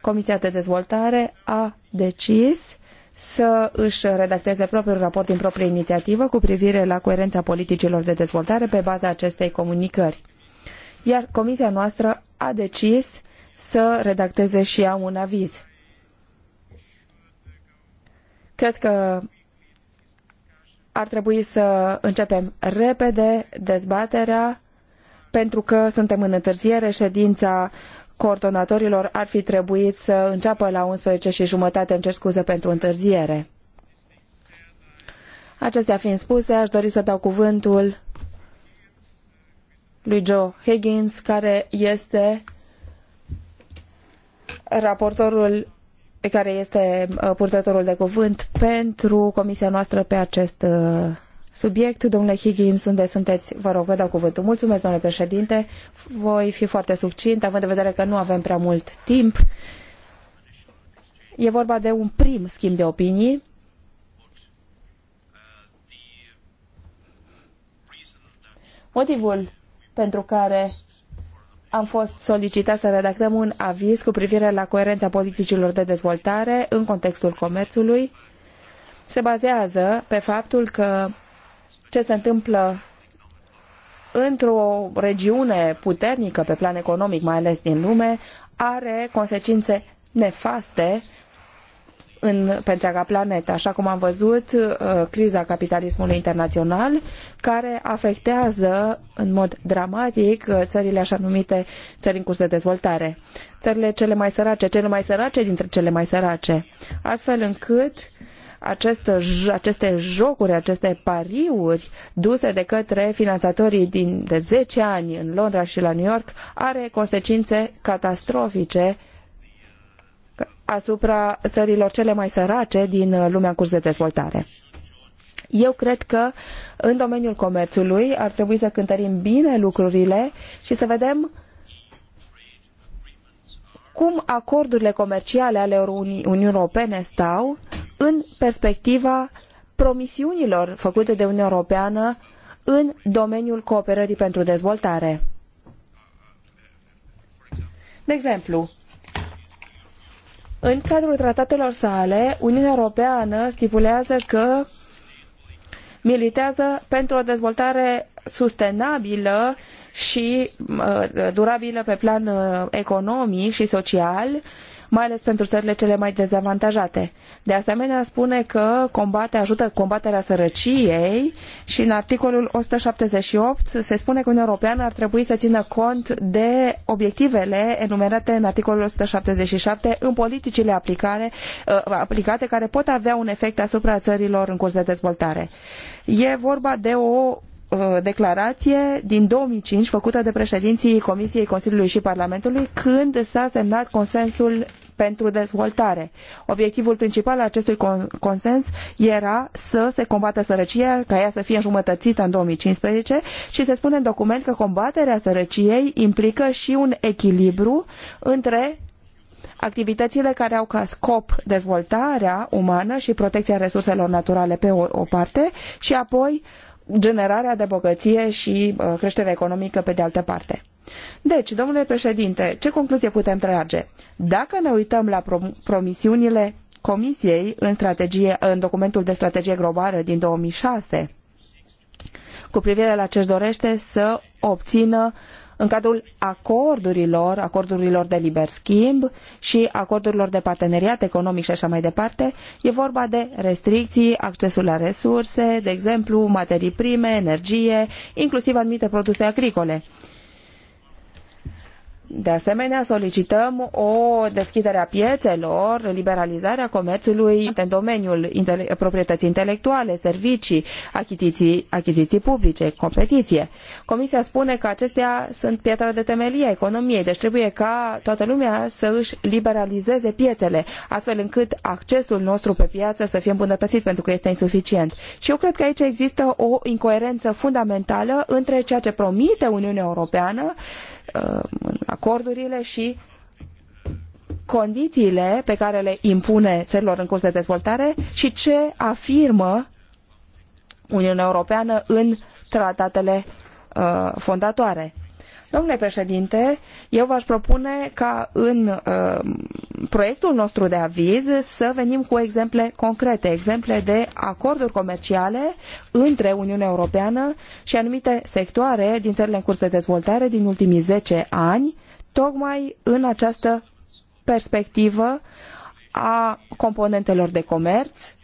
Comisia de dezvoltare a decis să își redacteze propriul raport din proprie inițiativă cu privire la coerența politicilor de dezvoltare pe baza acestei comunicări. Iar comisia noastră a decis să redacteze și ea un aviz Cred că ar trebui să începem repede dezbaterea, pentru că suntem în întârziere. Ședința coordonatorilor ar fi trebuit să înceapă la 11 și jumătate. Îmi cer scuze pentru întârziere. Acestea fiind spuse, aș dori să dau cuvântul lui Joe Higgins, care este raportorul care este uh, purtătorul de cuvânt pentru comisia noastră pe acest uh, subiect. Domnule Higgins, unde sunteți? Vă rog, vă dau cuvântul. Mulțumesc, domnule președinte. Voi fi foarte succint, având în vedere că nu avem prea mult timp. E vorba de un prim schimb de opinii. Motivul pentru care am fost solicitat să redactăm un aviz cu privire la coerența politicilor de dezvoltare în contextul comerțului. Se bazează pe faptul că ce se întâmplă într-o regiune puternică pe plan economic, mai ales din lume, are consecințe nefaste în, pe întreaga planetă, așa cum am văzut uh, criza capitalismului internațional, care afectează în mod dramatic uh, țările așa numite țări în curs de dezvoltare, țările cele mai sărace, cele mai sărace dintre cele mai sărace, astfel încât acest, aceste jocuri, aceste pariuri duse de către finanțatorii din, de 10 ani în Londra și la New York are consecințe catastrofice uh, asupra țărilor cele mai sărace din uh, lumea în curs de dezvoltare. Eu cred că în domeniul comerțului ar trebui să cântărim bine lucrurile și să vedem cum acordurile comerciale ale Uniunii Europene stau în perspectiva promisiunilor făcute de Uniunea Europeană în domeniul cooperării pentru dezvoltare. De exemplu, în cadrul tratatelor sale, Uniunea Europeană stipulează că militează pentru o dezvoltare sustenabilă și durabilă pe plan uh, economic și social, mai ales pentru țările cele mai dezavantajate. De asemenea, spune că combate, ajută combaterea sărăciei și în articolul 178 se spune că Uniunea Europeană ar trebui să țină cont de obiectivele enumerate în articolul 177 în politicile aplicare, uh, aplicate care pot avea un efect asupra țărilor în curs de dezvoltare. E vorba de o Uh, declarație din 2005 făcută de președinții Comisiei Consiliului și Parlamentului când s-a semnat consensul pentru dezvoltare. Obiectivul principal al acestui consens era să se combată sărăcia, ca ea să fie înjumătățită în 2015 și se spune în document că combaterea sărăciei implică și un echilibru între activitățile care au ca scop dezvoltarea umană și protecția resurselor naturale pe o, o parte și apoi generarea de bogăție și uh, creșterea economică pe de altă parte. Deci, domnule președinte, ce concluzie putem trage? Dacă ne uităm la promisiunile Comisiei în, strategie, în documentul de strategie globală din 2006, cu privire la ce își dorește să obțină uh, în cadrul acordurilor, acordurilor de liber schimb și acordurilor de parteneriat economic și așa mai departe, e vorba de restricții, accesul la resurse, de exemplu, materii prime, energie, inclusiv anumite produse agricole. Uh, de asemenea, solicităm o deschidere a piețelor, liberalizarea comerțului în domeniul intele- proprietății intelectuale, servicii, achiziții, achiziții publice, competiție. Comisia spune că acestea sunt pietra de temelie a economiei, deci trebuie ca toată lumea să își liberalizeze piețele, astfel încât accesul nostru pe piață să fie îmbunătățit pentru că este insuficient. Și eu cred că aici există o incoerență fundamentală între ceea ce promite Uniunea Europeană Uh, acordurile și condițiile pe care le impune țărilor în curs de dezvoltare și ce afirmă Uniunea Europeană în tratatele uh, fondatoare. Domnule președinte, eu v-aș propune ca în uh, proiectul nostru de aviz să venim cu exemple concrete, exemple de acorduri comerciale între Uniunea Europeană și anumite sectoare din țările în curs de dezvoltare din ultimii zece ani, tocmai în această perspectivă a componentelor de comerț,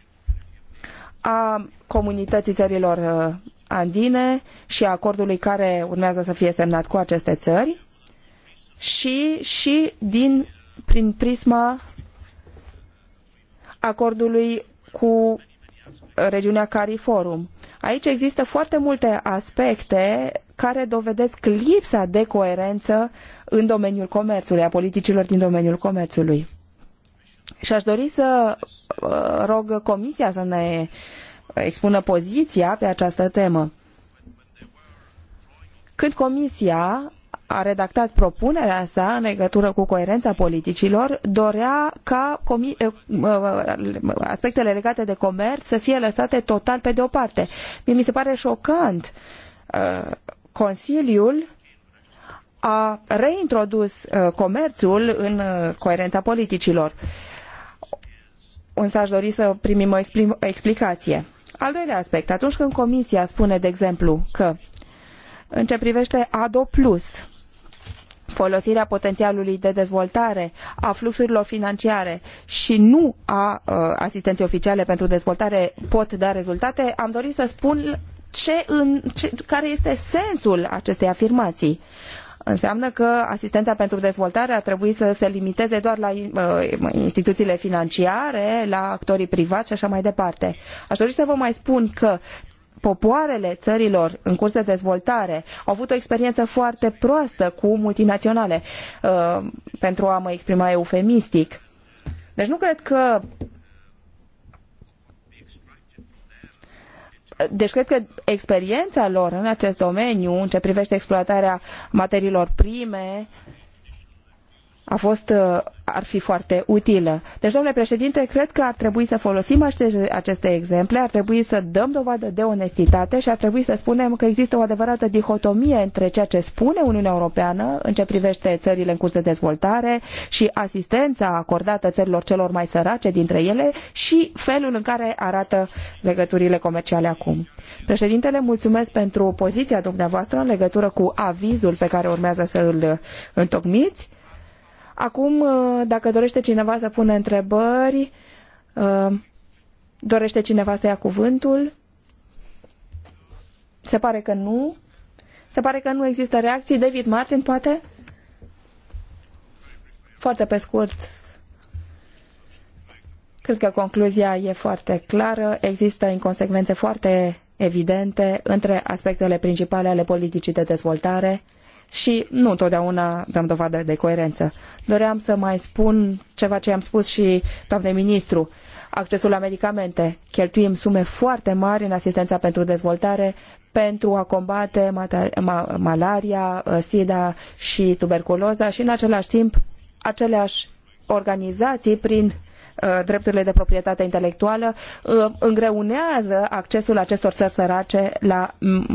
a comunității țărilor uh, andine și a acordului care urmează să fie semnat cu aceste țări și, și din, prin prisma acordului cu regiunea Cariforum. Aici există foarte multe aspecte care dovedesc lipsa de coerență în domeniul comerțului, a politicilor din domeniul comerțului. Și aș dori să uh, rog Comisia să ne expună poziția pe această temă. Când Comisia a redactat propunerea sa în legătură cu coerența politicilor, dorea ca eh, eh, aspectele legate de comerț să fie lăsate total pe deoparte. Mie mi se pare șocant. Eh, Consiliul a reintrodus comerțul în coerența politicilor. Însă aș dori să primim o explicație. Al doilea aspect, atunci când Comisia spune, de exemplu, că în ce privește ADO+, folosirea potențialului de dezvoltare a fluxurilor financiare și nu a uh, asistenței oficiale pentru dezvoltare pot da rezultate, am dorit să spun ce în, ce, care este sensul acestei afirmații. Înseamnă că asistența pentru dezvoltare ar trebui să se limiteze doar la uh, instituțiile financiare, la actorii privați și așa mai departe. Aș dori să vă mai spun că popoarele țărilor în curs de dezvoltare au avut o experiență foarte proastă cu multinaționale, uh, pentru a mă exprima eufemistic. Deci nu cred că Deci cred că experiența lor în acest domeniu, în ce privește exploatarea materiilor prime, a fost, uh, ar fi foarte utilă. Deci, domnule președinte, cred că ar trebui să folosim aceste, exemple, ar trebui să dăm dovadă de onestitate și ar trebui să spunem că există o adevărată dihotomie între ceea ce spune Uniunea Europeană în ce privește țările în curs de dezvoltare și asistența acordată țărilor celor mai sărace dintre ele și felul în care arată legăturile comerciale acum. Președintele, mulțumesc pentru poziția dumneavoastră în legătură cu avizul pe care urmează să îl întocmiți Acum, uh, dacă dorește cineva să pună întrebări, uh, dorește cineva să ia cuvântul? Se pare că nu. Se pare că nu există reacții. David Martin, poate? Foarte pe scurt. Cred că concluzia e foarte clară. Există inconsecvențe foarte evidente între aspectele principale ale politicii de dezvoltare și nu întotdeauna dăm dovadă de coerență. Doream să mai spun ceva ce am spus și doamnei ministru. Accesul la medicamente. Cheltuim sume foarte mari în asistența pentru dezvoltare pentru a combate malaria, uh, sida și tuberculoza și în același timp aceleași organizații prin Uh, drepturile de proprietate intelectuală uh, îngreunează accesul acestor țări sărace la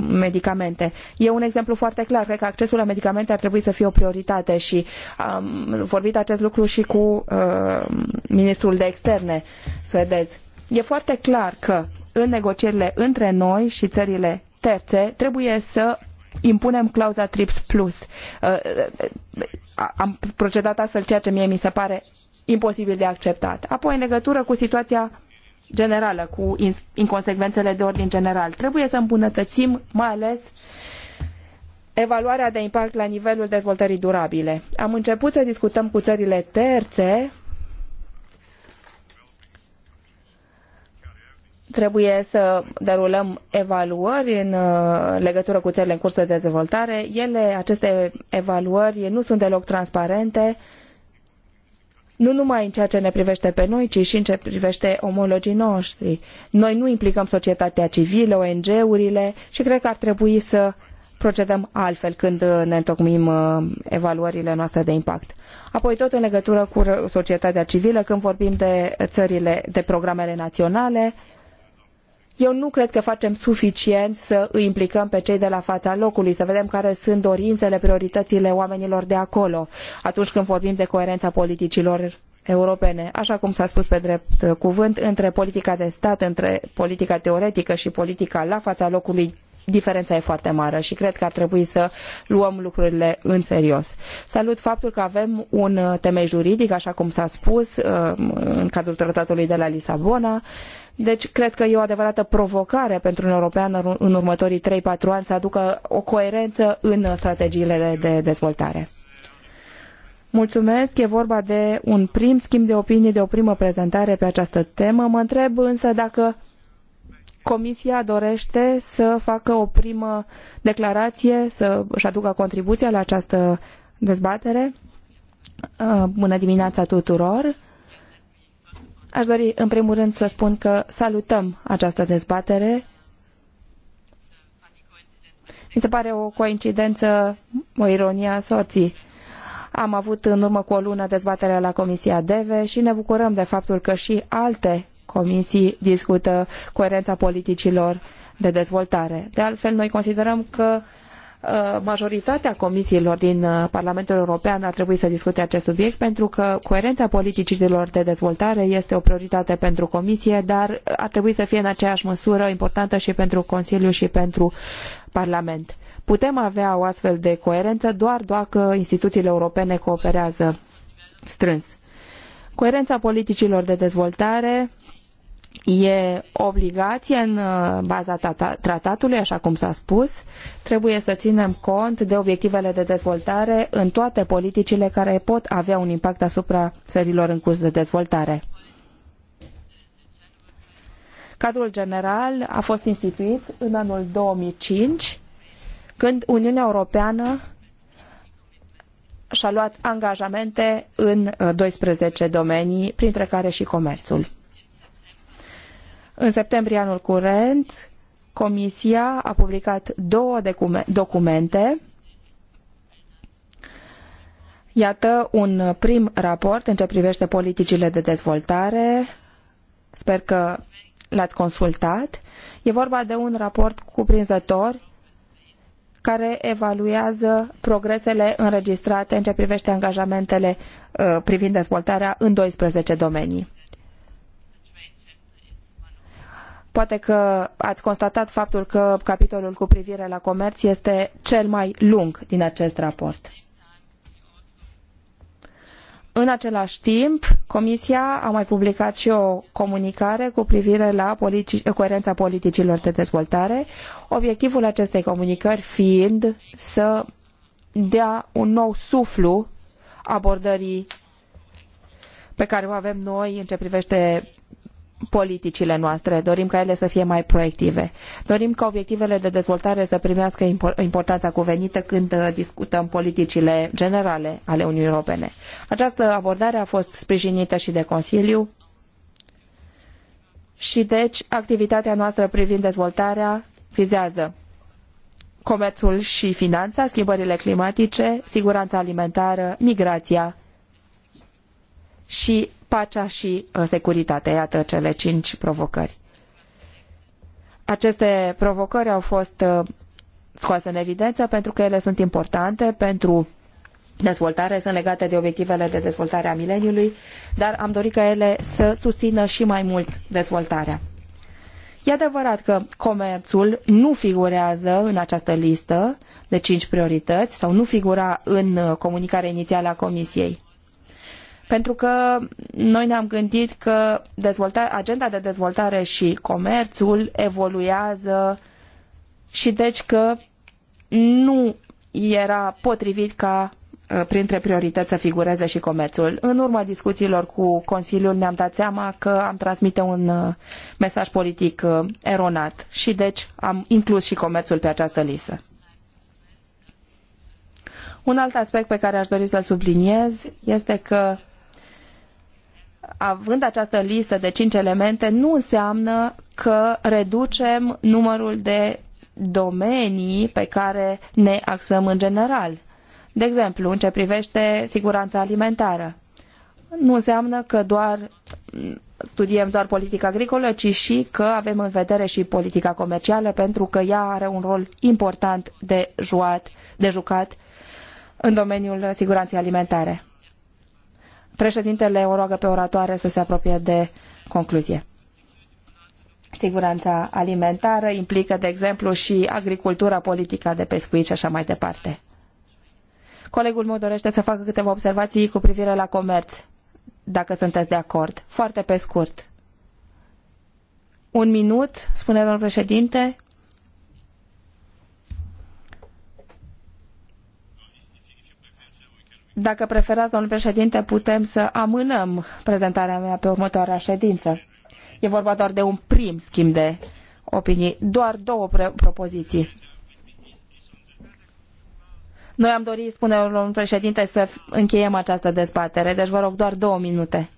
medicamente. E un exemplu foarte clar. Cred că accesul la medicamente ar trebui să fie o prioritate și am vorbit acest lucru și cu uh, ministrul de externe suedez. E foarte clar că în negocierile între noi și țările terțe trebuie să impunem clauza TRIPS Plus. Uh, uh am procedat astfel ceea ce mie mi se pare imposibil de acceptat. Apoi, în legătură cu situația generală, cu inconsecvențele de ordin general, trebuie să îmbunătățim mai ales evaluarea de impact la nivelul dezvoltării durabile. Am început să discutăm cu țările terțe trebuie să derulăm evaluări în uh, legătură cu țările în curs de dezvoltare. Ele, aceste evaluări, nu sunt deloc transparente nu numai în ceea ce ne privește pe noi, ci și în ce privește omologii noștri. Noi nu implicăm societatea civilă, ONG-urile și cred că ar trebui să procedăm altfel când ne întocmim uh, evaluările noastre de impact. Apoi tot în legătură cu societatea civilă, când vorbim de țările, de programele naționale, eu nu cred că facem suficient să îi implicăm pe cei de la fața locului, să vedem care sunt dorințele, prioritățile oamenilor de acolo, atunci când vorbim de coerența politicilor europene, așa cum s-a spus pe drept cuvânt, între politica de stat, între politica teoretică și politica la fața locului, diferența e foarte mare și cred că ar trebui să luăm lucrurile în serios. Salut faptul că avem un temei juridic, așa cum s-a spus, uh, în cadrul tratatului de la Lisabona, deci cred că e o adevărată provocare pentru un european în următorii 3-4 ani să aducă o coerență în strategiile de dezvoltare. Mulțumesc, e vorba de un prim schimb de opinii, de o primă prezentare pe această temă. Mă întreb însă dacă Comisia dorește să facă o primă declarație, să își aducă contribuția la această dezbatere. Uh, bună dimineața tuturor! Aș dori în primul rând să spun că salutăm această dezbatere. Mi se pare o coincidență, o ironie a sorții. Am avut în urmă cu o lună dezbaterea la Comisia DEVE și ne bucurăm de faptul că și alte comisii discută coerența politicilor de dezvoltare. De altfel, noi considerăm că uh, Uh, majoritatea comisiilor din uh, Parlamentul European ar trebui să discute acest subiect pentru că coerența politicilor de dezvoltare este o prioritate pentru comisie, dar ar trebui să fie în aceeași măsură importantă și pentru Consiliu și pentru Parlament. Putem avea o astfel de coerență doar dacă instituțiile europene cooperează strâns. Coerența politicilor de dezvoltare E obligație în uh, baza tratatului, așa cum s-a spus. Trebuie să ținem cont de obiectivele de dezvoltare în toate politicile care pot avea un impact asupra țărilor în curs de dezvoltare. Cadrul general a fost instituit în anul 2005, când Uniunea Europeană și-a luat angajamente în 12 uh, domenii, printre care și comerțul. În septembrie anul curent, Comisia a publicat două documente. Iată un prim raport în ce privește politicile de dezvoltare. Sper că l-ați consultat. E vorba de un raport cuprinzător care evaluează progresele înregistrate în ce privește angajamentele uh, privind dezvoltarea în 12 domenii. Poate că ați constatat faptul că capitolul cu privire la comerț este cel mai lung din acest raport. În același timp, Comisia a mai publicat și o comunicare cu privire la politici, coerența politicilor de dezvoltare, obiectivul acestei comunicări fiind să dea un nou suflu abordării pe care o avem noi în ce privește politicile noastre, dorim ca ele să fie mai proiective. Dorim ca obiectivele de dezvoltare să primească importanța cuvenită când uh, discutăm politicile generale ale Uniunii Europene. Această abordare a fost sprijinită și de Consiliu și deci activitatea noastră privind dezvoltarea vizează comerțul și finanța, schimbările climatice, siguranța alimentară, migrația și pacea și uh, securitatea. Iată cele cinci provocări. Aceste provocări au fost uh, scoase în evidență pentru că ele sunt importante pentru dezvoltare, sunt legate de obiectivele de dezvoltare a mileniului, dar am dorit ca ele să susțină și mai mult dezvoltarea. E adevărat că comerțul nu figurează în această listă de cinci priorități sau nu figura în uh, comunicarea inițială a Comisiei pentru că noi ne-am gândit că agenda de dezvoltare și comerțul evoluează și deci că nu era potrivit ca uh, printre priorități să figureze și comerțul. În urma discuțiilor cu Consiliul ne-am dat seama că am transmite un uh, mesaj politic uh, eronat și deci am inclus și comerțul pe această listă. Un alt aspect pe care aș dori să-l subliniez este că având această listă de cinci elemente, nu înseamnă că reducem numărul de domenii pe care ne axăm în general. De exemplu, în ce privește siguranța alimentară. Nu înseamnă că doar studiem doar politica agricolă, ci și că avem în vedere și politica comercială, pentru că ea are un rol important de, juat, de jucat în domeniul siguranței alimentare. Președintele o roagă pe oratoare să se apropie de concluzie. Siguranța alimentară implică, de exemplu, și agricultura, politica de pescuit și așa mai departe. Colegul meu dorește să facă câteva observații cu privire la comerț, dacă sunteți de acord. Foarte pe scurt. Un minut, spune domnul președinte, Dacă preferați, domnule președinte, putem să amânăm prezentarea mea pe următoarea ședință. E vorba doar de un prim schimb de opinii, doar două propoziții. Noi am dorit, spune domnul președinte, să încheiem această dezbatere, deci vă rog doar două minute.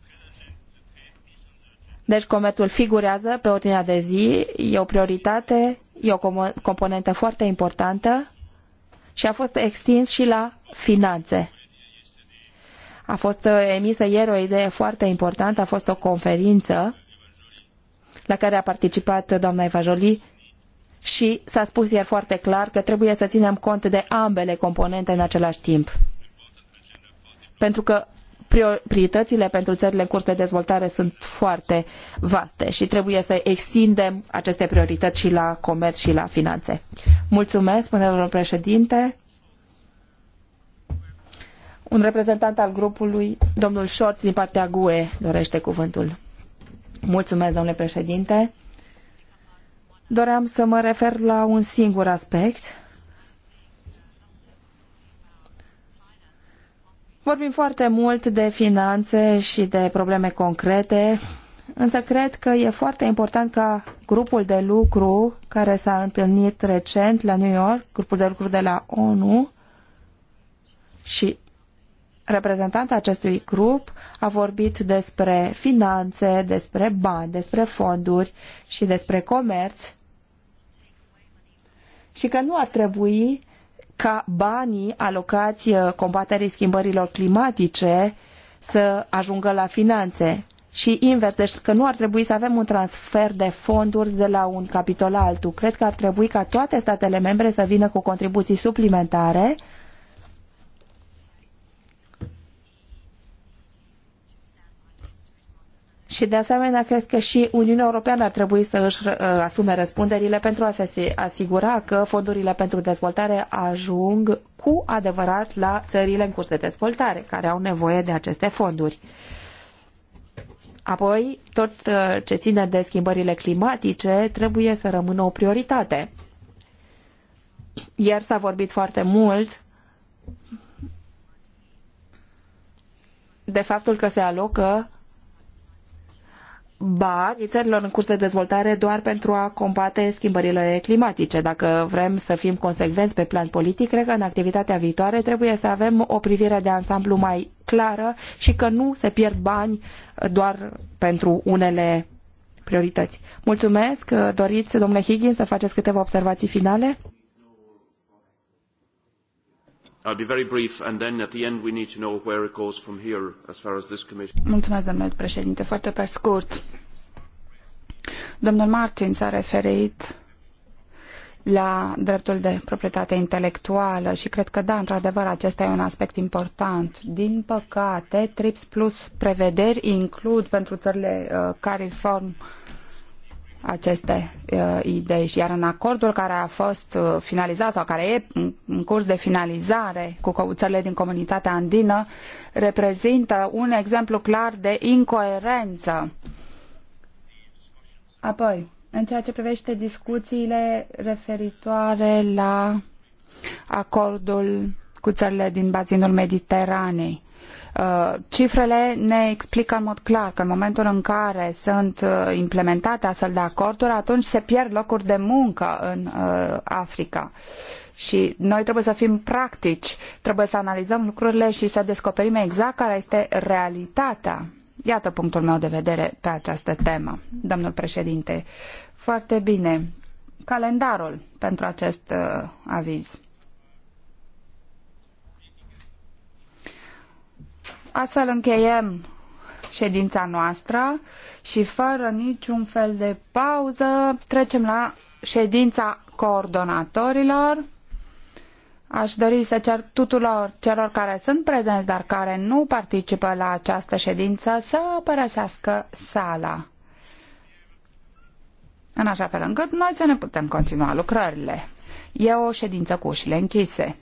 Deci comerțul figurează pe ordinea de zi, e o prioritate, e o componentă foarte importantă și a fost extins și la finanțe. A fost uh, emisă ieri o idee foarte importantă, a fost o conferință la care a participat doamna Eva Jolie și s-a spus ieri foarte clar că trebuie să ținem cont de ambele componente în același timp. Pentru că prioritățile pentru țările în curs de dezvoltare sunt foarte vaste și trebuie să extindem aceste priorități și la comerț și la finanțe. Mulțumesc, până domnul președinte. Un reprezentant al grupului, domnul Șorț, din partea GUE, dorește cuvântul. Mulțumesc, domnule președinte. Doream să mă refer la un singur aspect. Vorbim foarte mult de finanțe și de probleme concrete, însă cred că e foarte important ca grupul de lucru care s-a întâlnit recent la New York, grupul de lucru de la ONU și reprezentanta acestui grup a vorbit despre finanțe, despre bani, despre fonduri și despre comerț și că nu ar trebui ca banii alocați uh, combaterii schimbărilor climatice să ajungă la finanțe și invers, deci că nu ar trebui să avem un transfer de fonduri de la un capitol la altul. Cred că ar trebui ca toate statele membre să vină cu contribuții suplimentare uh, Și de asemenea, cred că și Uniunea Europeană ar trebui să își uh, asume răspunderile pentru a se asigura că fondurile pentru dezvoltare ajung cu adevărat la țările în curs de dezvoltare, care au nevoie de aceste fonduri. Apoi, tot uh, ce ține de schimbările climatice trebuie să rămână o prioritate. Ieri s-a vorbit foarte mult de faptul că se alocă bani țărilor în curs de dezvoltare doar pentru a combate schimbările climatice. Dacă vrem să fim consecvenți pe plan politic, cred că în activitatea viitoare trebuie să avem o privire de ansamblu mai clară și că nu se pierd bani doar pentru unele priorități. Mulțumesc. Doriți, domnule Higgins, să faceți câteva observații finale? will be very brief and then at the end we need to know where it goes from here as far as this committee. Mulțumesc, domnule președinte. Foarte pe scurt. Domnul Martin s-a referit la dreptul de proprietate intelectuală și cred că da, într-adevăr, acesta e un aspect important. Din păcate, TRIPS Plus prevederi includ pentru țările uh, care form uh, aceste uh, idei. Iar în acordul care a fost uh, finalizat sau care e în curs de finalizare cu căuțările din comunitatea andină, reprezintă un exemplu clar de incoerență. Apoi, în ceea ce privește discuțiile referitoare la acordul cu țările din bazinul Mediteranei. Uh, cifrele ne explică în mod clar că în momentul în care sunt uh, implementate astfel de acorduri, atunci se pierd locuri de muncă în uh, Africa. Și noi trebuie să fim practici, trebuie să analizăm lucrurile și să descoperim exact care este realitatea. Iată punctul meu de vedere pe această temă, domnul președinte. Foarte bine. Calendarul pentru acest aviz. Astfel încheiem ședința noastră și fără niciun fel de pauză trecem la ședința coordonatorilor. Aș dori să cer tuturor celor care sunt prezenți, dar care nu participă la această ședință, să părăsească sala. În așa fel încât noi să ne putem continua lucrările. E o ședință cu ușile închise.